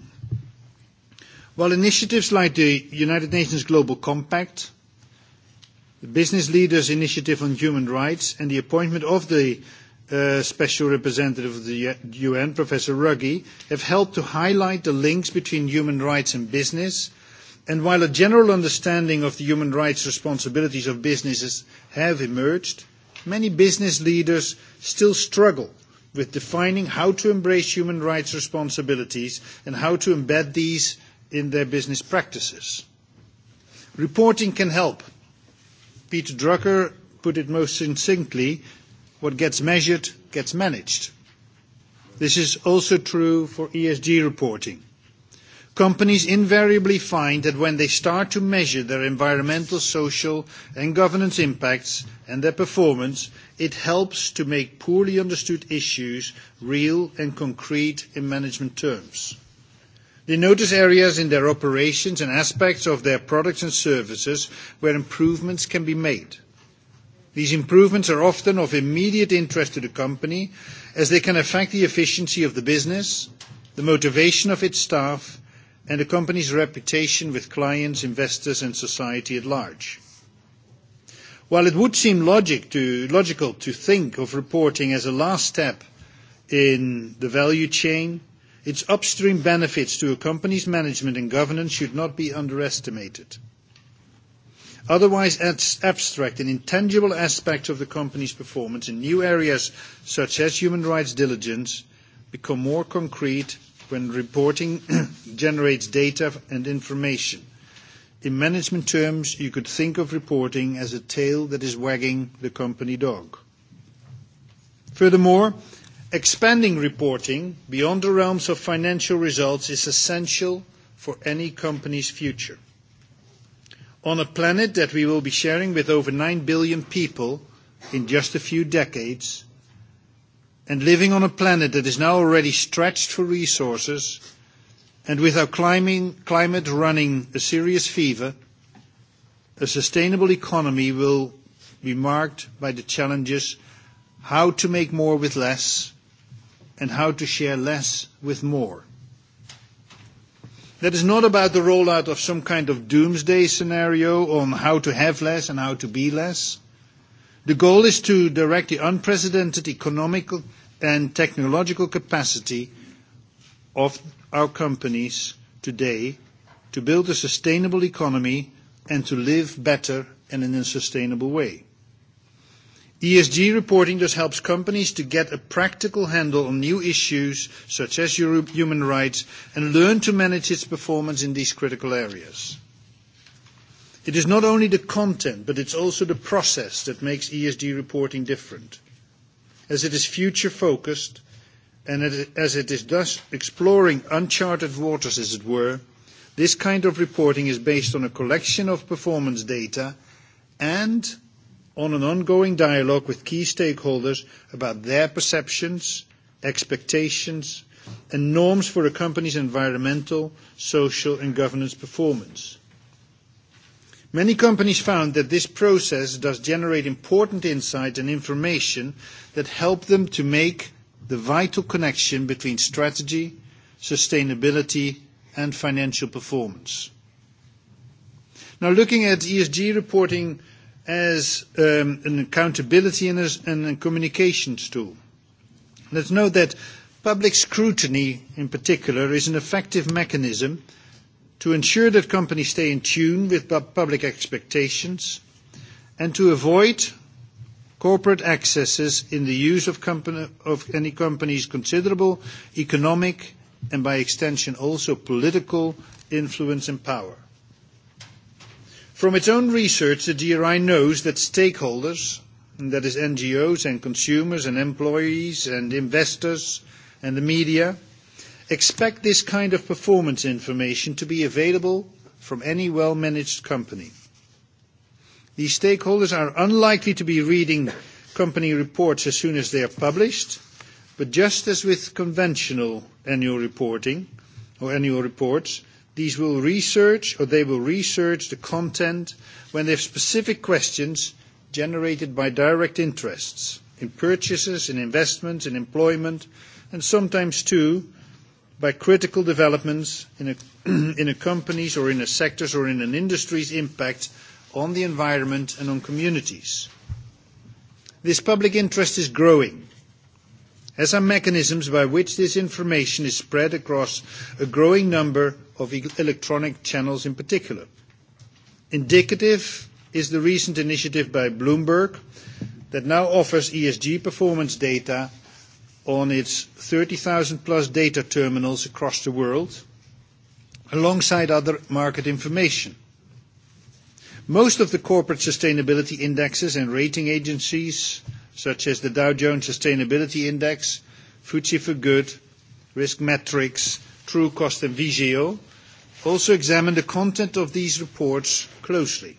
While initiatives like the United Nations Global Compact, the Business Leaders Initiative on Human Rights, and the appointment of the Special Representative of the UN, Professor Ruggie, have helped to highlight the links between human rights and business. And while a general understanding of the human rights responsibilities of businesses have emerged, many business leaders still struggle with defining how to embrace human rights responsibilities and how to embed these in their business practices. Reporting can help. Peter Drucker put it most succinctly what gets measured gets managed. This is also true for ESG reporting. Companies invariably find that when they start to measure their environmental, social, and governance impacts and their performance, it helps to make poorly understood issues real and concrete in management terms. They notice areas in their operations and aspects of their products and services where improvements can be made – These improvements are often of immediate interest to the company as they can affect the efficiency of the business, the motivation of its staff, and the company's reputation with clients, investors, and society at large. While it would seem logical to think of reporting as a last step in the value chain, its upstream benefits to a company's management and governance should not be underestimated. Otherwise, abstract and intangible aspects of the company's performance in new areas such as human rights diligence become more concrete when reporting generates data and information. In management terms, you could think of reporting as a tail that is wagging the company dog. Furthermore, expanding reporting beyond the realms of financial results is essential for any company's future on a planet that we will be sharing with over 9 billion people in just a few decades, and living on a planet that is now already stretched for resources, and with our climate running a serious fever, a sustainable economy will be marked by the challenges how to make more with less and how to share less with more. That is not about the rollout of some kind of doomsday scenario on how to have less and how to be less. The goal is to direct the unprecedented economic and technological capacity of our companies today to build a sustainable economy and to live better and in a sustainable way. ESG reporting thus helps companies to get a practical handle on new issues such as human rights and learn to manage its performance in these critical areas. It is not only the content, but it's also the process that makes ESG reporting different, as it is future-focused and as it is thus exploring uncharted waters, as it were, this kind of reporting is based on a collection of performance data and on an ongoing dialogue with key stakeholders about their perceptions, expectations, and norms for a company's environmental, social, and governance performance. Many companies found that this process does generate important insights and information that help them to make the vital connection between strategy, sustainability, and financial performance. Now, looking at ESG reporting as an accountability and as a communications tool. Let us note that public scrutiny in particular is an effective mechanism to ensure that companies stay in tune with public expectations and to avoid corporate excesses in the use of, any company's considerable economic and by extension also political influence and power. From its own research, the GRI knows that stakeholders, and that is NGOs and consumers and employees and investors and the media, expect this kind of performance information to be available from any well-managed company. These stakeholders are unlikely to be reading company reports as soon as they are published, but just as with conventional annual reporting or annual reports, These will research, or they will research the content when they have specific questions generated by direct interests in purchases, in investments, in employment, and sometimes too by critical developments in a, company's or in a sector's or in an industry's impact on the environment and on communities. This public interest is growing as are mechanisms by which this information is spread across a growing number of electronic channels in particular. Indicative is the recent initiative by Bloomberg that now offers ESG performance data on its 30,000-plus data terminals across the world, alongside other market information. Most of the corporate sustainability indexes and rating agencies such as the Dow Jones Sustainability Index, ftse for good Risk True Cost and Vigeo, also examine the content of these reports closely.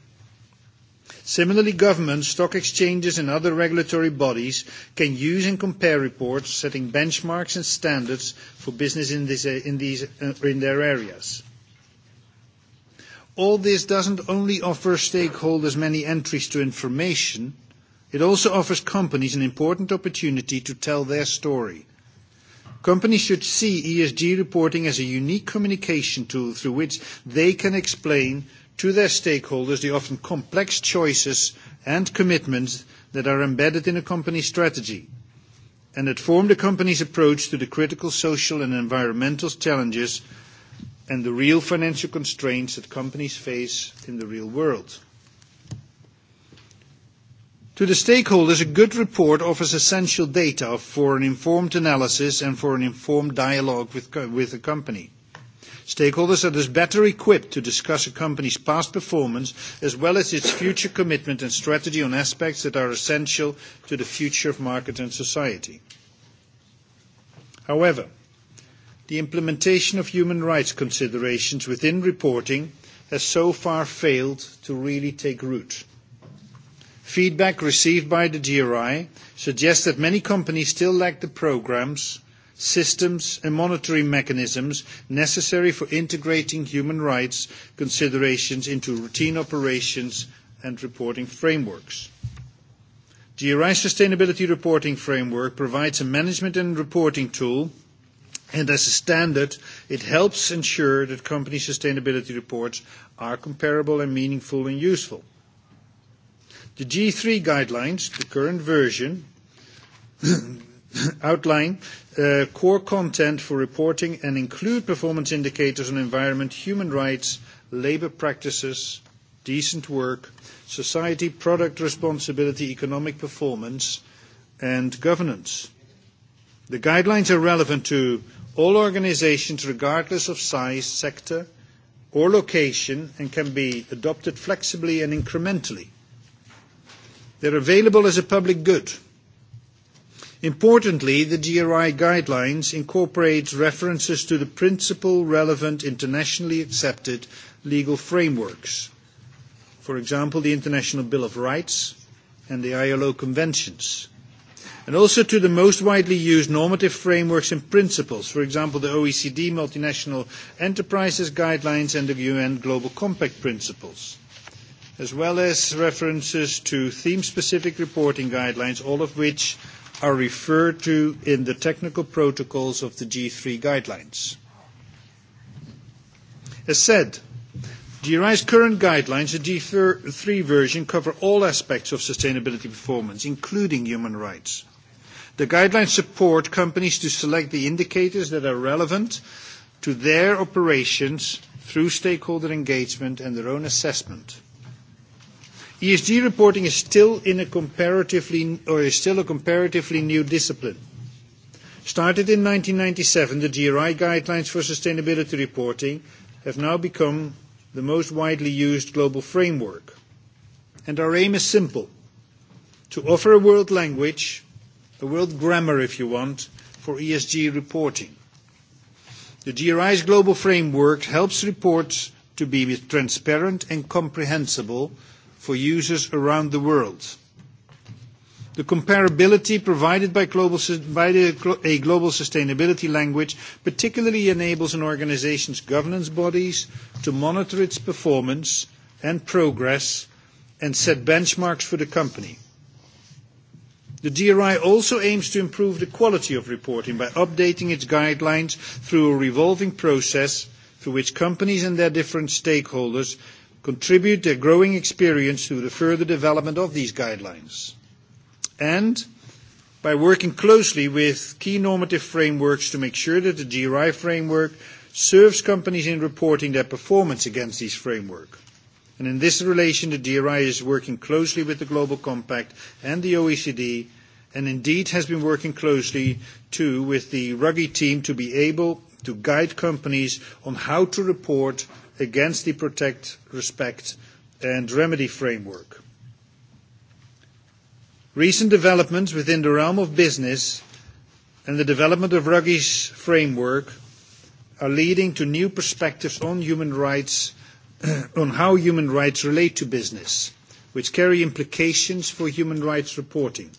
Similarly, governments, stock exchanges, and other regulatory bodies can use and compare reports, setting benchmarks and standards for business in, this, in, these, in their areas. All this doesn't only offer stakeholders many entries to information, It also offers companies an important opportunity to tell their story. Companies should see ESG reporting as a unique communication tool through which they can explain to their stakeholders the often complex choices and commitments that are embedded in a company's strategy and that form the company's approach to the critical social and environmental challenges and the real financial constraints that companies face in the real world. To the stakeholders, a good report offers essential data for an informed analysis and for an informed dialogue with, with company. Stakeholders are thus better equipped to discuss a company's past performance as well as its future commitment and strategy on aspects that are essential to the future of market and society. However, the implementation of human rights considerations within reporting has so far failed to really take root. Feedback received by the GRI suggests that many companies still lack the programs, systems, and monitoring mechanisms necessary for integrating human rights considerations into routine operations and reporting frameworks. GRI Sustainability Reporting Framework provides a management and reporting tool, and as a standard, it helps ensure that company sustainability reports are comparable and meaningful and useful. The G3 guidelines, the current version, outline core content for reporting and include performance indicators on environment, human rights, labour practices, decent work, society, product responsibility, economic performance, and governance. The guidelines are relevant to all organisations, regardless of size, sector, or location, and can be adopted flexibly and incrementally. They're available as a public good. Importantly, the GRI guidelines incorporate references to the principal relevant internationally accepted legal frameworks. For example, the International Bill of Rights and the ILO conventions. And also to the most widely used normative frameworks and principles, for example, the OECD Multinational Enterprises Guidelines and the UN Global Compact Principles as well as references to theme-specific reporting guidelines, all of which are referred to in the technical protocols of the G3 guidelines. As said, GRI's current guidelines, the G3 version, cover all aspects of sustainability performance, including human rights. The guidelines support companies to select the indicators that are relevant to their operations through stakeholder engagement and their own assessment. ESG reporting is still in a comparatively comparatively new discipline. Started in 1997, the GRI guidelines for sustainability reporting have now become the most widely used global framework. And our aim is simple: to offer a world language, a world grammar, if you want, for ESG reporting. The GRI's global framework helps reports to be transparent and comprehensible for users around the world. The comparability provided by, global, by the, a global sustainability language particularly enables an organization's governance bodies to monitor its performance and progress and set benchmarks for the company. The GRI also aims to improve the quality of reporting by updating its guidelines through a revolving process through which companies and their different stakeholders contribute their growing experience to the further development of these guidelines. And by working closely with key normative frameworks to make sure that the GRI framework serves companies in reporting their performance against these frameworks. And in this relation, the GRI is working closely with the Global Compact and the OECD, and indeed has been working closely too with the RUGI team to be able to guide companies on how to report against the Protect, Respect and Remedy framework. Recent developments within the realm of business and the development of Ruggie's framework are leading to new perspectives on human rights, on how human rights relate to business, which carry implications for human rights reporting.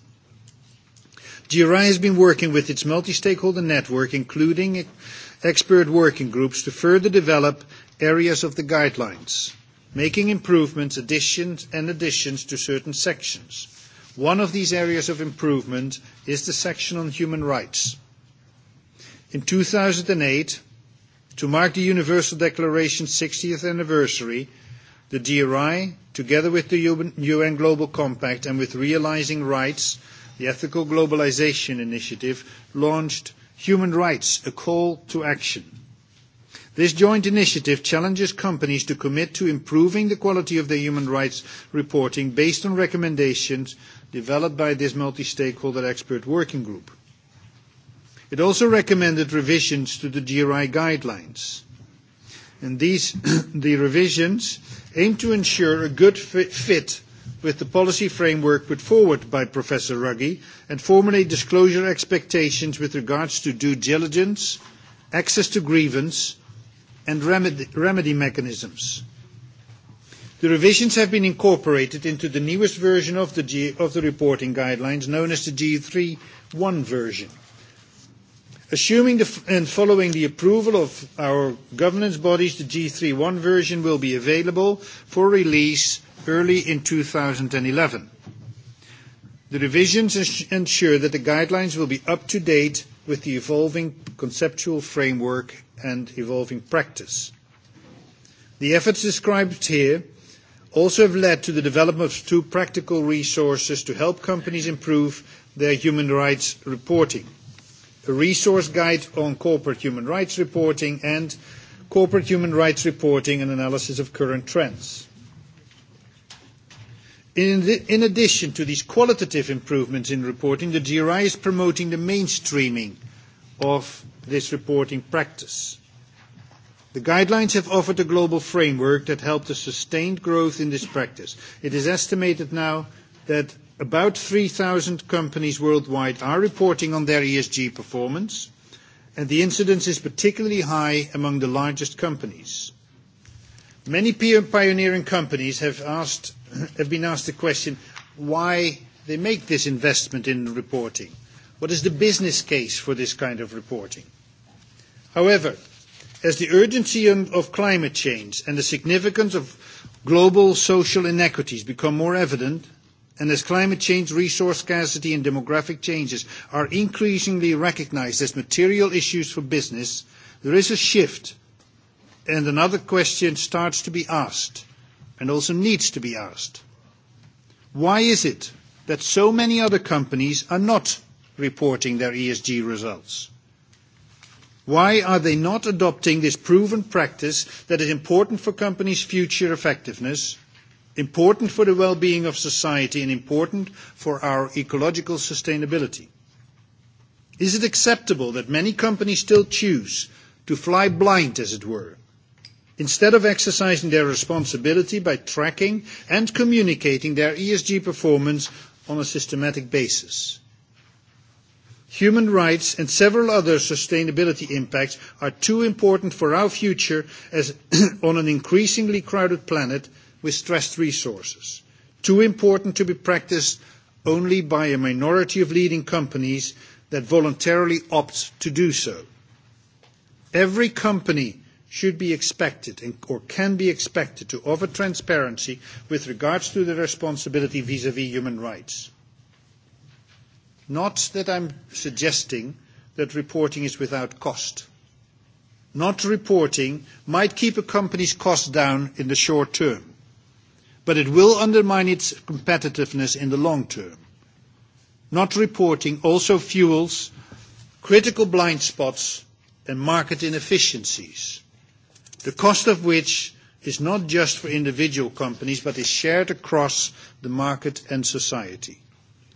GRI has been working with its multi-stakeholder network, including expert working groups, to further develop areas of the guidelines, making improvements additions and additions to certain sections. One of these areas of improvement is the section on human rights. In two thousand eight, to mark the Universal Declaration's 60th anniversary, the DRI, together with the UN Global Compact and with Realising Rights, the Ethical Globalisation Initiative, launched Human Rights, a Call to Action This joint initiative challenges companies to commit to improving the quality of their human rights reporting based on recommendations developed by this multi-stakeholder expert working group. It also recommended revisions to the GRI guidelines. And these, the revisions aim to ensure a good fit with the policy framework put forward by Professor Ruggie and formulate disclosure expectations with regards to due diligence, access to grievance, and remedy mechanisms. The revisions have been incorporated into the newest version of the reporting guidelines, known as the G3.1 version. Assuming and following the approval of our governance bodies, the G3.1 version will be available for release early in 2011. The revisions ensure that the guidelines will be up to date with the evolving conceptual framework and evolving practice. The efforts described here also have led to the development of two practical resources to help companies improve their human rights reporting. A resource guide on corporate human rights reporting and corporate human rights reporting and analysis of current trends. In, addition to these qualitative improvements in reporting, the GRI is promoting the mainstreaming of this reporting practice. The guidelines have offered a global framework that helped to sustain growth in this practice. It is estimated now that about three 3,000 companies worldwide are reporting on their ESG performance, and the incidence is particularly high among the largest companies. Many pioneering companies have, asked, have been asked the question why they make this investment in reporting. What is the business case for this kind of reporting? However, as the urgency of climate change and the significance of global social inequities become more evident, and as climate change, resource scarcity and demographic changes are increasingly recognised as material issues for business, there is a shift And another question starts to be asked and also needs to be asked. Why is it that so many other companies are not reporting their ESG results? Why are they not adopting this proven practice that is important for companies' future effectiveness, important for the well-being of society, and important for our ecological sustainability? Is it acceptable that many companies still choose to fly blind, as it were, Instead of exercising their responsibility by tracking and communicating their ESG performance on a systematic basis. Human rights and several other sustainability impacts are too important for our future as on an increasingly crowded planet with stressed resources. Too important to be practiced only by a minority of leading companies that voluntarily opt to do so. Every company should be expected and, or can be expected to offer transparency with regards to the responsibility vis-à-vis human rights. Not that I'm suggesting that reporting is without cost. Not reporting might keep a company's costs down in the short term, but it will undermine its competitiveness in the long term. Not reporting also fuels critical blind spots and market inefficiencies the cost of which is not just for individual companies, but is shared across the market and society.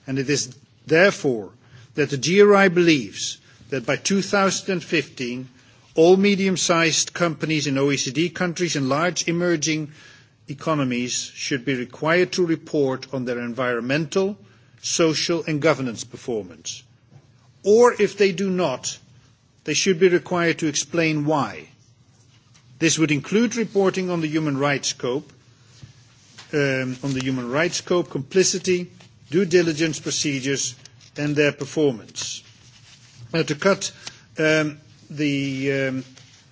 And it is therefore that the GRI believes that by fifteen all medium-sized companies in OECD countries and large emerging economies should be required to report on their environmental, social and governance performance. Or if they do not, they should be required to explain why This would include reporting on the human rights scope, on the human rights scope, complicity, due diligence procedures, and their performance. to cut the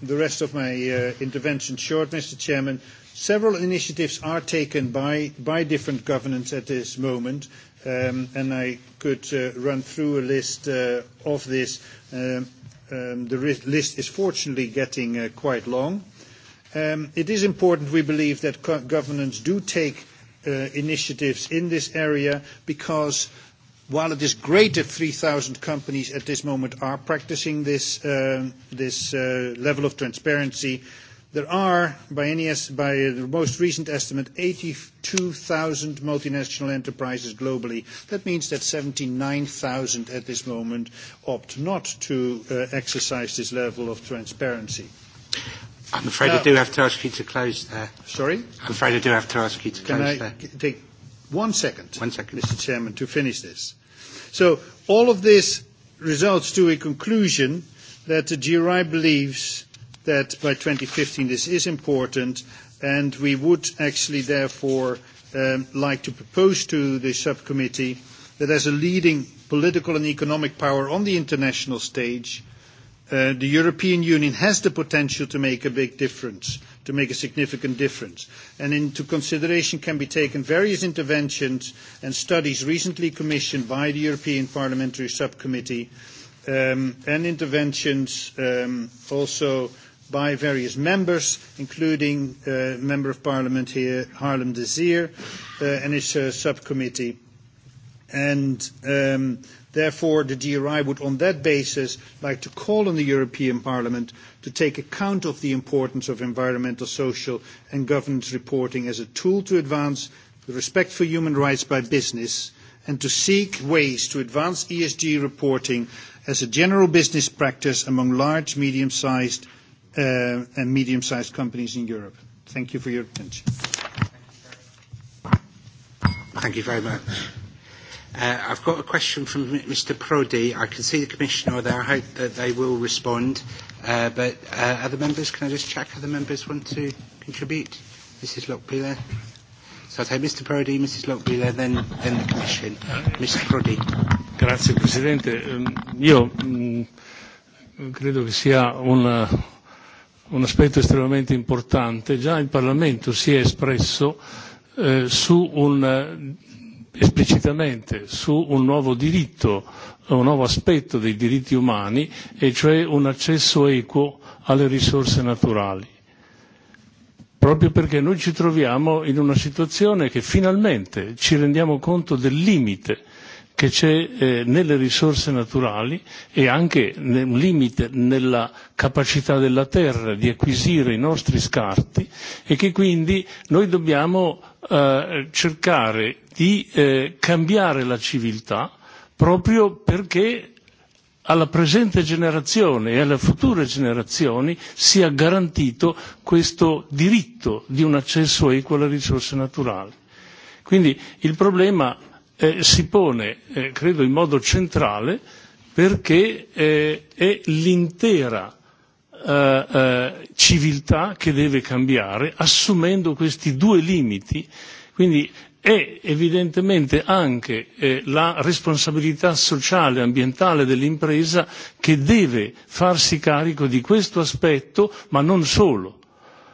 rest of my intervention short, Mr. Chairman, several initiatives are taken by different governments at this moment, and I could run through a list of this. The list is fortunately getting quite long It is important, we believe, that governments do take initiatives in this area because while it is great that 3,000 companies at this moment are practicing this level of transparency, there are, by the most recent estimate, 82,000 multinational enterprises globally. That means that 79,000 at this moment opt not to exercise this level of transparency. I'm afraid I do have to ask you to close there. Sorry? I'm afraid I do have to ask you to close Can I there. Take one second, one second, Mr. Chairman, to finish this. So all of this results to a conclusion that the GRI believes that by 2015 this is important, and we would actually therefore like to propose to the subcommittee that as a leading political and economic power on the international stage, the European Union has the potential to make a big difference, to make a significant difference. And into consideration can be taken various interventions and studies recently commissioned by the European Parliamentary Subcommittee and interventions also by various members, including uh, Member of Parliament here, Harlem Desir, and his subcommittee. And Therefore, the GRI would on that basis like to call on the European Parliament to take account of the importance of environmental, social and governance reporting as a tool to advance the respect for human rights by business and to seek ways to advance ESG reporting as a general business practice among large, medium-sized and medium-sized companies in Europe. Thank you for your attention. Thank you very much. Uh, I've got a question from Mr. Prodi. I can see the Commissioner there. I hope that they will respond. Uh, but uh, other members, can I just check other members want to contribute? Mrs. Lockbiller. So I'll take Mr. Prodi, Mrs. Lockbiller, then, then the Commission. Mr. Prodi. Grazie Presidente. Um, Io um, credo che sia un, un aspetto estremamente importante. Già il Parlamento si è espresso eh, su un esplicitamente su un nuovo diritto, un nuovo aspetto dei diritti umani, e cioè un accesso equo alle risorse naturali. Proprio perché noi ci troviamo in una situazione che finalmente ci rendiamo conto del limite che c'è nelle risorse naturali e anche un limite nella capacità della terra di acquisire i nostri scarti e che quindi noi dobbiamo cercare di cambiare la civiltà proprio perché alla presente generazione e alle future generazioni sia garantito questo diritto di un accesso equo alle risorse naturali. Quindi il problema si pone, credo, in modo centrale perché è l'intera civiltà che deve cambiare assumendo questi due limiti quindi è evidentemente anche la responsabilità sociale e ambientale dell'impresa che deve farsi carico di questo aspetto ma non solo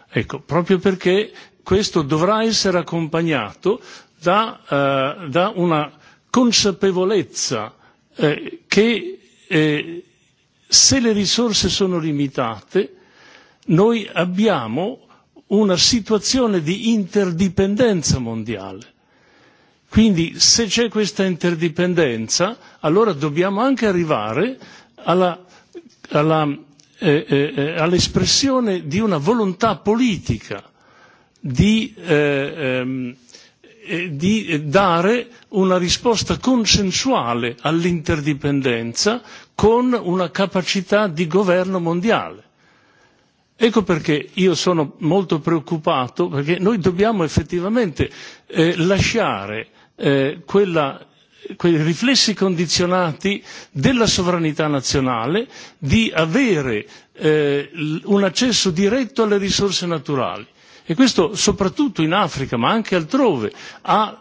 ecco proprio perché questo dovrà essere accompagnato da una consapevolezza che se le risorse sono limitate, noi abbiamo una situazione di interdipendenza mondiale. Quindi se c'è questa interdipendenza, allora dobbiamo anche arrivare alla, alla, eh, eh, all'espressione di una volontà politica di, eh, di dare una risposta consensuale all'interdipendenza con una capacità di governo mondiale. Ecco perché io sono molto preoccupato, perché noi dobbiamo effettivamente lasciare quella quei riflessi condizionati della sovranità nazionale di avere un accesso diretto alle risorse naturali E questo soprattutto in Africa, ma anche altrove, ha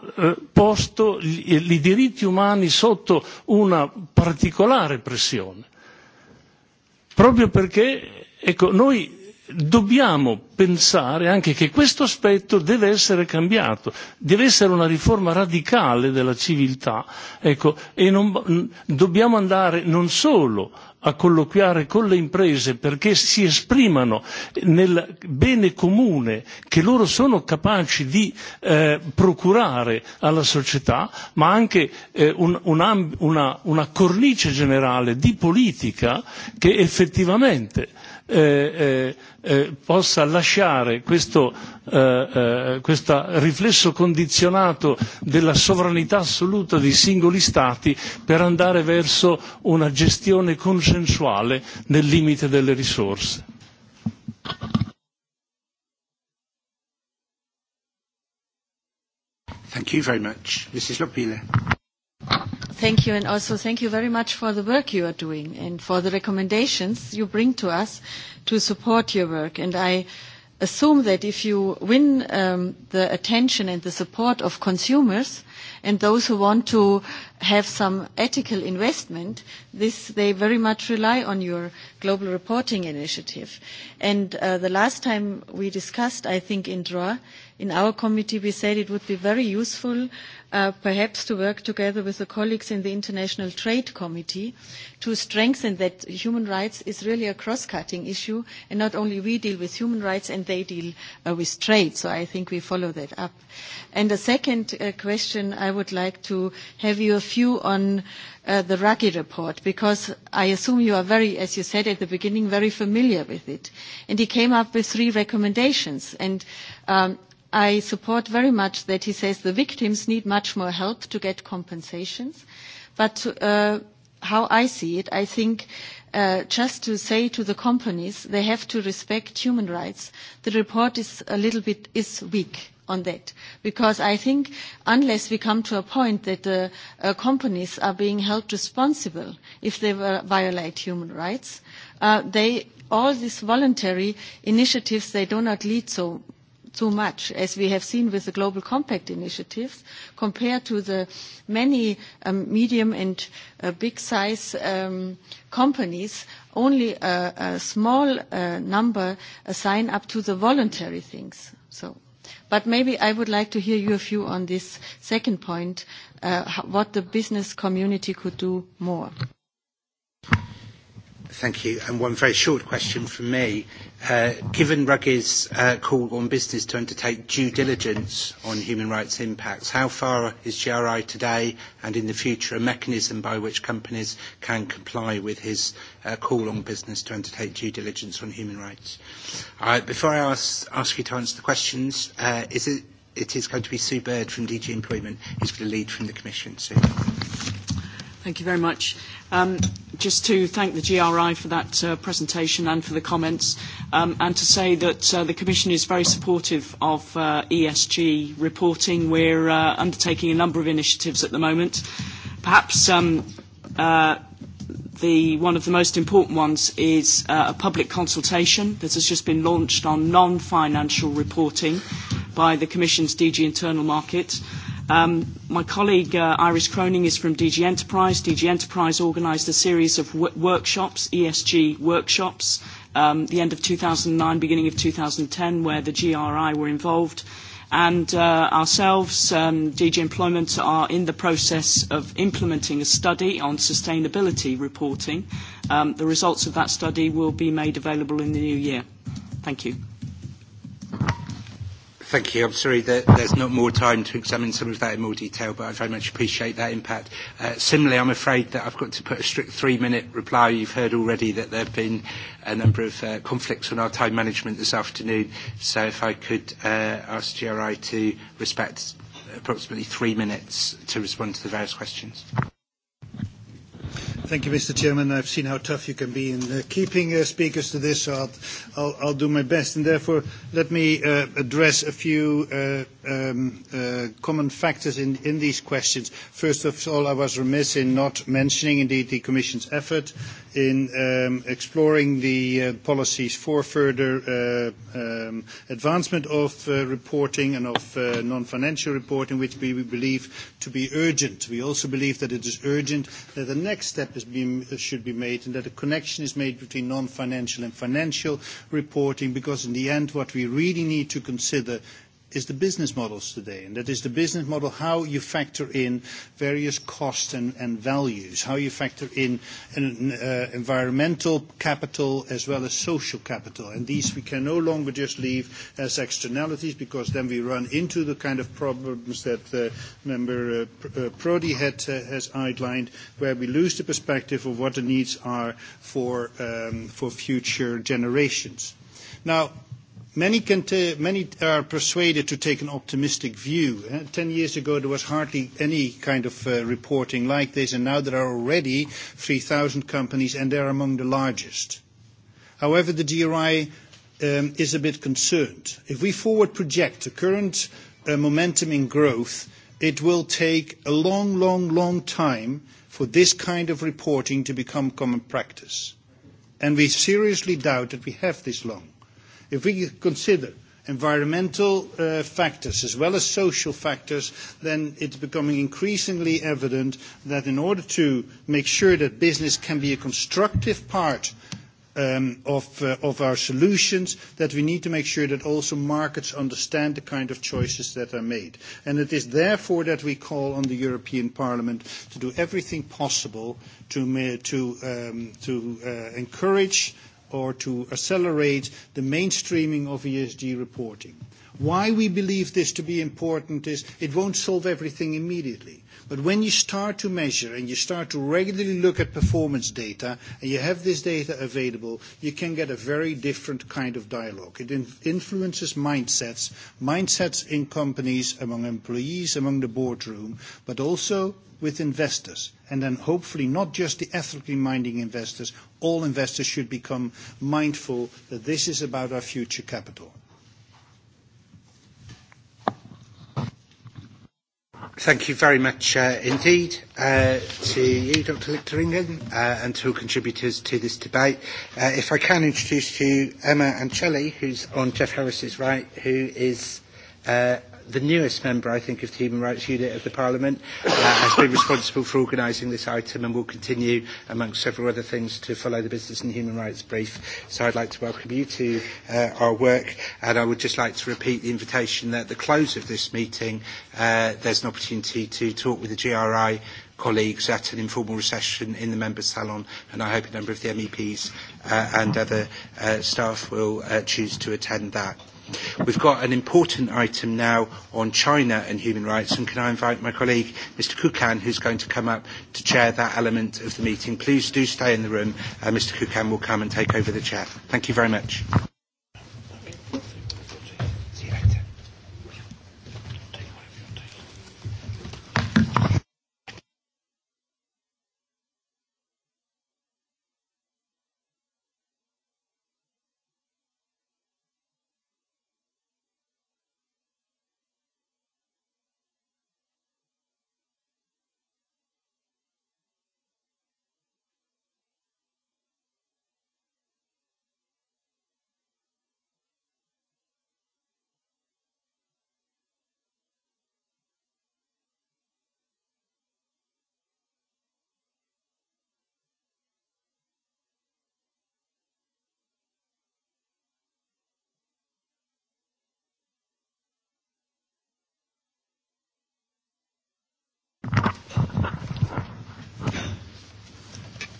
posto i diritti umani sotto una particolare pressione. Proprio perché noi dobbiamo pensare anche che questo aspetto deve essere cambiato, deve essere una riforma radicale della civiltà, ecco, e non, dobbiamo andare non solo a colloquiare con le imprese perché si esprimano nel bene comune che loro sono capaci di procurare alla società, ma anche una cornice generale di politica che effettivamente possa lasciare questo, riflesso condizionato della sovranità assoluta dei singoli Stati per andare verso una gestione consensuale nel limite delle risorse. Thank you very much. Mrs. Thank you, and also thank you very much for the work you are doing and for the recommendations you bring to us to support your work. And I assume that if you win the attention and the support of consumers and those who want to have some ethical investment, this, they very much rely on your global reporting initiative. And the last time we discussed, I think, in DROA, in our committee, we said it would be very useful perhaps to work together with the colleagues in the International Trade Committee to strengthen that human rights is really a cross-cutting issue, and not only we deal with human rights and they deal with trade, so I think we follow that up. And the second question I would like to have your view on the Ruggie report, because I assume you are very, as you said at the beginning, very familiar with it. And he came up with three recommendations, and I support very much that he says the victims need much more help to get compensations. But uh, how I see it, I think uh, just to say to the companies they have to respect human rights. The report is a little bit is weak on that because I think unless we come to a point that uh, uh, companies are being held responsible if they violate human rights, uh, they all these voluntary initiatives they do not lead so too much, as we have seen with the Global Compact initiatives, compared to the many medium and big-size companies, only a small number sign up to the voluntary things. But maybe I would like to hear your view on this second point, what the business community could do more. Thank you. And one very short question from me. Given Ruggie's call on business to undertake due diligence on human rights impacts, how far is GRI today and in the future a mechanism by which companies can comply with his call on business to undertake due diligence on human rights? Before I ask you to answer the questions, it is going to be Sue Bird from DG Employment who's going to lead from the commission. Sue. Thank you very much. Um, just to thank the GRI for that uh, presentation and for the comments, um, and to say that uh, the Commission is very supportive of uh, ESG reporting. We're uh, undertaking a number of initiatives at the moment. Perhaps um, uh, the, one of the most important ones is uh, a public consultation that has just been launched on non-financial reporting by the Commission's DG Internal Market Um, my colleague uh, Iris Croning is from DG Enterprise. DG Enterprise organised a series of w- workshops, ESG workshops, um, the end of 2009, beginning of 2010, where the GRI were involved. And uh, ourselves, um, DG Employment, are in the process of implementing a study on sustainability reporting. Um, the results of that study will be made available in the new year. Thank you. Thank you. I'm sorry that there's not more time to examine some of that in more detail, but I very much appreciate that impact. similarly, I'm afraid that I've got to put a strict three-minute reply. You've heard already that there have been a number of uh, conflicts on our time management this afternoon, so if I could uh, ask GRI to respect approximately three minutes to respond to the various questions. Thank you, Mr. Chairman. I've seen how tough you can be in keeping speakers to this, so I'll, I'll, do my best. And therefore, let me address a few common factors in, in these questions. First of all, I was remiss in not mentioning, indeed, the Commission's effort in exploring the policies for further advancement of reporting and of non-financial reporting, which we believe to be urgent. We also believe that it is urgent that the next step has been, should be made and that a connection is made between non-financial and financial reporting because in the end what we really need to consider is the business models today, and that is the business model, how you factor in various costs and, and values, how you factor in an, uh, environmental capital as well as social capital. And these we can no longer just leave as externalities because then we run into the kind of problems that uh, Member uh, Prodi had, uh, has outlined, where we lose the perspective of what the needs are for, um, for future generations. Now, Many, can t- many are persuaded to take an optimistic view. ten years ago, there was hardly any kind of uh, reporting like this, and now there are already 3,000 companies, and they're among the largest. However, the GRI um, is a bit concerned. If we forward project the current uh, momentum in growth, it will take a long, long, long time for this kind of reporting to become common practice. And we seriously doubt that we have this long. If we consider environmental factors as well as social factors, then it's becoming increasingly evident that in order to make sure that business can be a constructive part of our solutions, that we need to make sure that also markets understand the kind of choices that are made. And It is therefore that we call on the European Parliament to do everything possible to encourage or to accelerate the mainstreaming of ESG reporting. Why we believe this to be important is it won't solve everything immediately But when you start to measure and you start to regularly look at performance data and you have this data available, you can get a very different kind of dialogue. It influences mindsets, mindsets in companies, among employees, among the boardroom, but also with investors. And then hopefully not just the ethically minding investors, all investors should become mindful that this is about our future capital. Thank you very much uh, indeed uh, to you, Dr. Lichteringen, uh, and to all contributors to this debate. Uh, if I can introduce to you Emma Ancelli, who's on Jeff Harris's right, who is uh, the newest member, I think, of the Human Rights Unit of the Parliament, uh, has been responsible for organising this item and will continue, amongst several other things, to follow the Business and Human Rights Brief. So I'd like to welcome you to uh, our work, and I would just like to repeat the invitation that at the close of this meeting, uh, there's an opportunity to talk with the GRI colleagues at an informal recession in the Members' Salon, and I hope a number of the MEPs uh, and other uh, staff will uh, choose to attend that. We've got an important item now on China and human rights, and can I invite my colleague, Mr. Kukan, who's going to come up to chair that element of the meeting. Please do stay in the room. Uh, Mr. Kukan will come and take over the chair. Thank you very much.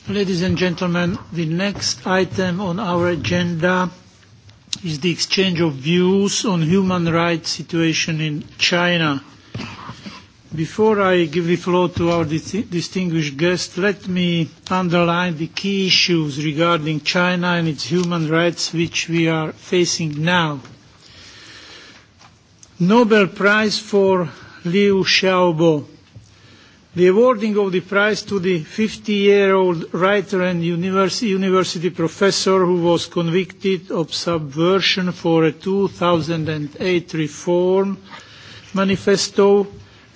Ladies and gentlemen, the next item on our agenda is the exchange of views on human rights situation in China. Before I give the floor to our distinguished guest, let me underline the key issues regarding China and its human rights which we are facing now. Nobel Prize for Liu Xiaobo The awarding of the prize to the 50-year-old writer and university professor who was convicted of subversion for a 2008 reform manifesto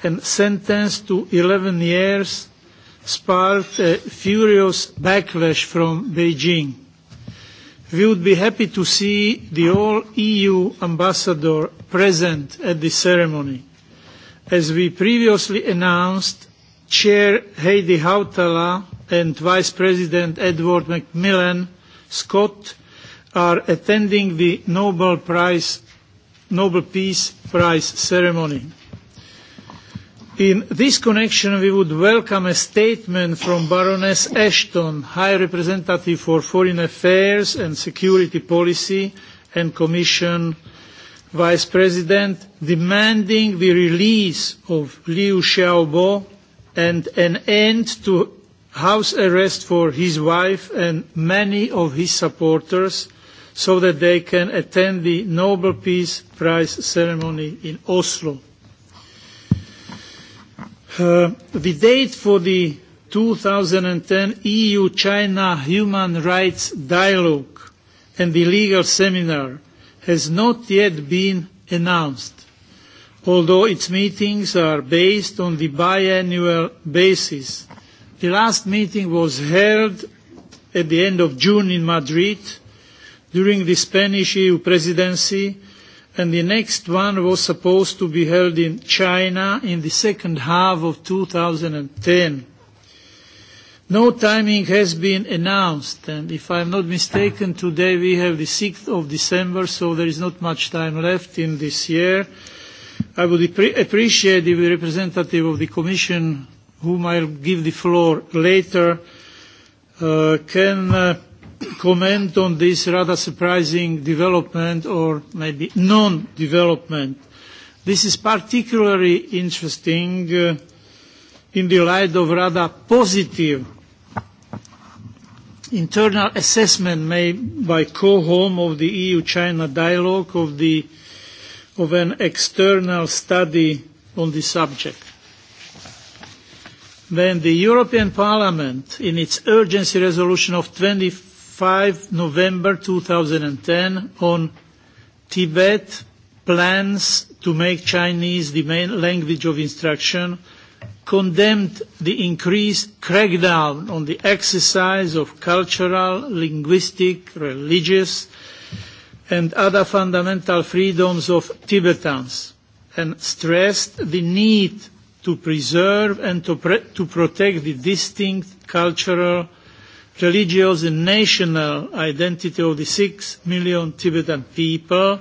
and sentenced to 11 years sparked a furious backlash from Beijing. We would be happy to see the all-EU ambassador present at the ceremony. As we previously announced, Chair Heidi Hautala and Vice President Edward Macmillan Scott are attending the Nobel Prize Nobel Peace Prize ceremony. In this connection, we would welcome a statement from Baroness Ashton, High Representative for Foreign Affairs and Security Policy and Commission Vice President, demanding the release of Liu Xiaobo, and an end to house arrest for his wife and many of his supporters so that they can attend the Nobel Peace Prize ceremony in Oslo. the date for the 2010 EU-China Human Rights Dialogue and the legal seminar has not yet been announced although its meetings are based on the biannual basis. The last meeting was held at the end of June in Madrid during the Spanish EU presidency, and the next one was supposed to be held in China in the second half of 2010. No timing has been announced, and if I'm not mistaken, today we have the 6th of December, so there is not much time left in this year I would appreciate if the representative of the Commission, whom I'll give the floor later, uh, can uh, comment on this rather surprising development or maybe non-development. This is particularly interesting uh, in the light of rather positive internal assessment made by COHOM of the EU-China dialogue of the of an external study on the subject. Then the European Parliament, in its urgency resolution of 25 November 2010 on Tibet, plans to make Chinese the main language of instruction, condemned the increased crackdown on the exercise of cultural, linguistic, religious, and other fundamental freedoms of Tibetans and stressed the need to preserve and to, pre- to protect the distinct cultural, religious and national identity of the six million Tibetan people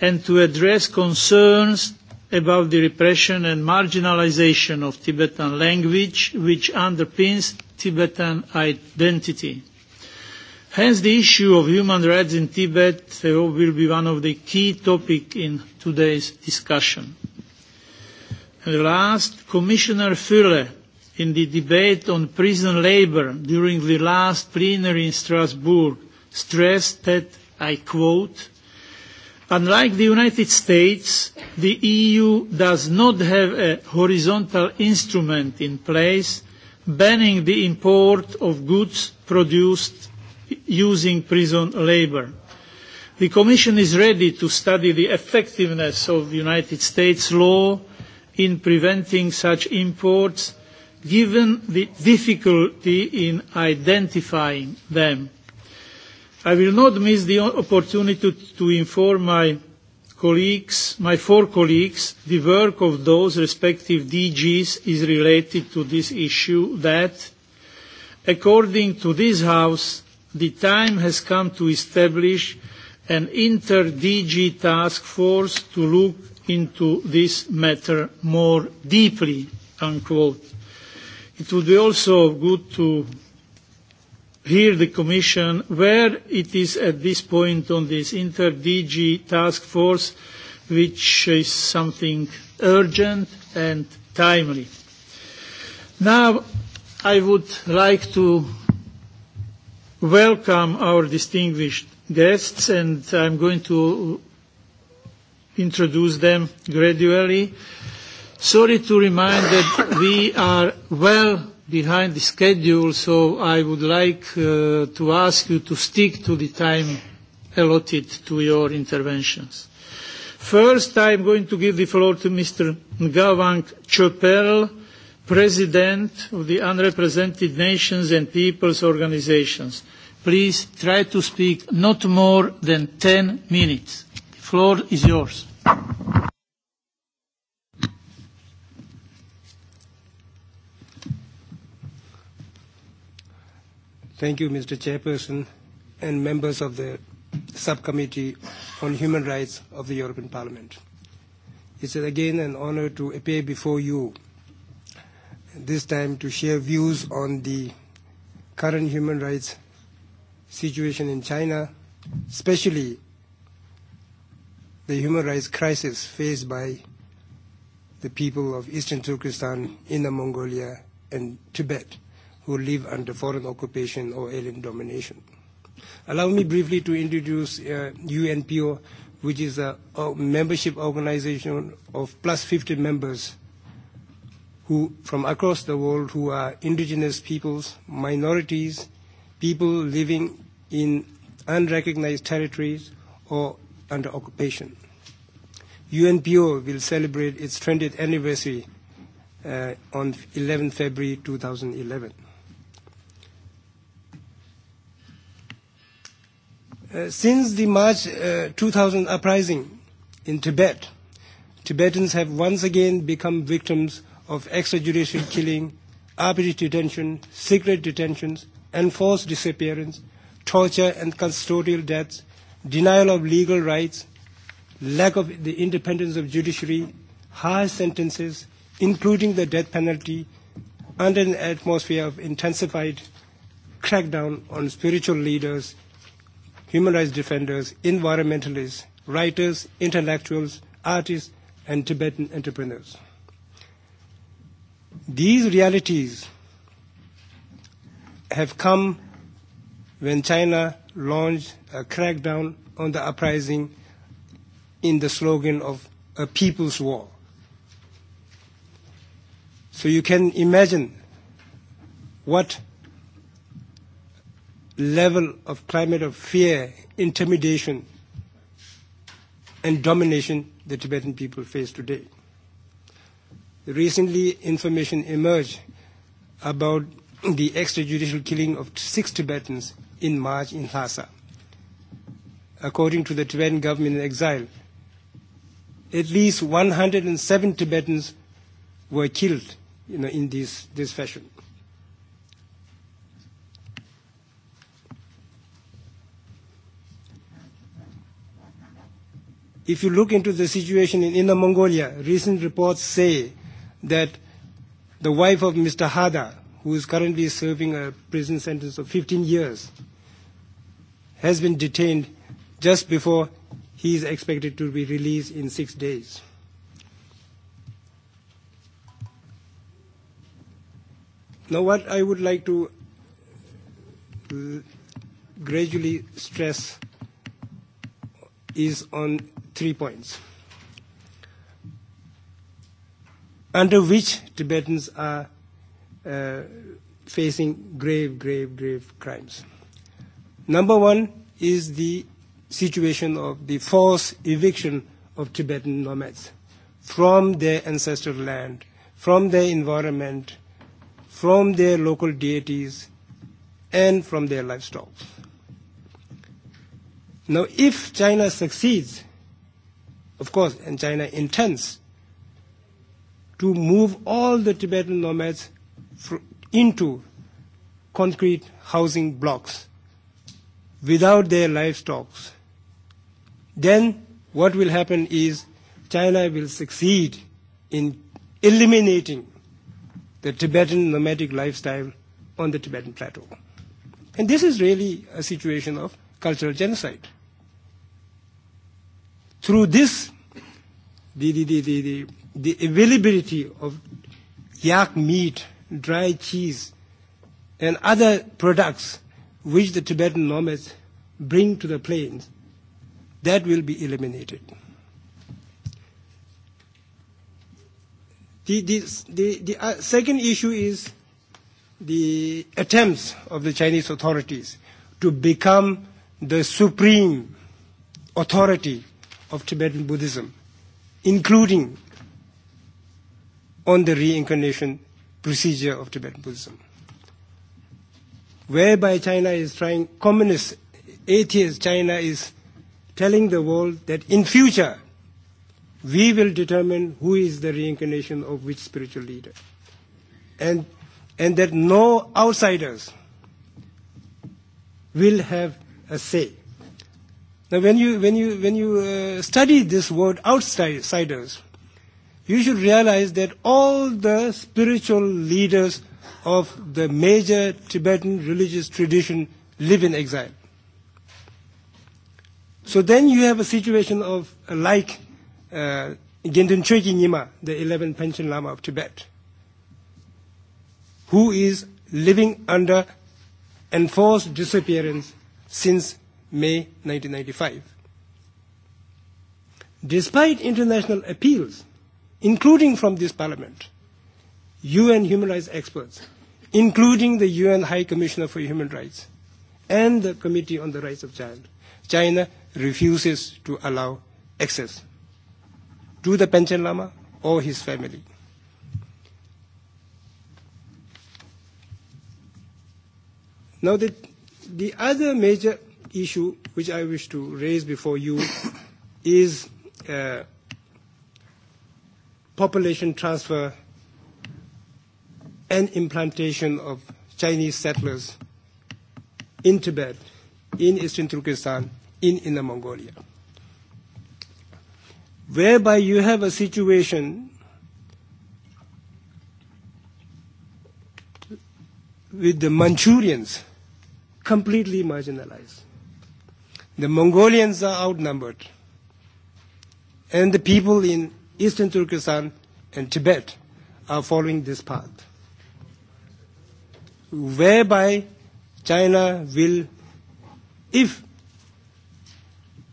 and to address concerns about the repression and marginalization of Tibetan language which underpins Tibetan identity. Hence, the issue of human rights in Tibet will be one of the key topics in today's discussion. And last, Commissioner Fülle, in the debate on prison labour during the last plenary in Strasbourg, stressed that, I quote, Unlike the United States, the EU does not have a horizontal instrument in place banning the import of goods produced using prison labour. The Commission is ready to study the effectiveness of United States law in preventing such imports, given the difficulty in identifying them. I will not miss the opportunity to inform my colleagues, my four colleagues, the work of those respective DGs is related to this issue that, according to this House, the time has come to establish an inter-DG task force to look into this matter more deeply." It would be also good to hear the Commission where it is at this point on this inter-DG task force, which is something urgent and timely. Now, I would like to welcome our distinguished guests, and I'm going to introduce them gradually. Sorry to remind that we are well behind the schedule, so I would like uh, to ask you to stick to the time allotted to your interventions. First, I'm going to give the floor to Mr. Ngawang Chopel, President of the Unrepresented Nations and Peoples Organizations. Please try to speak not more than 10 minutes. The floor is yours. Thank you, Mr. Chairperson, and members of the Subcommittee on Human Rights of the European Parliament. It is again an honor to appear before you this time to share views on the current human rights situation in China, especially the human rights crisis faced by the people of eastern Turkestan, Inner Mongolia, and Tibet who live under foreign occupation or alien domination. Allow me briefly to introduce uh, UNPO, which is a, a membership organization of plus 50 members who, from across the world who are indigenous peoples, minorities, people living in unrecognized territories or under occupation. UNPO will celebrate its 20th anniversary uh, on 11 February 2011. Uh, since the March uh, 2000 uprising in Tibet, Tibetans have once again become victims of extrajudicial killing, arbitrary detention, secret detentions, enforced disappearance, torture and custodial deaths, denial of legal rights, lack of the independence of judiciary, harsh sentences, including the death penalty, under an atmosphere of intensified crackdown on spiritual leaders, human rights defenders, environmentalists, writers, intellectuals, artists, and Tibetan entrepreneurs. These realities have come when China launched a crackdown on the uprising in the slogan of a people's war. So you can imagine what level of climate of fear, intimidation, and domination the Tibetan people face today recently information emerged about the extrajudicial killing of six Tibetans in March in Lhasa. According to the Tibetan government in exile, at least 107 Tibetans were killed you know, in this, this fashion. If you look into the situation in Inner Mongolia, recent reports say that the wife of Mr. Hada, who is currently serving a prison sentence of 15 years, has been detained just before he is expected to be released in six days. Now, what I would like to gradually stress is on three points. under which Tibetans are uh, facing grave, grave, grave crimes. Number one is the situation of the forced eviction of Tibetan nomads from their ancestral land, from their environment, from their local deities, and from their livestock. Now, if China succeeds, of course, and China intends to move all the Tibetan nomads into concrete housing blocks without their livestock. Then what will happen is China will succeed in eliminating the Tibetan nomadic lifestyle on the Tibetan plateau. And this is really a situation of cultural genocide. Through this, the, the, the, the, the availability of yak meat, dry cheese, and other products which the Tibetan nomads bring to the plains, that will be eliminated. The, the, the, the uh, second issue is the attempts of the Chinese authorities to become the supreme authority of Tibetan Buddhism, including on the reincarnation procedure of Tibetan Buddhism. Whereby China is trying, communist, atheist China is telling the world that in future we will determine who is the reincarnation of which spiritual leader. And, and that no outsiders will have a say. Now when you, when you, when you uh, study this word outsiders, you should realize that all the spiritual leaders of the major Tibetan religious tradition live in exile. So then you have a situation of like uh, Gendun Chogi Nyima, the 11th Panchen Lama of Tibet, who is living under enforced disappearance since May 1995. Despite international appeals including from this parliament, UN human rights experts, including the UN High Commissioner for Human Rights and the Committee on the Rights of Child. China refuses to allow access to the Panchen Lama or his family. Now, the, the other major issue which I wish to raise before you is uh, population transfer and implantation of Chinese settlers in Tibet, in eastern Turkestan, in Inner Mongolia, whereby you have a situation with the Manchurians completely marginalized. The Mongolians are outnumbered, and the people in Eastern Turkestan and Tibet are following this path, whereby China will, if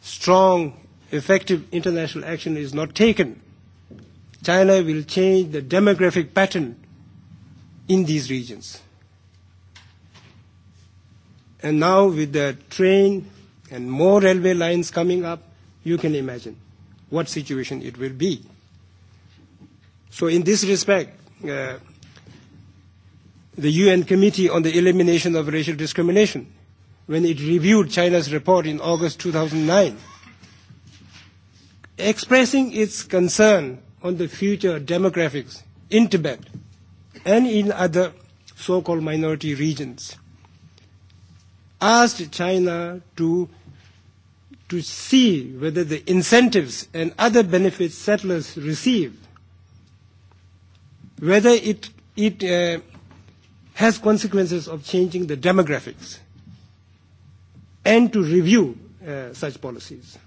strong, effective international action is not taken, China will change the demographic pattern in these regions. And now with the train and more railway lines coming up, you can imagine what situation it will be. So in this respect, uh, the UN Committee on the Elimination of Racial Discrimination, when it reviewed China's report in August 2009, expressing its concern on the future demographics in Tibet and in other so-called minority regions, asked China to, to see whether the incentives and other benefits settlers receive whether it, it uh, has consequences of changing the demographics and to review uh, such policies.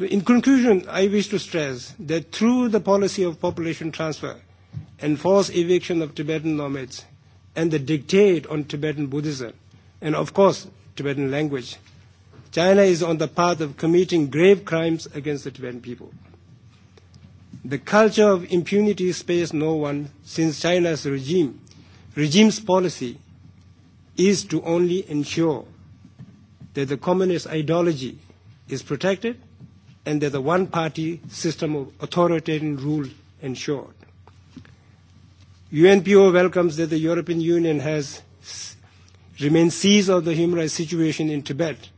In conclusion, I wish to stress that through the policy of population transfer, and forced eviction of Tibetan nomads, and the dictate on Tibetan Buddhism, and of course, Tibetan language. China is on the path of committing grave crimes against the Tibetan people. The culture of impunity spares no one since China's regime, regime's policy is to only ensure that the communist ideology is protected and that the one-party system of authoritarian rule ensured. UNPO welcomes that the European Union has remained seized of the human rights situation in Tibet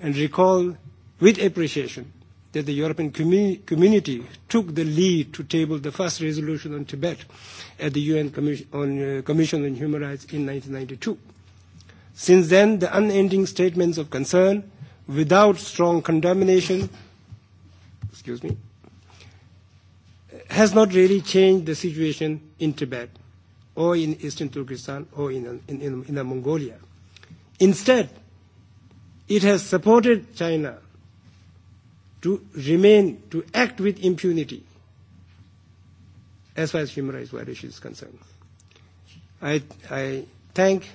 and recall with appreciation that the European communi- community took the lead to table the first resolution on Tibet at the UN Commission on, uh, Commission on Human Rights in 1992. Since then, the unending statements of concern without strong condemnation excuse me, has not really changed the situation in Tibet or in eastern Turkestan or in, in, in, in Mongolia. Instead, it has supported China to remain, to act with impunity as far as human rights violation is concerned. I, I thank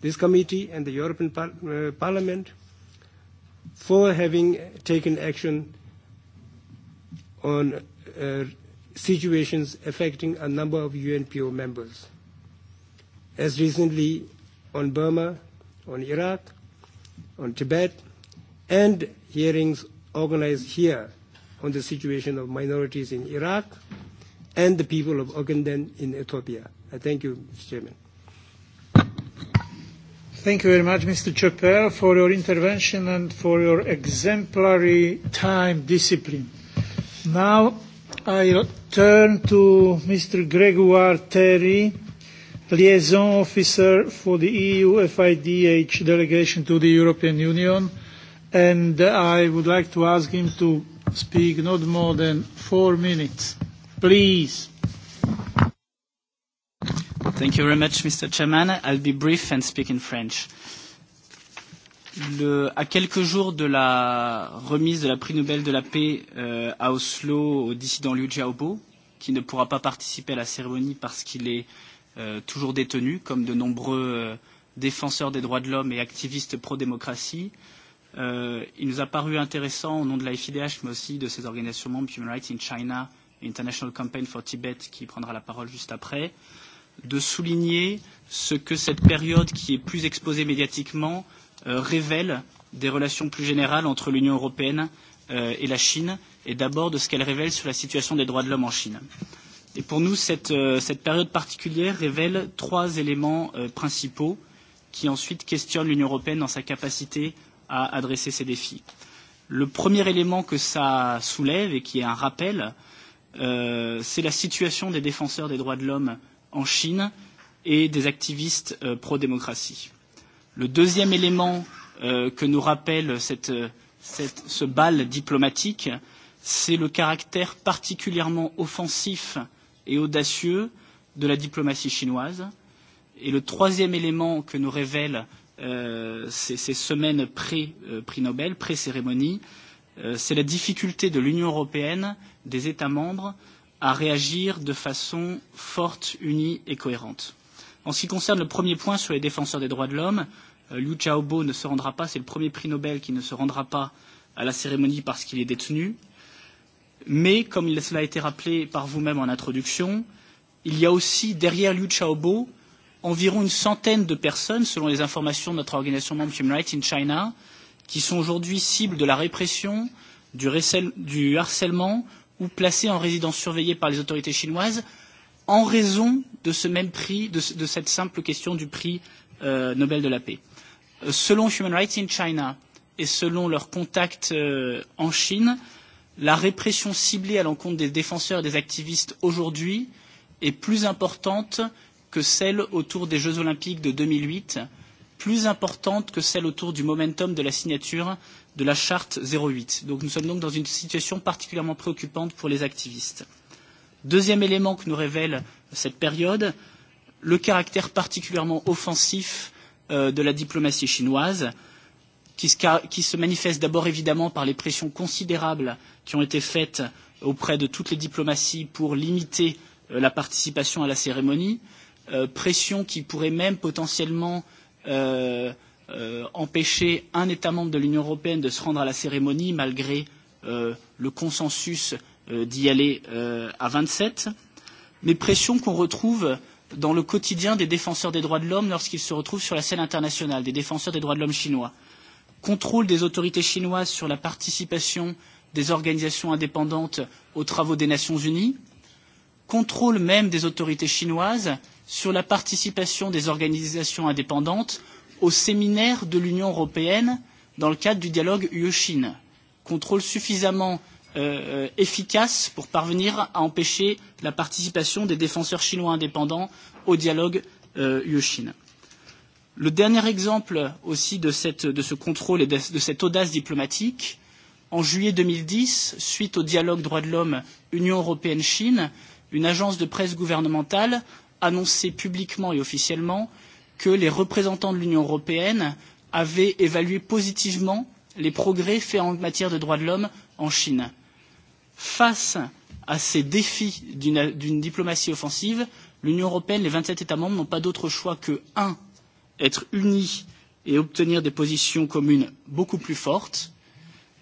this committee and the European par- uh, Parliament for having taken action on uh, situations affecting a number of UNPO members. As recently on Burma, on Iraq, on Tibet, and hearings organized here on the situation of minorities in Iraq and the people of Ogenden in Ethiopia. I thank you, Mr. Chairman. Thank you very much, Mr. Chappell, for your intervention and for your exemplary time discipline. Now I turn to Mr. Gregoire Terry, Liaison Officer for the EU FIDH delegation to the European Union, and I would like to ask him to speak not more than four minutes. Please. Thank you very much, Mr. Chairman. I'll be brief and speak in French le, à quelques jours de la remise de la prix Nobel de la paix euh, à Oslo au dissident Liu Xiaobo, qui ne pourra pas participer à la cérémonie parce qu'il est euh, toujours détenu, comme de nombreux euh, défenseurs des droits de l'homme et activistes pro-démocratie. Euh, il nous a paru intéressant, au nom de la FIDH, mais aussi de ses organisations membres Human Rights in China International Campaign for Tibet, qui prendra la parole juste après, de souligner ce que cette période qui est plus exposée médiatiquement révèle des relations plus générales entre l'Union européenne et la Chine, et d'abord de ce qu'elle révèle sur la situation des droits de l'homme en Chine. Et pour nous, cette, période particulière révèle trois éléments principaux qui ensuite questionnent l'Union européenne dans sa capacité à adresser ces défis. Le premier élément que cela soulève et qui est un rappel, c'est la situation des défenseurs des droits de l'homme en Chine et des activistes pro-démocratie Le deuxième élément euh, que nous rappelle cette, cette, ce bal diplomatique, c'est le caractère particulièrement offensif et audacieux de la diplomatie chinoise. Et le troisième élément que nous révèlent euh, ces, ces semaines pré-prix Nobel, pré-cérémonie, c'est la difficulté de l'Union européenne, des États membres, à réagir de façon forte, unie et cohérente. En ce qui concerne le premier point sur les défenseurs des droits de l'homme, Liu Xiaobo ne se rendra pas, c'est le premier prix Nobel qui ne se rendra pas à la cérémonie parce qu'il est détenu. Mais, comme cela a été rappelé par vous-même en introduction, il y a aussi derrière Liu Xiaobo environ une centaine de personnes, selon les informations de notre organisation membre Human Rights in China, qui sont aujourd'hui cibles de la répression, du harcèlement ou placées en résidence surveillée par les autorités chinoises en raison de ce même prix, de, de cette simple question du prix euh, Nobel de la paix selon Human Rights in China et selon leurs contacts en Chine, la répression ciblée à l'encontre des défenseurs et des activistes aujourd'hui est plus importante que celle autour des Jeux olympiques de deux mille huit, plus importante que celle autour du momentum de la signature de la charte zéro huit. Donc nous sommes donc dans une situation particulièrement préoccupante pour les activistes. Deuxième élément que nous révèle cette période, le caractère particulièrement offensif de la diplomatie chinoise, qui se, manifeste d'abord évidemment par les pressions considérables qui ont été faites auprès de toutes les diplomaties pour limiter la participation à la cérémonie, pression qui pourrait même potentiellement empêcher un État membre de l'Union européenne de se rendre à la cérémonie malgré le consensus d'y aller à vingt sept, mais pression qu'on retrouve dans le quotidien des défenseurs des droits de l'homme lorsqu'ils se retrouvent sur la scène internationale, des défenseurs des droits de l'homme chinois. Contrôle des autorités chinoises sur la participation des organisations indépendantes aux travaux des Nations Unies, contrôle même des autorités chinoises sur la participation des organisations indépendantes au séminaire de l'Union européenne dans le cadre du dialogue UE-Chine, contrôle suffisamment euh, efficace pour parvenir à empêcher la participation des défenseurs chinois indépendants au dialogue euh, Chine. Le dernier exemple aussi de, cette, de ce contrôle et de, de cette audace diplomatique, en juillet 2010, suite au dialogue droits de l'homme Union européenne-Chine, une agence de presse gouvernementale annonçait publiquement et officiellement que les représentants de l'Union européenne avaient évalué positivement les progrès faits en matière de droits de l'homme en Chine. Face à ces défis d'une diplomatie offensive, l'Union européenne, les vingt sept États membres n'ont pas d'autre choix que un être unis et obtenir des positions communes beaucoup plus fortes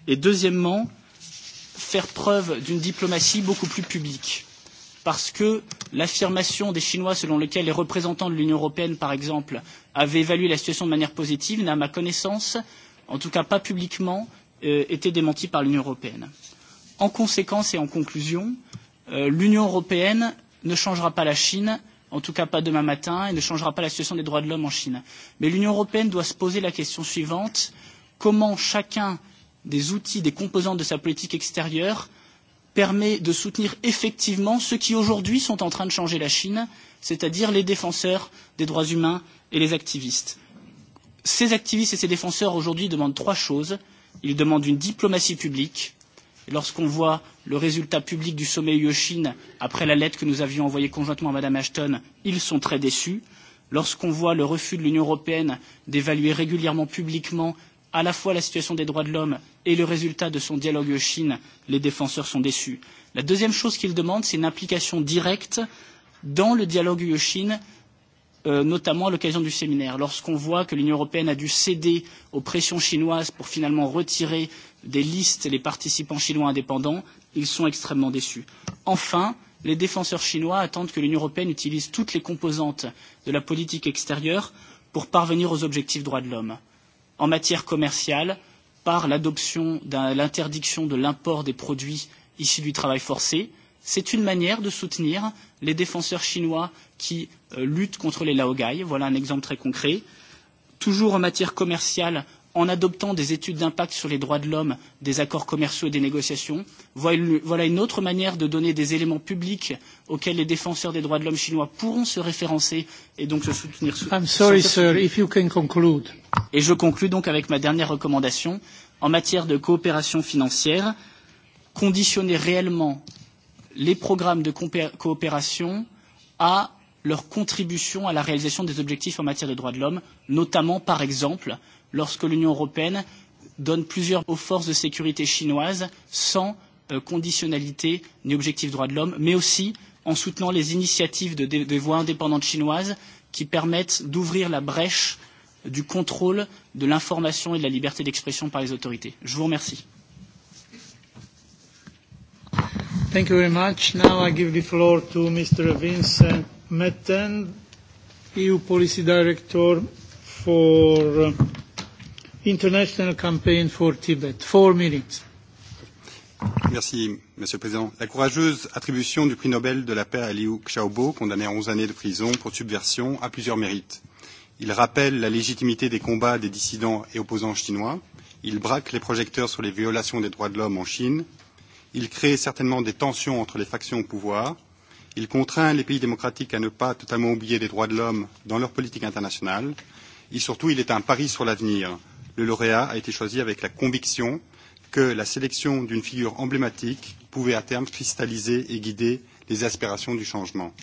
et deuxièmement faire preuve d'une diplomatie beaucoup plus publique parce que l'affirmation des Chinois selon laquelle les représentants de l'Union européenne, par exemple, avaient évalué la situation de manière positive n'a, à ma connaissance, en tout cas pas publiquement, été démentie par l'Union européenne. En conséquence et en conclusion, l'Union européenne ne changera pas la Chine, en tout cas pas demain matin, et ne changera pas la situation des droits de l'homme en Chine. Mais l'Union européenne doit se poser la question suivante comment chacun des outils, des composants de sa politique extérieure permet de soutenir effectivement ceux qui aujourd'hui sont en train de changer la Chine, c'est-à-dire les défenseurs des droits humains et les activistes. Ces activistes et ces défenseurs aujourd'hui demandent trois choses. Ils demandent une diplomatie publique, lorsqu'on voit le résultat public du sommet UE-Chine après la lettre que nous avions envoyée conjointement à Mme Ashton, ils sont très déçus. Lorsqu'on voit le refus de l'Union européenne d'évaluer régulièrement publiquement à la fois la situation des droits de l'homme et le résultat de son dialogue UE-Chine, les défenseurs sont déçus. La deuxième chose qu'ils demandent, c'est une implication directe dans le dialogue UE-Chine notamment à l'occasion du séminaire, lorsqu'on voit que l'Union européenne a dû céder aux pressions chinoises pour finalement retirer des listes et les participants chinois indépendants, ils sont extrêmement déçus. Enfin, les défenseurs chinois attendent que l'Union européenne utilise toutes les composantes de la politique extérieure pour parvenir aux objectifs droits de l'homme. En matière commerciale, par l'adoption de l'interdiction de l'import des produits issus du travail forcé, c'est une manière de soutenir les défenseurs chinois qui luttent contre les laogai. Voilà un exemple très concret. Toujours en matière commerciale, en adoptant des études d'impact sur les droits de l'homme, des accords commerciaux et des négociations. Voilà une autre manière de donner des éléments publics auxquels les défenseurs des droits de l'homme chinois pourront se référencer et donc se soutenir. I'm sorry, sir, if you can conclude. Et je conclus donc avec ma dernière recommandation en matière de coopération financière, conditionner réellement les programmes de coopération à leur contribution à la réalisation des objectifs en matière de droits de l'homme, notamment, par exemple, lorsque l'Union européenne donne plusieurs aux forces de sécurité chinoises sans conditionnalité ni objectif droits de l'homme, mais aussi en soutenant les initiatives de, des voies indépendantes chinoises qui permettent d'ouvrir la brèche du contrôle de l'information et de la liberté d'expression par les autorités. Je vous remercie. Thank you very much. Now I give the floor to Mr. Vincent Metten, EU Policy Director for International Campaign for Tibet. Four minutes. Merci, Monsieur le Président. La courageuse attribution du prix Nobel de la paix à Liu Xiaobo, condamné à 11 années de prison pour subversion, a plusieurs mérites. Il rappelle la légitimité des combats des dissidents et opposants chinois. Il braque les projecteurs sur les violations des droits de l'homme en Chine. Il crée certainement des tensions entre les factions au pouvoir. Il contraint les pays démocratiques à ne pas totalement oublier les droits de l'homme dans leur politique internationale. Et surtout, il est un pari sur l'avenir, le lauréat a été choisi avec la conviction que la sélection d'une figure emblématique pouvait à terme cristalliser et guider les aspirations du changement.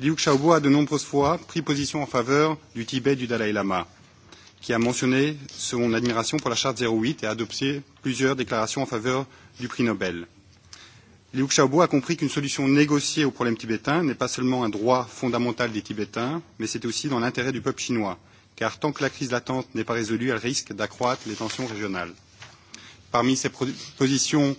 Liu Xiaobo a de nombreuses fois pris position en faveur du Tibet du Dalai Lama, qui a mentionné son admiration pour la charte 08 et a adopté plusieurs déclarations en faveur du prix Nobel. Liu Xiaobo a compris qu'une solution négociée au problème tibétain n'est pas seulement un droit fondamental des Tibétains, mais c'est aussi dans l'intérêt du peuple chinois car tant que la crise latente n'est pas résolue, elle risque d'accroître les tensions régionales. Parmi ces positions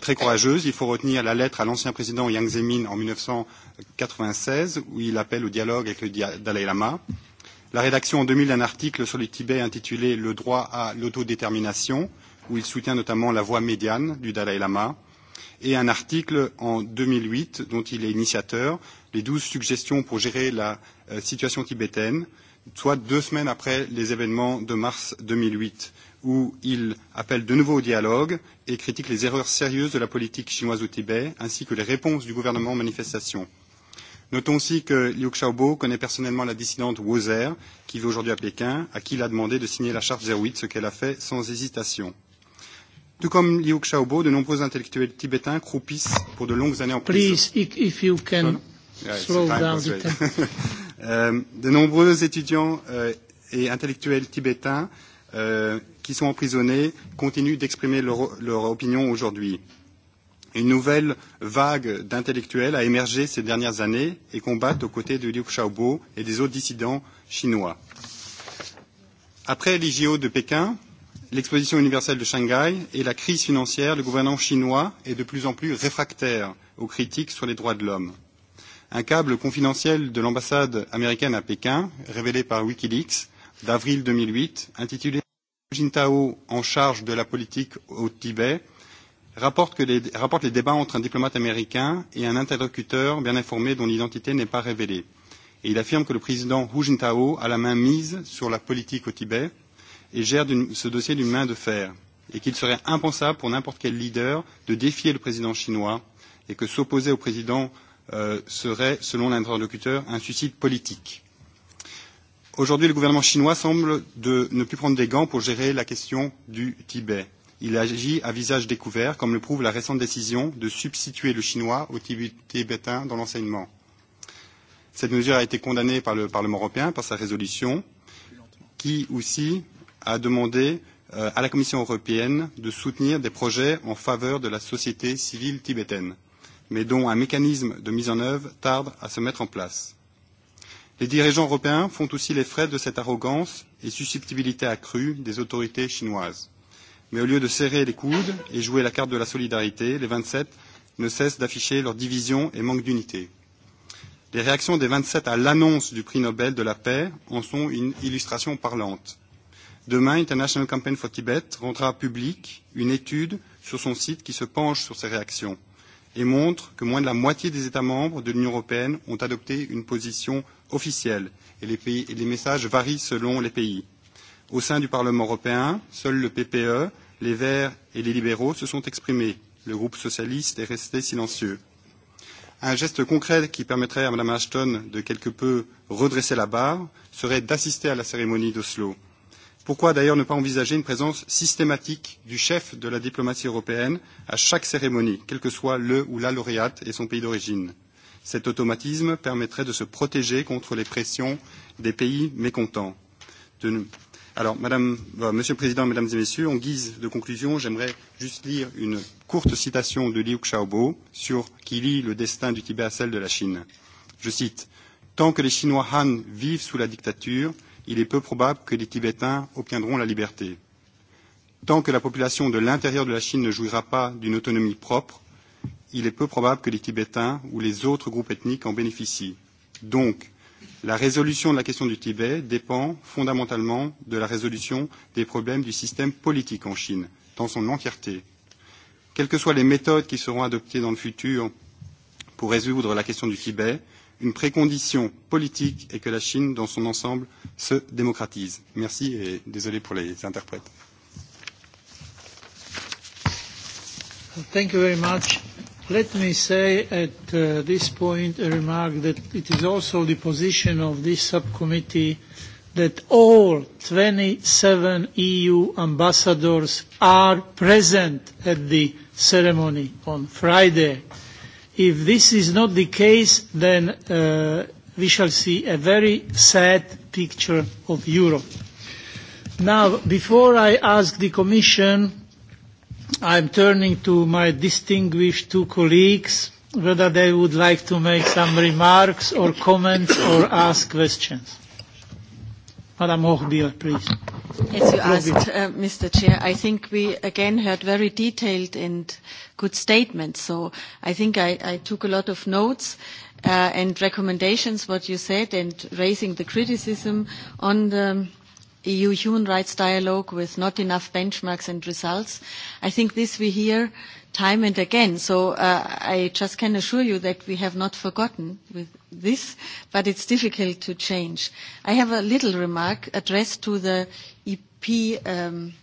très courageuses, Il faut retenir la lettre à l'ancien président Yang Zemin en 1996, où il appelle au dialogue avec le Dalai Lama. La rédaction en 2000 d'un article sur le Tibet intitulé Le droit à l'autodétermination, où il soutient notamment la voie médiane du Dalai Lama, et un article en 2008 dont il est initiateur, les douze suggestions pour gérer la situation tibétaine, soit deux semaines après les événements de mars 2008, où il appelle de nouveau au dialogue et critique les erreurs sérieuses de la politique chinoise au Tibet, ainsi que les réponses du gouvernement aux manifestations. Notons aussi que Liu Xiaobo connaît personnellement la dissidente Wu Zer, qui vit aujourd'hui à Pékin, à qui il a demandé de signer la charte 08, ce qu'elle a fait sans hésitation. Tout comme Liu Xiaobo, de nombreux intellectuels tibétains croupissent pour de longues années en prison. Please, if you can slow down the time. De nombreux étudiants et intellectuels tibétains qui sont emprisonnés continuent d'exprimer leur opinion aujourd'hui. Une nouvelle vague d'intellectuels a émergé ces dernières années et combattent aux côtés de Liu Xiaobo et des autres dissidents chinois. Après les JO de Pékin, l'exposition universelle de Shanghai et la crise financière, le gouvernement chinois est de plus en plus réfractaire aux critiques sur les droits de l'homme un câble confidentiel de l'ambassade américaine à Pékin, révélé par Wikileaks, d'avril 2008, intitulé Jintao en charge de la politique au Tibet, rapporte, que les, rapporte les débats entre un diplomate américain et un interlocuteur bien informé dont l'identité n'est pas révélée. Et il affirme que le président Hu Jintao a la main mise sur la politique au Tibet et gère ce dossier d'une main de fer, et qu'il serait impensable pour n'importe quel leader de défier le président chinois, et que s'opposer au président serait, selon l'interlocuteur, un suicide politique. Aujourd'hui, le gouvernement chinois semble de ne plus prendre des gants pour gérer la question du Tibet. Il agit à visage découvert, comme le prouve la récente décision de substituer le chinois au tibétain dans l'enseignement. Cette mesure a été condamnée par le Parlement européen par sa résolution, qui aussi a demandé à la Commission européenne de soutenir des projets en faveur de la société civile tibétaine mais dont un mécanisme de mise en œuvre tarde à se mettre en place. Les dirigeants européens font aussi les frais de cette arrogance et susceptibilité accrue des autorités chinoises. Mais au lieu de serrer les coudes et jouer la carte de la solidarité, les vingt sept ne cessent d'afficher leur division et manque d'unité. Les réactions des vingt sept à l'annonce du prix Nobel de la paix en sont une illustration parlante. Demain, International Campaign for Tibet rendra publique une étude sur son site qui se penche sur ces réactions – et montre que moins de la moitié des États membres de l'Union européenne ont adopté une position officielle et les, pays, et les messages varient selon les pays. Au sein du Parlement européen, seul le PPE, les Verts et les libéraux se sont exprimés. Le groupe socialiste est resté silencieux. Un geste concret qui permettrait à Mme Ashton de quelque peu redresser la barre serait d'assister à la cérémonie d'Oslo Pourquoi d'ailleurs ne pas envisager une présence systématique du chef de la diplomatie européenne à chaque cérémonie, quel que soit le ou la lauréate et son pays d'origine Cet automatisme permettrait de se protéger contre les pressions des pays mécontents. Alors, Madame, Monsieur le Président, Mesdames et Messieurs, en guise de conclusion, j'aimerais juste lire une courte citation de Liu Xiaobo sur qui lie le destin du Tibet à celle de la Chine. Je cite Tant que les Chinois Han vivent sous la dictature, il est peu probable que les Tibétains obtiendront la liberté. Tant que la population de l'intérieur de la Chine ne jouira pas d'une autonomie propre, il est peu probable que les Tibétains ou les autres groupes ethniques en bénéficient. Donc, la résolution de la question du Tibet dépend fondamentalement de la résolution des problèmes du système politique en Chine, dans son entièreté. Quelles que soient les méthodes qui seront adoptées dans le futur pour résoudre la question du Tibet, une précondition politique est que la Chine, dans son ensemble, se démocratise. Merci et désolé pour les interprètes. Thank you very much. Let me say at uh, this point a remark that it is also the position of this subcommittee that all 27 EU ambassadors are present at the ceremony on Friday If this is not the case, then uh, we shall see a very sad picture of Europe. Now, before I ask the Commission, I'm turning to my distinguished two colleagues, whether they would like to make some remarks or comments or ask questions. Hochbier, please. As you asked, Mr. Chair, I think we again heard very detailed and good statements. So I think I, I took a lot of notes and recommendations, what you said, and raising the criticism on the EU human rights dialogue with not enough benchmarks and results. I think this we hear time and again. So uh, I just can assure you that we have not forgotten with this, but it's difficult to change. I have a little remark addressed to the EP um,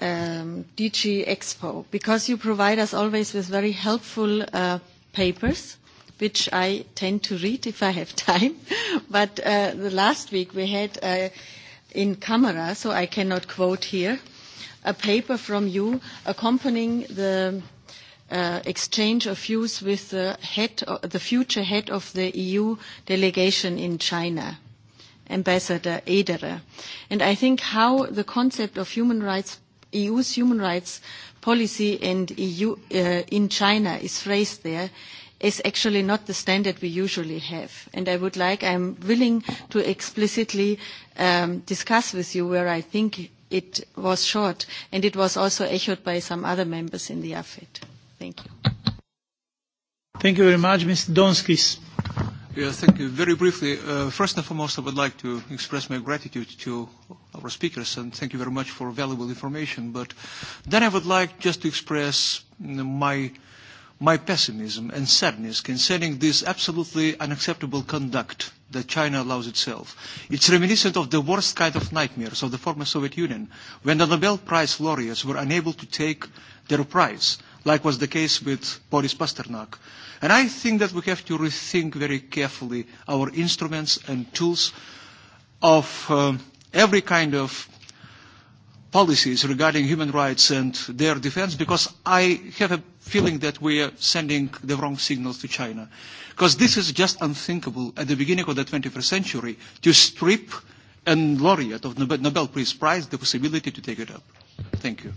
um, DG Expo, because you provide us always with very helpful uh, papers which I tend to read if I have time. But uh, the last week we had uh, in camera, so I cannot quote here, a paper from you accompanying the exchange of views with the, head, the future head of the EU delegation in China. Ambassador Ederer. And I think how the concept of human rights, EU's human rights policy and EU, uh, in China is phrased there is actually not the standard we usually have. And I would like, I'm willing to explicitly um, discuss with you where I think it was short, and it was also echoed by some other members in the AFET. Thank you. Thank you very much, Ms. Donskis. Yeah, thank you. Very briefly, uh, first and foremost, I would like to express my gratitude to our speakers, and thank you very much for valuable information. But then I would like just to express my my pessimism and sadness concerning this absolutely unacceptable conduct that China allows itself. It's reminiscent of the worst kind of nightmares of the former Soviet Union, when the Nobel Prize laureates were unable to take their prize, like was the case with Boris Pasternak. And I think that we have to rethink very carefully our instruments and tools of uh, every kind of policies regarding human rights and their defense because I have a feeling that we are sending the wrong signals to China. Because this is just unthinkable at the beginning of the 21st century to strip a laureate of the Nobel Peace Prize the possibility to take it up. Thank you.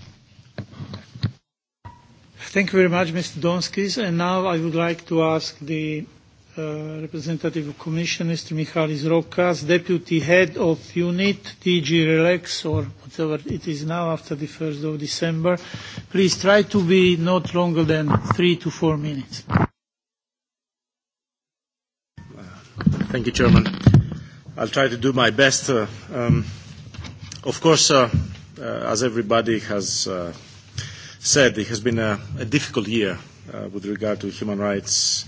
Thank you very much, Mr. Donskis. And now I would like to ask the representative of Commission, Mr. Michalis Rokas, Deputy Head of Unit, DG Relex or whatever it is now after the first of December. Please try to be not longer than three to four minutes. Thank you, Chairman. I'll try to do my best. of course, as everybody has uh, said, it has been a, difficult year with regard to human rights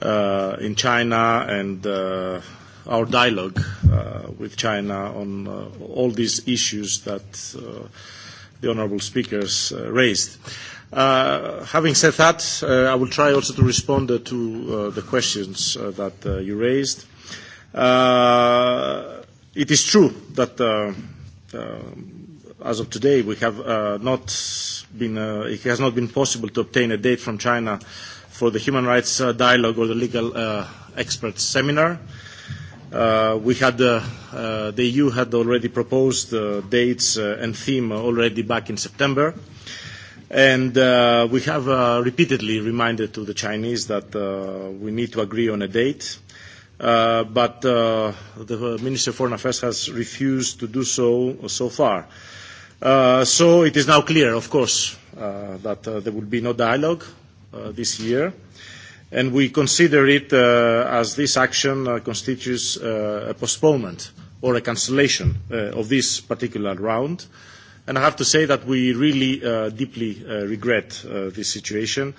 uh, in China and uh, our dialogue uh, with China on uh, all these issues that uh, the honourable speakers uh, raised. Uh, having said that, uh, I will try also to respond uh, to uh, the questions uh, that uh, you raised. Uh, it is true that uh, uh, as of today we have uh, not been, uh, it has not been possible to obtain a date from China uh, for the Human Rights uh, Dialogue or the Legal uh, Experts Seminar. Uh, we had uh, uh, the EU had already proposed uh, dates uh, and theme already back in September. And uh, we have uh, repeatedly reminded to the Chinese that uh, we need to agree on a date. Uh, but uh, the Minister of Foreign Affairs has refused to do so so far. Uh, so it is now clear, of course, uh, that uh, there will be no dialogue this year, and we consider it as this action constitutes a postponement or a cancellation of this particular round. I have to say that we really deeply regret this situation,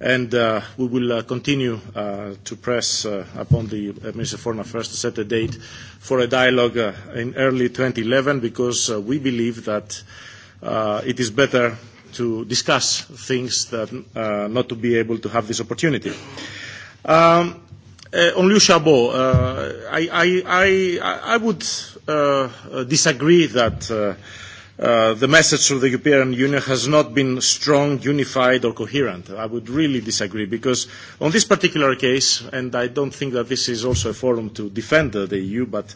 and we will continue to press upon the Minister of Foreign Affairs to set a date for a dialogue in early eleven because we believe that it is better to discuss things that uh, not to be able to have this opportunity. Um, uh, on Liu Xiaobo, uh, I, I, I, I would uh, disagree that uh, the message of the European Union has not been strong, unified, or coherent. I would really disagree because on this particular case, and I don't think that this is also a forum to defend the EU, but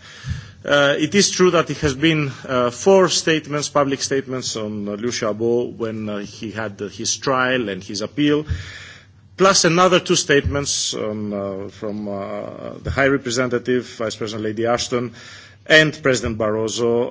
it is true that it has been four statements, public statements on uh, Liu Xiaobo when he had his trial and his appeal, plus another two statements from the High Representative, Vice President Lady Ashton, and President Barroso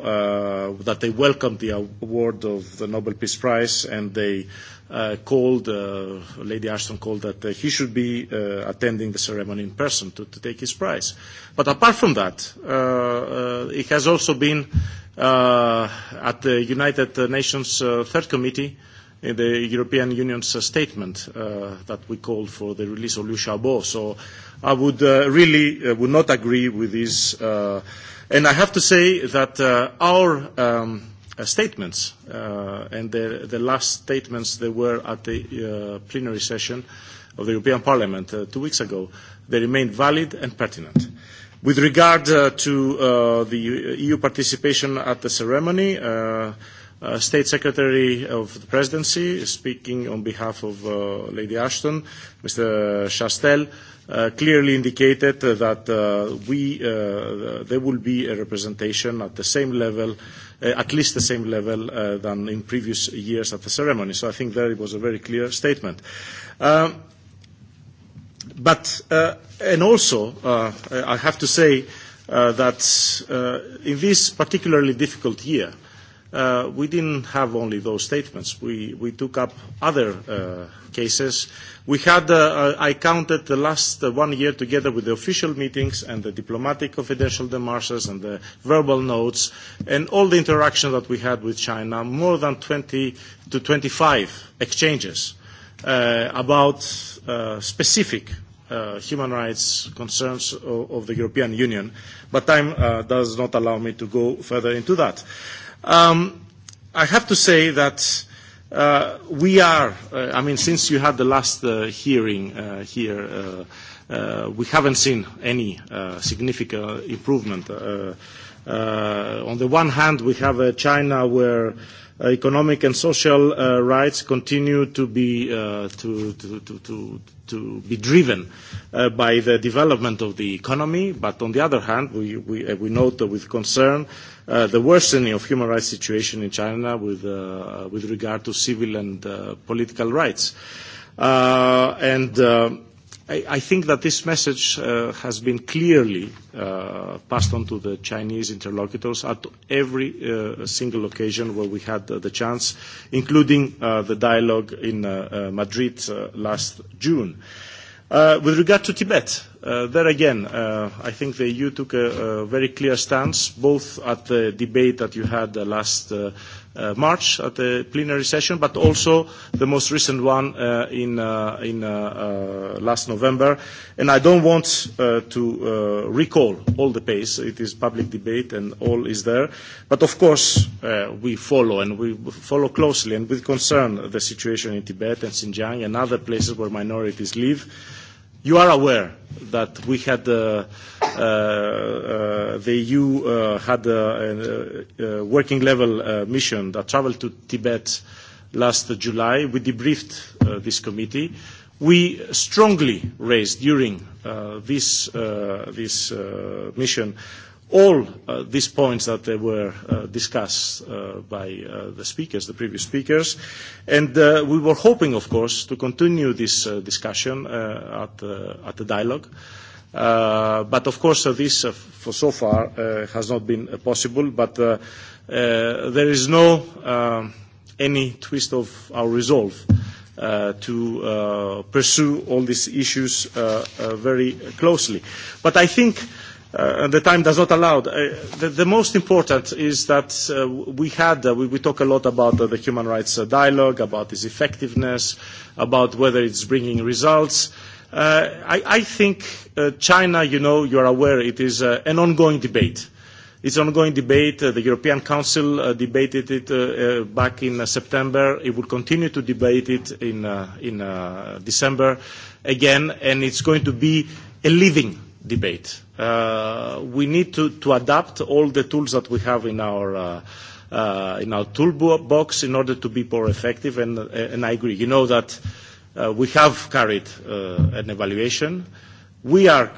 uh, that they welcomed the award of the Nobel Peace Prize and they uh, called, uh, Lady Ashton called that uh, he should be uh, attending the ceremony in person to, to take his prize. But apart from that, uh, uh, it has also been uh, at the United Nations uh, Third Committee in the European Union's uh, statement uh, that we called for the release of Liu Xiaobo. So I would uh, really uh, would not agree with this uh, And I have to say that uh, our um, uh, statements uh, and the, the last statements that were at the uh, plenary session of the European Parliament uh, two weeks ago, they remain valid and pertinent. With regard uh, to uh, the EU participation at the ceremony, uh, State Secretary of the Presidency, speaking on behalf of Lady Ashton, Mr. Chastel, clearly indicated that there will be a representation at the same level, at least the same level than in previous years at the ceremony. So I think there it was a very clear statement. But and also, I have to say that in this particularly difficult year, uh, we didn't have only those statements. We, we took up other uh, cases. We had, uh, I counted the last one year together with the official meetings and the diplomatic confidential demarches and the verbal notes and all the interaction that we had with China, more than 20 to 25 exchanges uh, about uh, specific uh, human rights concerns of, of the European Union, but time uh, does not allow me to go further into that. Uh, Um, I have to say that uh, we are, uh, I mean, since you had the last uh, hearing uh, here, uh, uh, we haven't seen any uh, significant improvement. Uh, uh, on the one hand, we have China where economic and social uh, rights continue to be, uh, to, to, to, to, be driven uh, by the development of the economy, but on the other hand, we, we, uh, we note with concern uh, the worsening of human rights situation in China with, uh, with regard to civil and uh, political rights. Uh, and uh, I think that this message has been clearly passed on to the Chinese interlocutors at every single occasion where we had the chance, including the dialogue in Madrid last June. With regard to Tibet, there again, I think the EU took a very clear stance, both at the debate that you had last March at the plenary session, but also the most recent one in, last November. And I don't want to recall all the pace. It is public debate and all is there. But of course, we follow and we follow closely and with concern the situation in Tibet and Xinjiang and other places where minorities live. You are aware that we had the EU had a, working level mission that travelled to Tibet last July. We debriefed this committee. We strongly raised during this, mission all these points that were discussed by the speakers, the previous speakers. And we were hoping, of course, to continue this discussion at, the dialogue. Uh, But of course, this for so far has not been possible, but there is no any twist of our resolve to pursue all these issues very closely. But I think the time does not allow. The most important is that we had, we talk a lot about the human rights dialogue, about its effectiveness, about whether it's bringing results Uh, I, I think uh, China, you know, you are aware, it is uh, an ongoing debate. It's an ongoing debate. Uh, the European Council uh, debated it uh, uh, back in uh, September. It will continue to debate it in, uh, in uh, December again, and it's going to be a living debate. Uh, we need to, to adapt all the tools that we have in our uh, uh, in our toolbox in order to be more effective. And, and I agree. You know that We have carried an evaluation. We are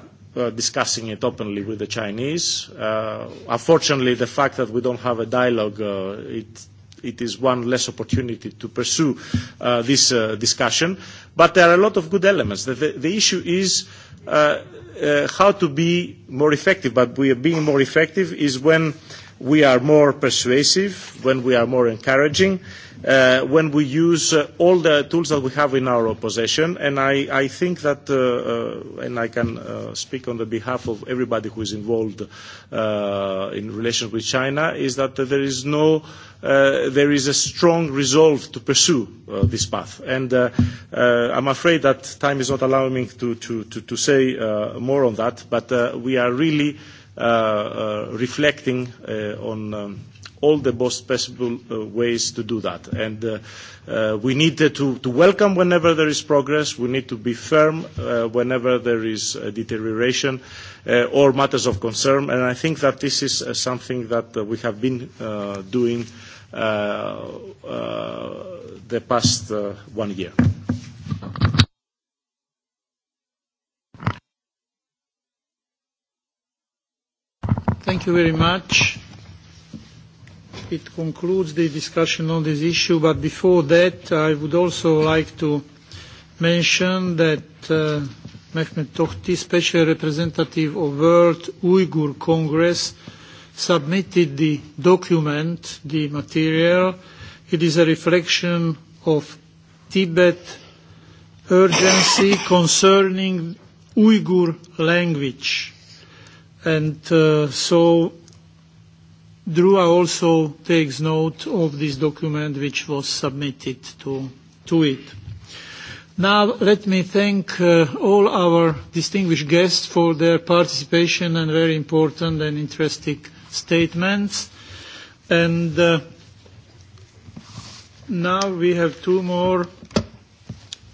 discussing it openly with the Chinese. Unfortunately, the fact that we don't have a dialogue, it is one less opportunity to pursue this discussion. But there are a lot of good elements. The, issue is how to be more effective, but we are being more effective is when we are more persuasive, when we are more encouraging, uh, when we use uh, all the tools that we have in our possession. And I, I think that, uh, uh, and I can uh, speak on the behalf of everybody who is involved uh, in relations with China, is that there is no uh, there is a strong resolve to pursue uh, this path. And uh, uh, I'm afraid that time is not allowing me to, to, to, to say uh, more on that, but uh, we are really uh, reflecting on all the best possible ways to do that. And we need to, welcome whenever there is progress. We need to be firm whenever there is deterioration or matters of concern. And I think that this is something that we have been doing the past one year. Thank you very much. It concludes the discussion on this issue, but before that, I would also like to mention that uh, Mehmet Tohti, Special Representative of World Uyghur Congress, submitted the document, the material. It is a reflection of Tibet urgency concerning Uyghur language And so DRUA also takes note of this document which was submitted to, to it. Now let me thank uh, all our distinguished guests for their participation and very important and interesting statements. And uh, now we have two more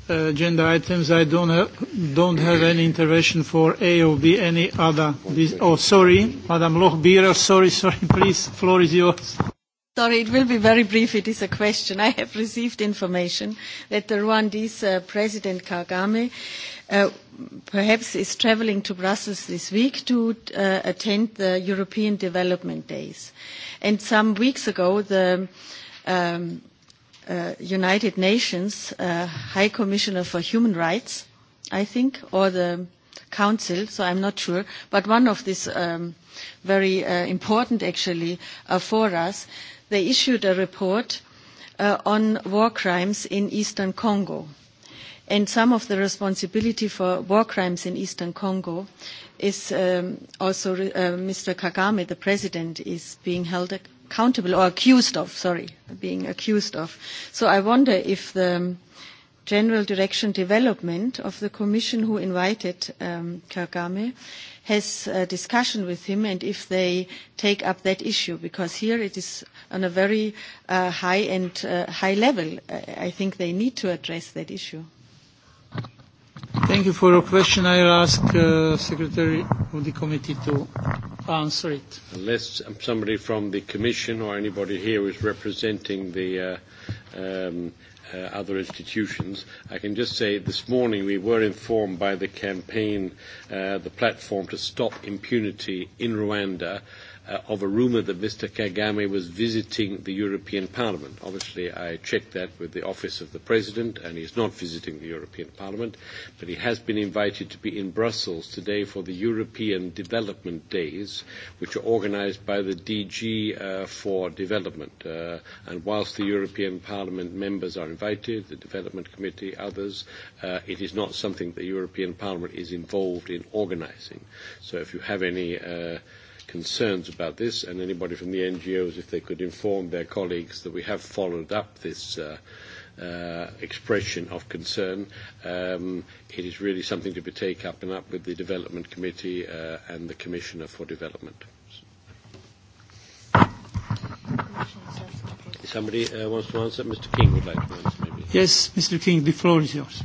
agenda items. I don't have, don't have any intervention for A or B, any other. This, oh, sorry, Madam Lochbierer, sorry, sorry, please, floor is yours. Sorry, it will be very brief. It is a question. I have received information that the Rwandese uh, President Kagame uh, perhaps is traveling to Brussels this week to uh, attend the European Development Days. And some weeks ago, the um, United Nations High Commissioner for Human Rights, I think, or the Council, so I'm not sure, but one of these very important, actually, for us, they issued a report on war crimes in eastern Congo. And some of the responsibility for war crimes in eastern Congo is also Mr. Kagame, the president, is being held accountable or accused of, sorry, being accused of. So I wonder if the general direction development of the commission who invited um, Kagame has a discussion with him and if they take up that issue because here it is on a very uh, high and uh, high level. I think they need to address that issue. Thank you for your question. I will ask uh, Secretary of the Committee to answer it. Unless somebody from the Commission or anybody here is representing the uh, um, uh, other institutions, I can just say this morning we were informed by the campaign, uh, the platform to stop impunity in Rwanda, uh, of a rumour that Mr. Kagame was visiting the European Parliament. Obviously, I checked that with the Office of the President, and he's not visiting the European Parliament, but he has been invited to be in Brussels today for the European Development Days, which are organised by the DG uh, for Development. Uh, and whilst the European Parliament members are invited, the Development Committee, others, uh, it is not something the European Parliament is involved in organising. So if you have any uh, concerns about this, and anybody from the NGOs, if they could inform their colleagues that we have followed up this uh, uh, expression of concern. Um, it is really something to be taken up and up with the Development Committee uh, and the Commissioner for Development. Somebody uh, wants to answer? Mr. King would like to answer, maybe. Yes, Mr. King, the floor is yours.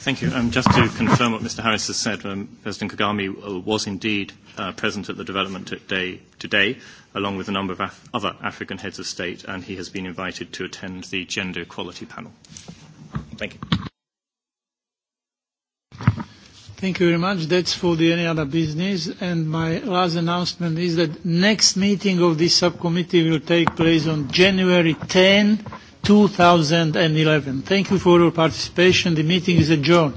Thank you. Um, just to confirm what Mr. Harris has said, um, President Kagame uh, was indeed uh, present at the development day today, along with a number of Af- other African heads of state, and he has been invited to attend the gender equality panel. Thank you. Thank you very much. That's for the any other business. And my last announcement is that next meeting of this subcommittee will take place on January 10 2011. Thank you for your participation. The meeting is adjourned.